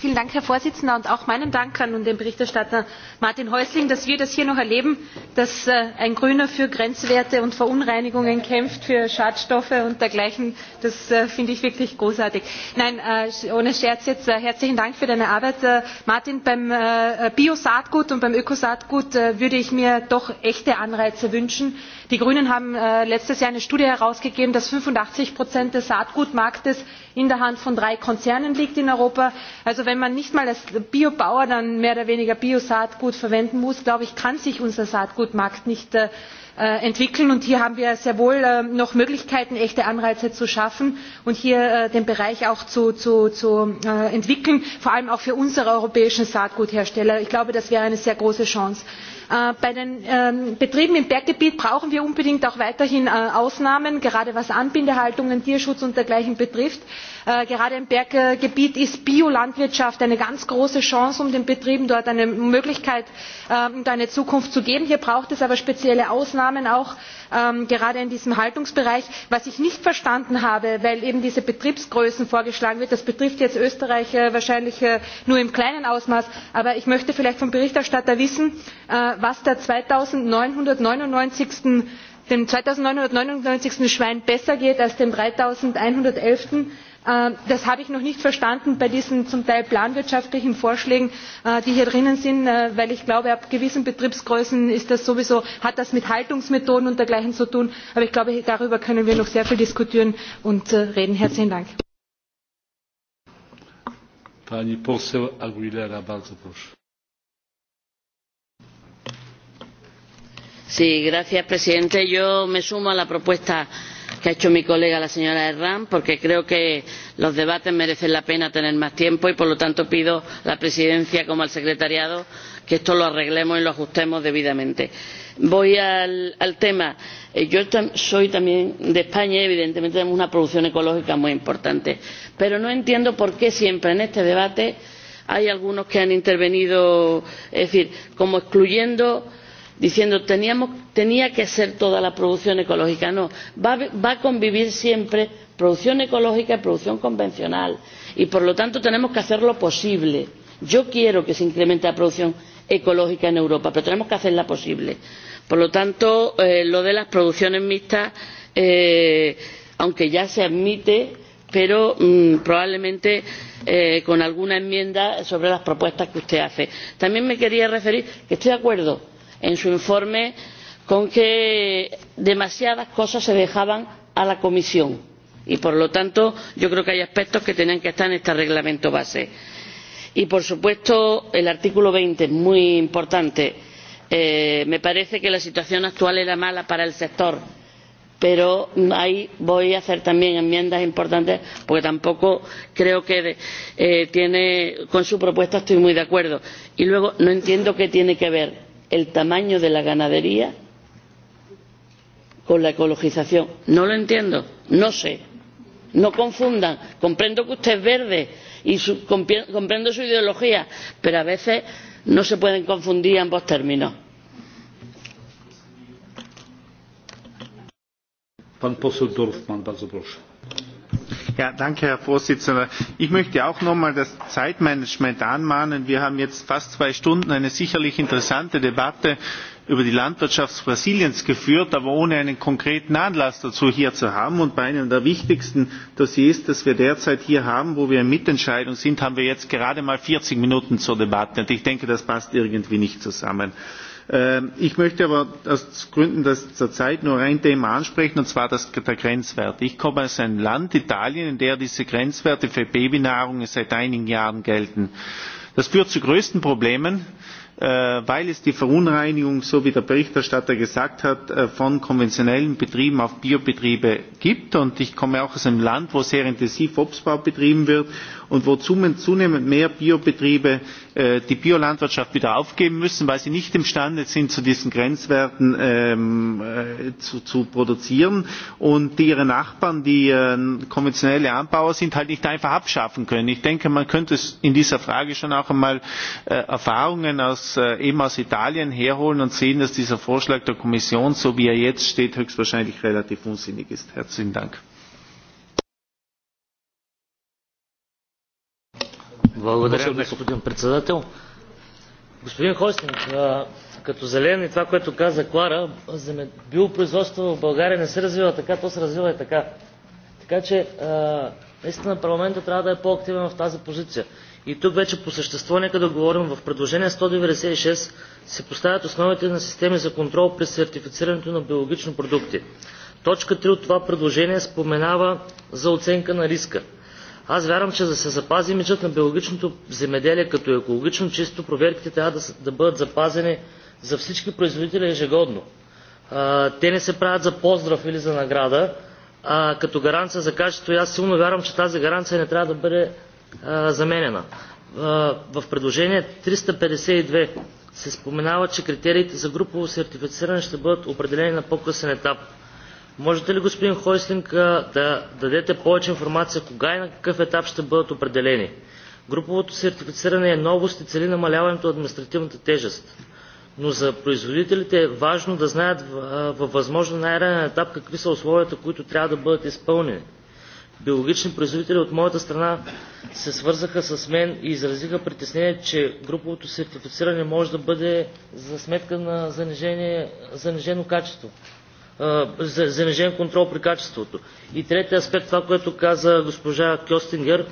vielen Dank, Herr Vorsitzender, und auch meinen Dank an den Berichterstatter Martin Häusling, dass wir das hier noch erleben, dass äh, ein Grüner für Grenzwerte und Verunreinigungen kämpft, für Schadstoffe und dergleichen. Das äh, finde ich wirklich großartig. Nein, äh, ohne Scherz jetzt, herzlichen Dank für deine Arbeit. Martin, beim Bio-Saatgut und beim Ökosaatgut würde ich mir doch echte Anreize wünschen. Die Grünen haben letztes Jahr eine Studie herausgegeben, dass 85 Prozent des Saatgutmarktes in der hand von drei konzernen liegt in europa. also wenn man nicht mal als biobauer dann mehr oder weniger biosaatgut verwenden muss glaube ich kann sich unser saatgutmarkt nicht äh, äh, entwickeln und hier haben wir sehr wohl äh, noch möglichkeiten echte anreize zu schaffen und hier den bereich auch zu, zu, zu entwickeln vor allem auch für unsere europäischen saatguthersteller. ich glaube das wäre eine sehr große chance. Äh, bei den ähm, betrieben im berggebiet brauchen wir unbedingt auch weiterhin äh, ausnahmen gerade was anbindehaltungen tierschutz und dergleichen betrifft. Äh, gerade im berggebiet ist biolandwirtschaft eine ganz große chance um den betrieben dort eine möglichkeit ähm, und eine zukunft zu geben. hier braucht es aber spezielle ausnahmen auch ähm, gerade in diesem haltungsbereich. was ich nicht verstanden habe weil eben diese betriebsgrößen vorgeschlagen werden das betrifft jetzt österreich äh, wahrscheinlich äh, nur im kleinen ausmaß aber ich möchte vielleicht vom berichterstatter wissen äh, was der zweitausendneunhundertneunundneunzig dem zweitausendneunhundertneunundneunzig schwein besser geht als dem dreitausendeinhundertelf Ähm, das habe ich noch nicht verstanden bei diesen zum teil planwirtschaftlichen vorschlägen äh, die hier drinnen sind denn äh, ich glaube ab gewissen betriebsgrößen hat das mit haltungsmethoden und dergleichen zu tun. aber ich glaube darüber können wir noch sehr viel diskutieren und äh, reden. herzlichen dank! señor presidente yo me sumo a la propuesta que ha hecho mi colega la señora herranz porque creo que los debates merece la pena tener más tiempo y por lo tanto pido tanto a la presidencia como al secretariado que esto lo arreglemos y lo ajustemos debidamente. voy al tema. Eh, yo soy también de españa y evidentemente tenemos una producción ecológica muy importante pero no entiendo por qué siempre en este debate hay algunos que han intervenido como excluyendo a diciendo teníamos, tenía que ser toda la producción ecológica. No, va, va a convivir siempre producción ecológica y producción convencional y por lo tanto tenemos que hacer lo posible. Yo quiero que se incremente la producción ecológica en Europa, pero tenemos que hacerla posible. Por lo tanto, eh, lo de las producciones mixtas, eh, aunque ya se admite, pero mmm, probablemente eh, con alguna enmienda sobre las propuestas que usted hace. También me quería referir que estoy de acuerdo en su informe con que demasiadas cosas se dejaban a la comisión y por lo tanto yo creo que hay aspectos que tenían que estar en este reglamento base. y por supuesto el artículo veinte es muy importante. Eh, me parece que la situación actual era mala para el sector pero ahí voy a hacer también enmiendas importantes porque tampoco creo que eh, tiene con su propuesta estoy muy de acuerdo. y luego no entiendo qué tiene que ver el tamaño de la ganadería con la ecologización. No lo entiendo, no sé. No confundan. Comprendo que usted es verde y su, comprendo su ideología, pero a veces no se pueden confundir ambos términos. Pan poseł Dorfman, bardzo proszę Ja, danke, Herr Vorsitzender. Ich möchte auch nochmal das Zeitmanagement anmahnen. Wir haben jetzt fast zwei Stunden eine sicherlich interessante Debatte über die Landwirtschaft Brasiliens geführt, aber ohne einen konkreten Anlass dazu hier zu haben. Und bei einem der wichtigsten Dossiers, das wir derzeit hier haben, wo wir in Mitentscheidung sind, haben wir jetzt gerade mal 40 Minuten zur Debatte. Und ich denke, das passt irgendwie nicht zusammen. Äh, Ähm, ich möchte aber aus Gründen dass zurzeit nur ein Thema ansprechen, und zwar das, der Grenzwert. Ich komme aus einem Land, Italien, in der diese Grenzwerte für Babynahrung seit einigen Jahren gelten. Das führt zu größten Problemen, äh, weil es die Verunreinigung, so wie der Berichterstatter gesagt hat, äh, von konventionellen Betrieben auf Biobetriebe gibt. Und ich komme auch aus einem Land, wo sehr intensiv Obstbau betrieben wird und wo zunehmend mehr biobetriebe äh, die biolandwirtschaft wieder aufgeben müssen weil sie nicht imstande sind zu diesen grenzwerten ähm, äh, zu, zu produzieren und die ihre nachbarn die äh, konventionelle anbauer sind halt nicht einfach abschaffen können. ich denke man könnte in dieser frage schon auch einmal äh, erfahrungen aus, äh, eben aus italien herholen und sehen dass dieser vorschlag der kommission so wie er jetzt steht höchstwahrscheinlich relativ unsinnig ist. herzlichen dank! Благодаря, господин председател. Господин Хостинг, като зелен и това, което каза Клара, биопроизводство в България не се развива така, то се развива и така. Така че наистина парламента трябва да е по-активен в тази позиция. И тук вече по същество нека да говорим. В предложение 196 се поставят основите на системи за контрол при сертифицирането на биологични продукти. Точка 3 от това предложение споменава за оценка на риска. Аз вярвам, че за да се запази имиджът на биологичното земеделие като екологично чисто, проверките трябва да, да бъдат запазени за всички производители ежегодно. А, те не се правят за поздрав или за награда, а като гаранция за качество. И аз силно вярвам, че тази гаранция не трябва да бъде а, заменена. А, в предложение 352 се споменава, че критериите за групово сертифициране ще бъдат определени на по-късен етап – Можете ли, господин Хойслинг, да дадете повече информация кога и на какъв етап ще бъдат определени? Груповото сертифициране е новост и цели намаляването на административната тежест. Но за производителите е важно да знаят във възможно най-ранен етап какви са условията, които трябва да бъдат изпълнени. Биологични производители от моята страна се свързаха с мен и изразиха притеснение, че груповото сертифициране може да бъде за сметка на занижено качество занижен контрол при качеството. И третия аспект, това, което каза госпожа Кьостингер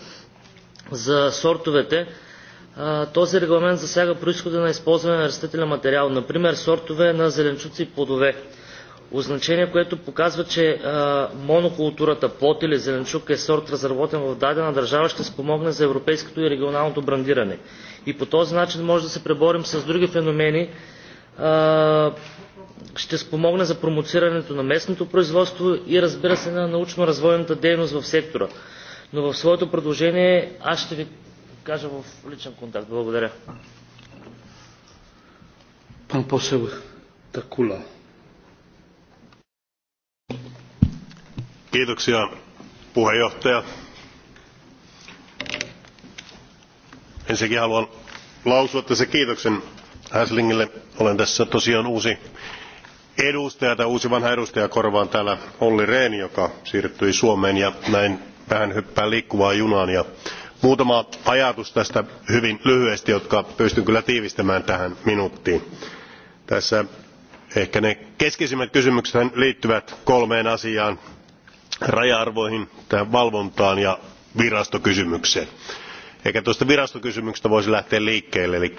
за сортовете, този регламент засяга происхода на използване на растителен материал, например сортове на зеленчуци и плодове. Означение, което показва, че монокултурата плод или зеленчук е сорт разработен в дадена държава, ще спомогне за европейското и регионалното брандиране. И по този начин може да се преборим с други феномени, ще спомогне за промоцирането на местното производство и разбира се на научно развойната дейност в сектора. Но в своето предложение аз ще ви кажа в личен контакт. Благодаря. Pan poseł Takula. Kiitoksia puheenjohtaja. Ensinnäkin haluan lausua tässä kiitoksen Häslingille. Olen tässä tosiaan uusi edustaja tai uusi vanha edustaja korvaan täällä olli rehn joka siirtyi suomeen ja näin vähän hyppään liikkuvaan junaan. Ja muutama ajatus tästä hyvin lyhyesti jotka pystyn kyllä tiivistämään tähän minuuttiin. tässä ehkä ne keskeisimmät kysymykset liittyvät kolmeen asiaan raja arvoihin tähän valvontaan ja virastokysymykseen. ehkä tuosta virastokysymyksestä voisi lähteä liikkeelle. eli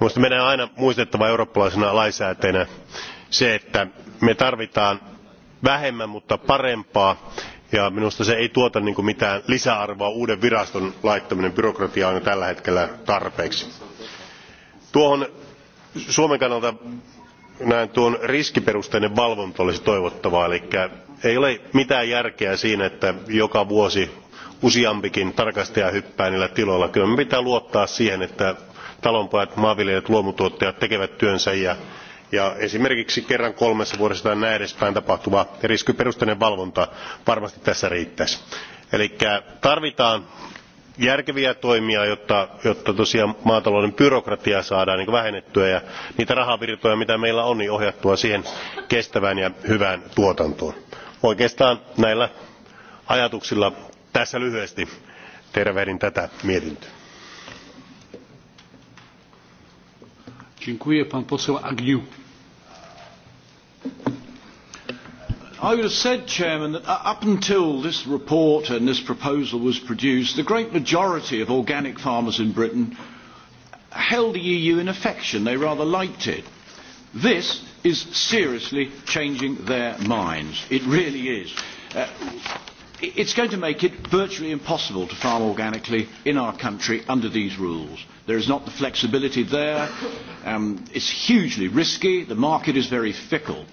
minusta meidän on aina muistettava eurooppalaisena lainsäätäjänä se että me tarvitsemme vähemmän mutta parempaa ja minusta se ei tuota niin mitään lisäarvoa uuden viraston laittaminen byrokratiaan on jo tällä hetkellä tarpeeksi. Tuohon suomen kannalta näen tuon riskiperusteinen valvonta olisi toivottavaa eli ei ole mitään järkeä siinä että joka vuosi useampikin tarkastaja hyppää niillä tiloilla. kyllä meidän pitää luottaa siihen että talonpojat maanviljelijät luomutuottajat tekevät työnsä ja ja esimerkiksi kerran kolmessa vuodessa tai näin edespäin tapahtuva riskiperusteinen valvonta varmasti tässä riittäisi. eli tarvitaan järkeviä toimia jotta, jotta tosiaan maatalouden byrokratiaa saadaan niin vähennettyä ja niitä rahavirtoja mitä meillä on niin ohjattua siihen kestävään ja hyvään tuotantoon. oikeastaan näillä ajatuksilla tässä lyhyesti tervehdin tätä mietintöä. Dziękuję. Pan poseł Agniu. I would have said, Chairman, that uh, up until this report and this proposal was produced, the great majority of organic farmers in Britain held the EU in affection. They rather liked it. This is seriously changing their minds. It really is. Uh, it's going to make it virtually impossible to farm organically in our country under these rules. There is not the flexibility there. Um, it's hugely risky. The market is very fickle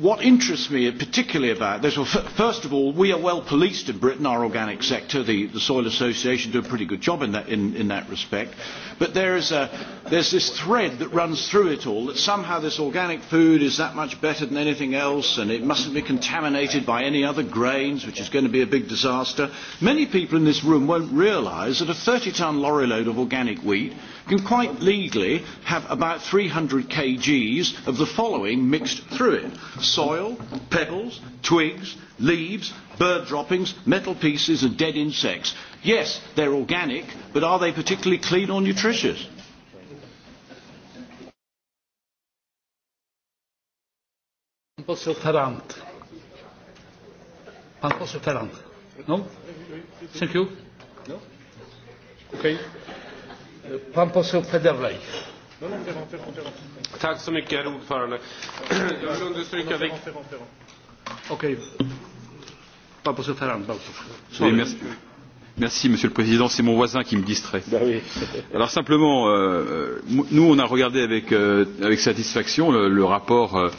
what interests me particularly about this, well, f- first of all, we are well policed in Britain, our organic sector. The, the Soil Association do a pretty good job in that, in, in that respect. But there is a, there's this thread that runs through it all that somehow this organic food is that much better than anything else and it mustn't be contaminated by any other grains, which is going to be a big disaster. Many people in this room won't realise that a 30 tonne lorry load of organic wheat can quite legally have about 300 kgs of the following mixed through it soil, pebbles, twigs, leaves, bird droppings, metal pieces, and dead insects. Yes, they're organic, but are they particularly clean or nutritious? poseł Ferrand. Pan poseł Ferrand. No? Thank you. No? Okay herr ordförande. Jag vill understryka vikten... Okej. Pan poseł Ferrand, bardzo proszę. Merci, Monsieur le Président. C'est mon voisin qui me distrait. Ben oui. Alors simplement, euh, euh nous, on a regardé avec, euh, avec satisfaction le, le rapport euh,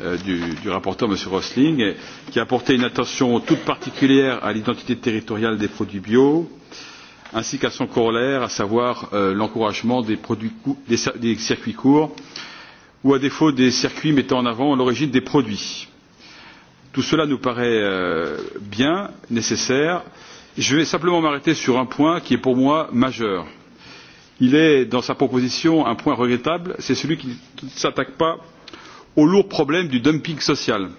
euh du, du rapporteur, Monsieur Rosling, qui a apporté une attention toute particulière à l'identité territoriale des produits bio. Euh, ainsi qu'à son corollaire à savoir euh, l'encouragement des, des, des circuits courts ou à défaut des circuits mettant en avant l'origine des produits. tout cela nous paraît euh, bien nécessaire. je vais simplement m'arrêter sur un point qui est pour moi majeur. il est dans sa proposition un point regrettable c'est celui qui ne s'attaque pas au lourd problème du dumping social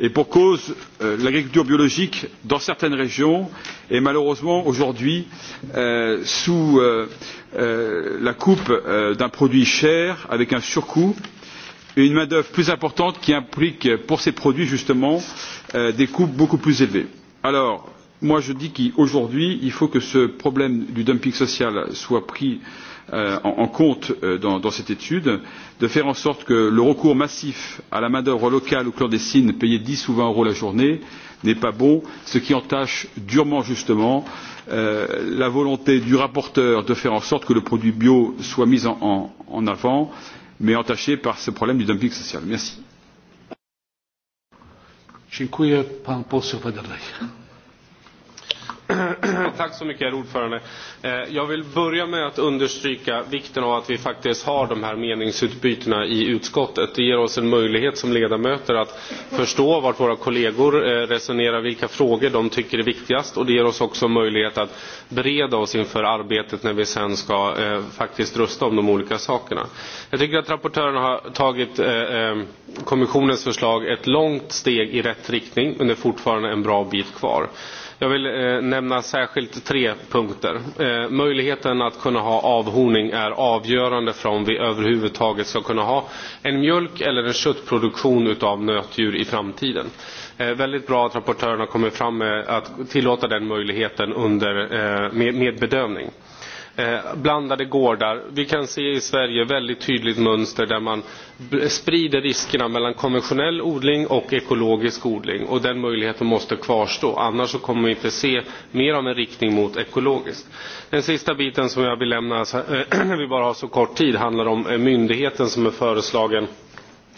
et pour cause euh, l'agriculture biologique dans certaines régions est malheureusement aujourd'hui euh, sous euh, euh, la coupe euh, d'un produit cher avec un surcoût et une main d'œuvre plus importante qui implique pour ces produits justement euh, des coûts beaucoup plus élevés. alors moi je dis qu'aujourd'hui il faut que ce problème du dumping social soit pris euh, en, en compte euh, dans, dans cette étude, de faire en sorte que le recours massif à la main d'œuvre locale ou clandestine payée 10 ou 20 euros la journée n'est pas bon, ce qui entache durement justement euh, la volonté du rapporteur de faire en sorte que le produit bio soit mis en, en, en avant, mais entaché par ce problème du dumping social. Merci. Dziękuję. Pan poseł Federley. Tack så mycket, herr ordförande. Eh, jag vill börja med att understryka vikten av att vi faktiskt har de här meningsutbytena i utskottet. Det ger oss en möjlighet som ledamöter att förstå vart våra kollegor eh, resonerar, vilka frågor de tycker är viktigast och det ger oss också möjlighet att bereda oss inför arbetet när vi sen ska eh, faktiskt rösta om de olika sakerna. Jag tycker att rapportören har tagit eh, eh, kommissionens förslag ett långt steg i rätt riktning men det är fortfarande en bra bit kvar. Jag vill eh, nämna särskilt tre punkter. Eh, möjligheten att kunna ha avhorning är avgörande för om vi överhuvudtaget ska kunna ha en mjölk eller en köttproduktion utav nötdjur i framtiden. Eh, väldigt bra att rapportörerna kommer fram med att tillåta den möjligheten under, eh, med, med bedövning. Eh, eh, blandade gårdar. Vi kan se i Sverige väldigt tydligt mönster där man sprider riskerna mellan konventionell odling och ekologisk odling. Och den möjligheten måste kvarstå. Annars så kommer vi inte se mer av en riktning mot ekologiskt. Den sista biten som jag vill lämna, <clears throat> vi bara har så kort tid, handlar om eh, myndigheten som är föreslagen eh,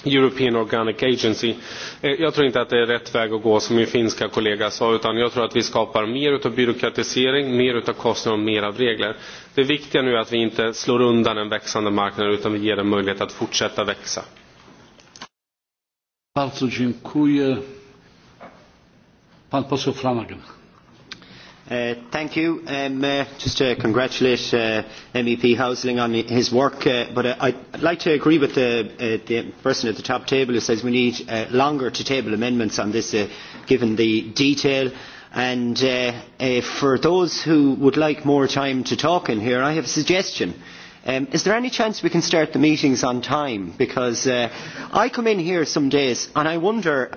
European Organic Agency. Eh, jag tror inte att det är rätt väg att gå som min finska kollega sa utan jag tror att vi skapar mer av byråkratisering, mer av kostnader och mer av regler. Det viktiga nu är att vi inte slår undan en växande marknad utan vi ger den möjlighet att fortsätta växa. Bardzo dziękuję. Pan poseł Flanagan. Uh, thank you. Um, uh, just to congratulate uh, MEP Housling on his work, uh, but uh, I'd like to agree with the, uh, the person at the top table who says we need uh, longer to table amendments on this, uh, given the detail. And uh, uh, for those who would like more time to talk in here, I have a suggestion. Um, is there any chance we can start the meetings on time? Because uh, I come in here some days and I wonder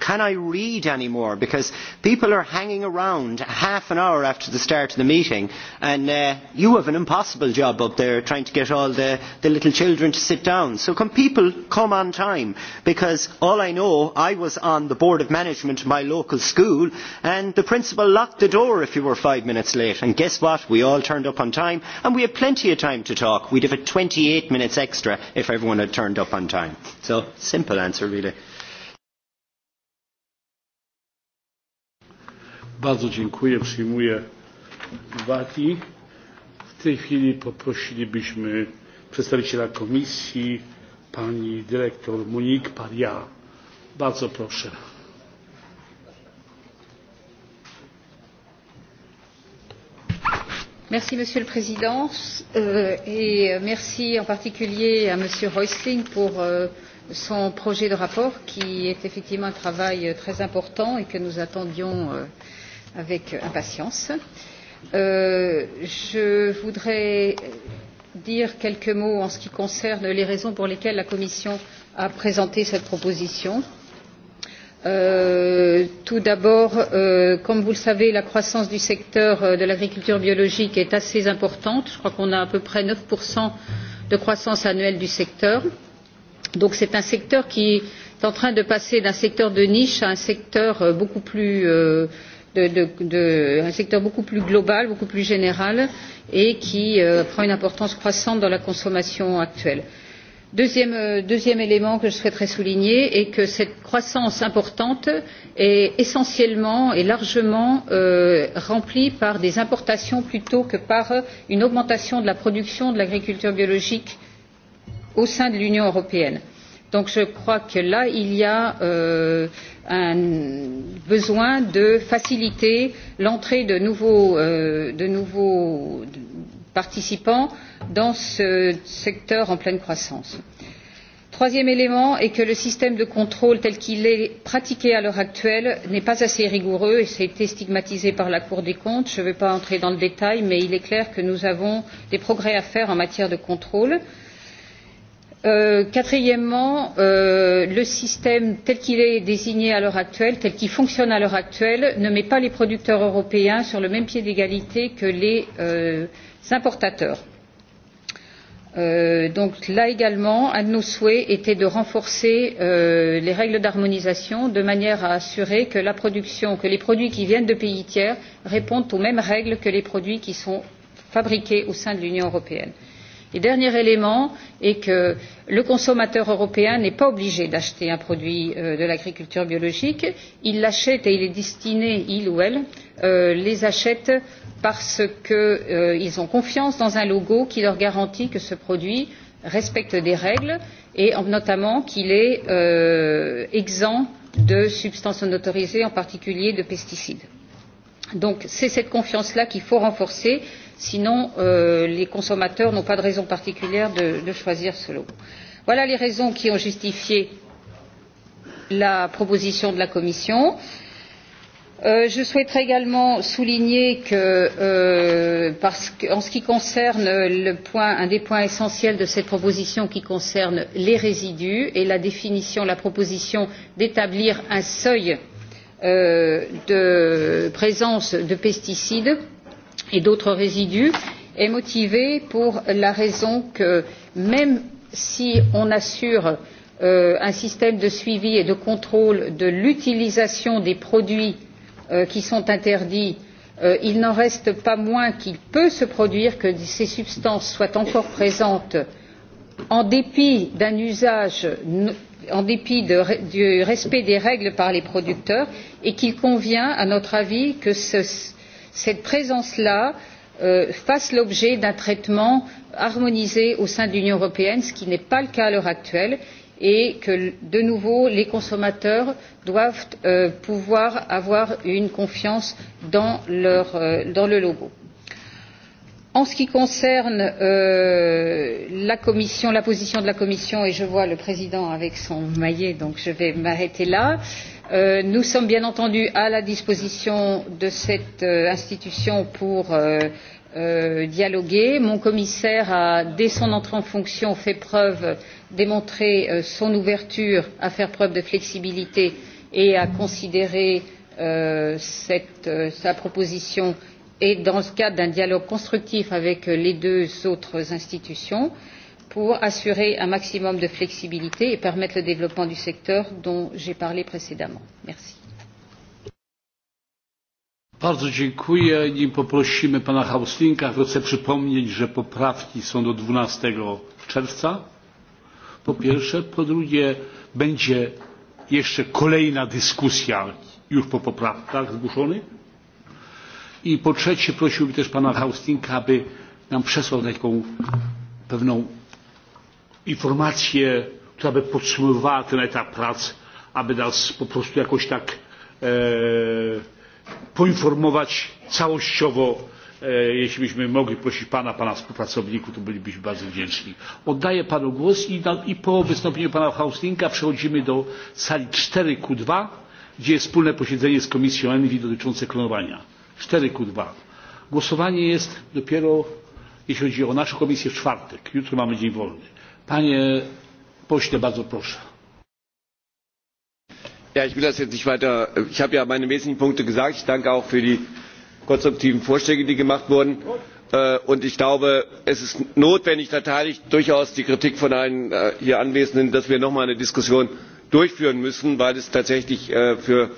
can I read anymore? Because people are hanging around half an hour after the start of the meeting, and uh, you have an impossible job up there trying to get all the, the little children to sit down. So can people come on time? Because all I know, I was on the board of management of my local school, and the principal locked the door if you were five minutes late. And guess what? We all turned up on time, and we had plenty of time to talk. We'd have had 28 minutes extra if everyone had turned up on time. So simple answer, really. Bardzo dziękuję, przyjmuję uwagi. W tej chwili poprosilibyśmy przedstawiciela komisji, pani dyrektor Monique Paria. Bardzo proszę. Merci, monsieur le président euh, et merci en particulier à m. häusling pour euh, son projet de rapport qui est effectivement un travail euh, très important et que nous attendions euh, avec impatience. Euh, je voudrais dire quelques mots en ce qui concerne les raisons pour lesquelles la Commission a présenté cette proposition. Euh, tout d'abord, euh, comme vous le savez, la croissance du secteur euh, de l'agriculture biologique est assez importante. Je crois qu'on a à peu près 9% de croissance annuelle du secteur. Donc c'est un secteur qui est en train de passer d'un secteur de niche à un secteur euh, beaucoup plus euh, de, de, de, un secteur beaucoup plus global, beaucoup plus général et qui euh, prend une importance croissante dans la consommation actuelle. Deuxième, euh, deuxième élément que je souhaiterais souligner est que cette croissance importante est essentiellement et largement euh, remplie par des importations plutôt que par une augmentation de la production de l'agriculture biologique au sein de l'Union européenne. Donc je crois que là, il y a euh, un besoin de faciliter l'entrée de nouveaux, euh, de nouveaux participants dans ce secteur en pleine croissance. troisième élément que le système de contrôle tel qu'il est pratiqué à l'heure actuelle n'est pas assez rigoureux et ça a été stigmatisé par la cour des comptes. je ne vais pas entrer dans le détail mais il est clair que nous avons des progrès à faire en matière de contrôle. Euh, Euh, quatrièmement euh, le système tel qu'il est désigné à l'heure actuelle tel qu'il fonctionne à l'heure actuelle ne met pas les producteurs européens sur le même pied d'égalité que les euh, importateurs. Euh, donc là également un de nos souhaits était de renforcer euh, les règles d'harmonisation de manière à assurer que la production que les produits qui viennent de pays tiers répondent aux mêmes règles que les produits qui sont fabriqués au sein de l'union européenne. Et dernier élément est que le consommateur européen n'est pas obligé d'acheter un produit euh, de l'agriculture biologique. Il l'achète et il est destiné, il ou elle, euh, les achète parce qu'ils euh, ont confiance dans un logo qui leur garantit que ce produit respecte des règles et notamment qu'il est euh, exempt de substances non autorisées, en particulier de pesticides. Donc c'est cette confiance là qu'il faut renforcer sinon euh, les consommateurs n'ont pas de raison particulière de, de choisir ce lot. voilà les raisons qui ont justifié la proposition de la commission. Euh, je souhaiterais également souligner que, euh, parce que en ce qui concerne le point, un des points essentiels de cette proposition qui concerne les résidus et la définition la proposition d'établir un seuil euh, de présence de pesticides et d'autres résidus est motivée pour la raison que même si on assure euh, un système de suivi et de contrôle de l'utilisation des produits euh, qui sont interdits euh, il n'en reste pas moins qu'il peut se produire que ces substances soient encore présentes en dépit d'un usage en dépit de, du respect des règles par les producteurs et qu'il convient à notre avis que ce, cette présence là euh, fasse l'objet d'un traitement harmonisé au sein de l'union européenne ce qui n'est pas le cas à l'heure actuelle et que de nouveau les consommateurs doivent euh, pouvoir avoir une confiance dans, leur, euh, dans le logo. En ce qui concerne euh, la commission, la position de la commission, et je vois le président avec son maillet, donc je vais m'arrêter là. Euh, Euh, nous sommes bien entendu à la disposition de cette euh, institution pour euh, euh, dialoguer. Mon commissaire a, dès son entrée en fonction, fait preuve, démontré euh, son ouverture à faire preuve de flexibilité et à considérer euh, cette, euh, sa proposition et dans le cadre d'un dialogue constructif avec euh, les deux autres institutions. Euh, pour assurer un maximum de flexibilité et permettre le développement du secteur dont j'ai parlé précédemment. Merci. Bardzo dziękuję. Nim poprosimy pana Hauslinka, chcę przypomnieć, że poprawki są do 12 czerwca. Po pierwsze. Po drugie, będzie jeszcze kolejna dyskusja już po poprawkach zgłoszonych. I po trzecie, prosiłbym też pana Hauslinka, aby nam przesłał taką pewną informację, która by podsumowywała ten etap prac, aby nas po prostu jakoś tak e, poinformować całościowo. E, jeśli byśmy mogli prosić Pana, Pana współpracowników, to bylibyśmy bardzo wdzięczni. Oddaję Panu głos i, na, i po wystąpieniu Pana Hauslinga przechodzimy do sali 4Q2, gdzie jest wspólne posiedzenie z Komisją ENWI dotyczące klonowania. 4Q2. Głosowanie jest dopiero, jeśli chodzi o naszą komisję, w czwartek. Jutro mamy dzień wolny Panie pośle, bardzo proszę. Ja, ich will das jetzt nicht weiter. Ich habe ja meine wesentlichen Punkte gesagt. Ich danke auch für die konstruktiven Vorschläge, die gemacht wurden. Äh, und ich glaube, es ist notwendig, da teile ich durchaus die Kritik von allen äh, hier Anwesenden, dass wir nochmal eine Diskussion durchführen müssen, weil es tatsächlich äh, für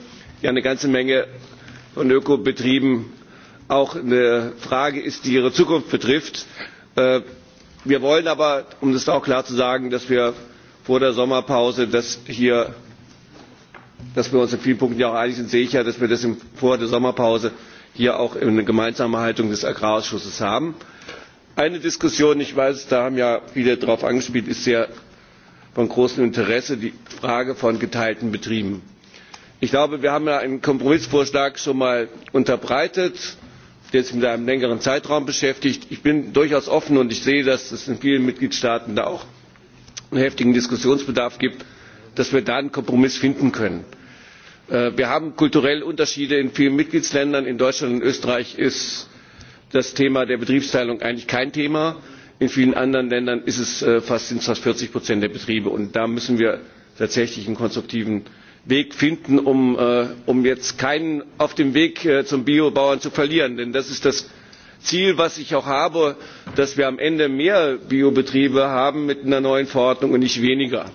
ja eine ganze Menge von Ökobetrieben auch eine Frage ist, die ihre Zukunft betrifft wir wollen aber um das auch klar zu sagen dass wir vor der sommerpause das hier dass wir uns in vielen Punkten ja auch einig sind, sehe ich ja, dass wir das im, vor der Sommerpause hier auch eine gemeinsame Haltung des Agrarausschusses haben. Eine Diskussion, ich weiß, da haben ja viele darauf angespielt, ist sehr von großem Interesse die Frage von geteilten Betrieben. Ich glaube, wir haben ja einen Kompromissvorschlag schon mal unterbreitet jetzt mit einem längeren zeitraum beschäftigt. ich bin durchaus offen und ich sehe dass es in vielen mitgliedstaaten da auch einen heftigen diskussionsbedarf gibt dass wir da einen kompromiss finden können. Äh, wir haben kulturelle unterschiede in vielen mitgliedstaaten. in deutschland und österreich ist das thema der betriebsteilung eigentlich kein thema in vielen anderen ländern sind es äh, fast vierzig der betriebe und da müssen wir tatsächlich einen konstruktiven weg finden um, äh, um jetzt keinen auf dem weg äh, zum biobauern zu verlieren denn das ist das ziel das ich auch habe dass wir am ende mehr biobetriebe haben mit einer neuen verordnung und nicht weniger.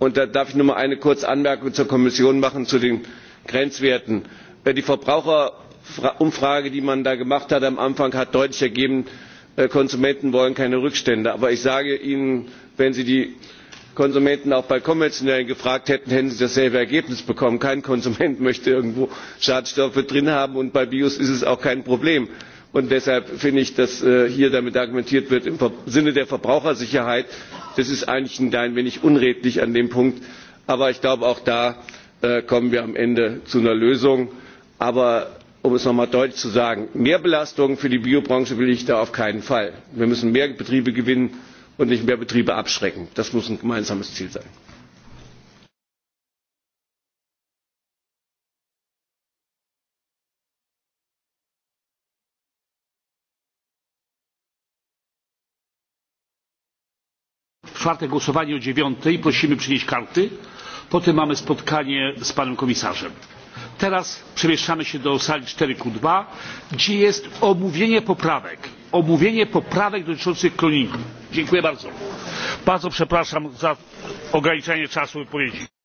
Und da darf ich nur mal eine kurze anmerkung zur kommission machen zu den grenzwerten äh, die verbraucherumfrage die man da gemacht hat am anfang hat deutlich ergeben äh, konsumenten wollen keine rückstände. aber ich sage ihnen wenn sie die konsumenten auch bei konventionellen gefragt hätten hätten sie dasselbe ergebnis bekommen kein konsument <laughs> möchte irgendwo schadstoffe drin haben und bei bios ist es auch kein problem. Und deshalb finde ich dass äh, hier damit argumentiert wird im sinne der verbrauchersicherheit das ist eigentlich ein klein wenig unredlich an dem punkt. aber ich glaube auch da äh, kommen wir am ende zu einer lösung. aber um es noch einmal deutlich zu sagen mehr belastung für die biobranche will ich da auf keinen fall. wir müssen mehr betriebe gewinnen und nicht mehr Betriebe abschrecken. Das muss ein gemeinsames Ziel sein. czwartek głosowanie o dziewiątej prosimy przynieść karty potem mamy spotkanie z panem komisarzem. teraz przemieszczamy się do sali cztery q dwa gdzie jest omówienie poprawek omówienie poprawek dotyczących clearingu. dziękuję bardzo. bardzo przepraszam za ograniczanie czasu wypowiedzi.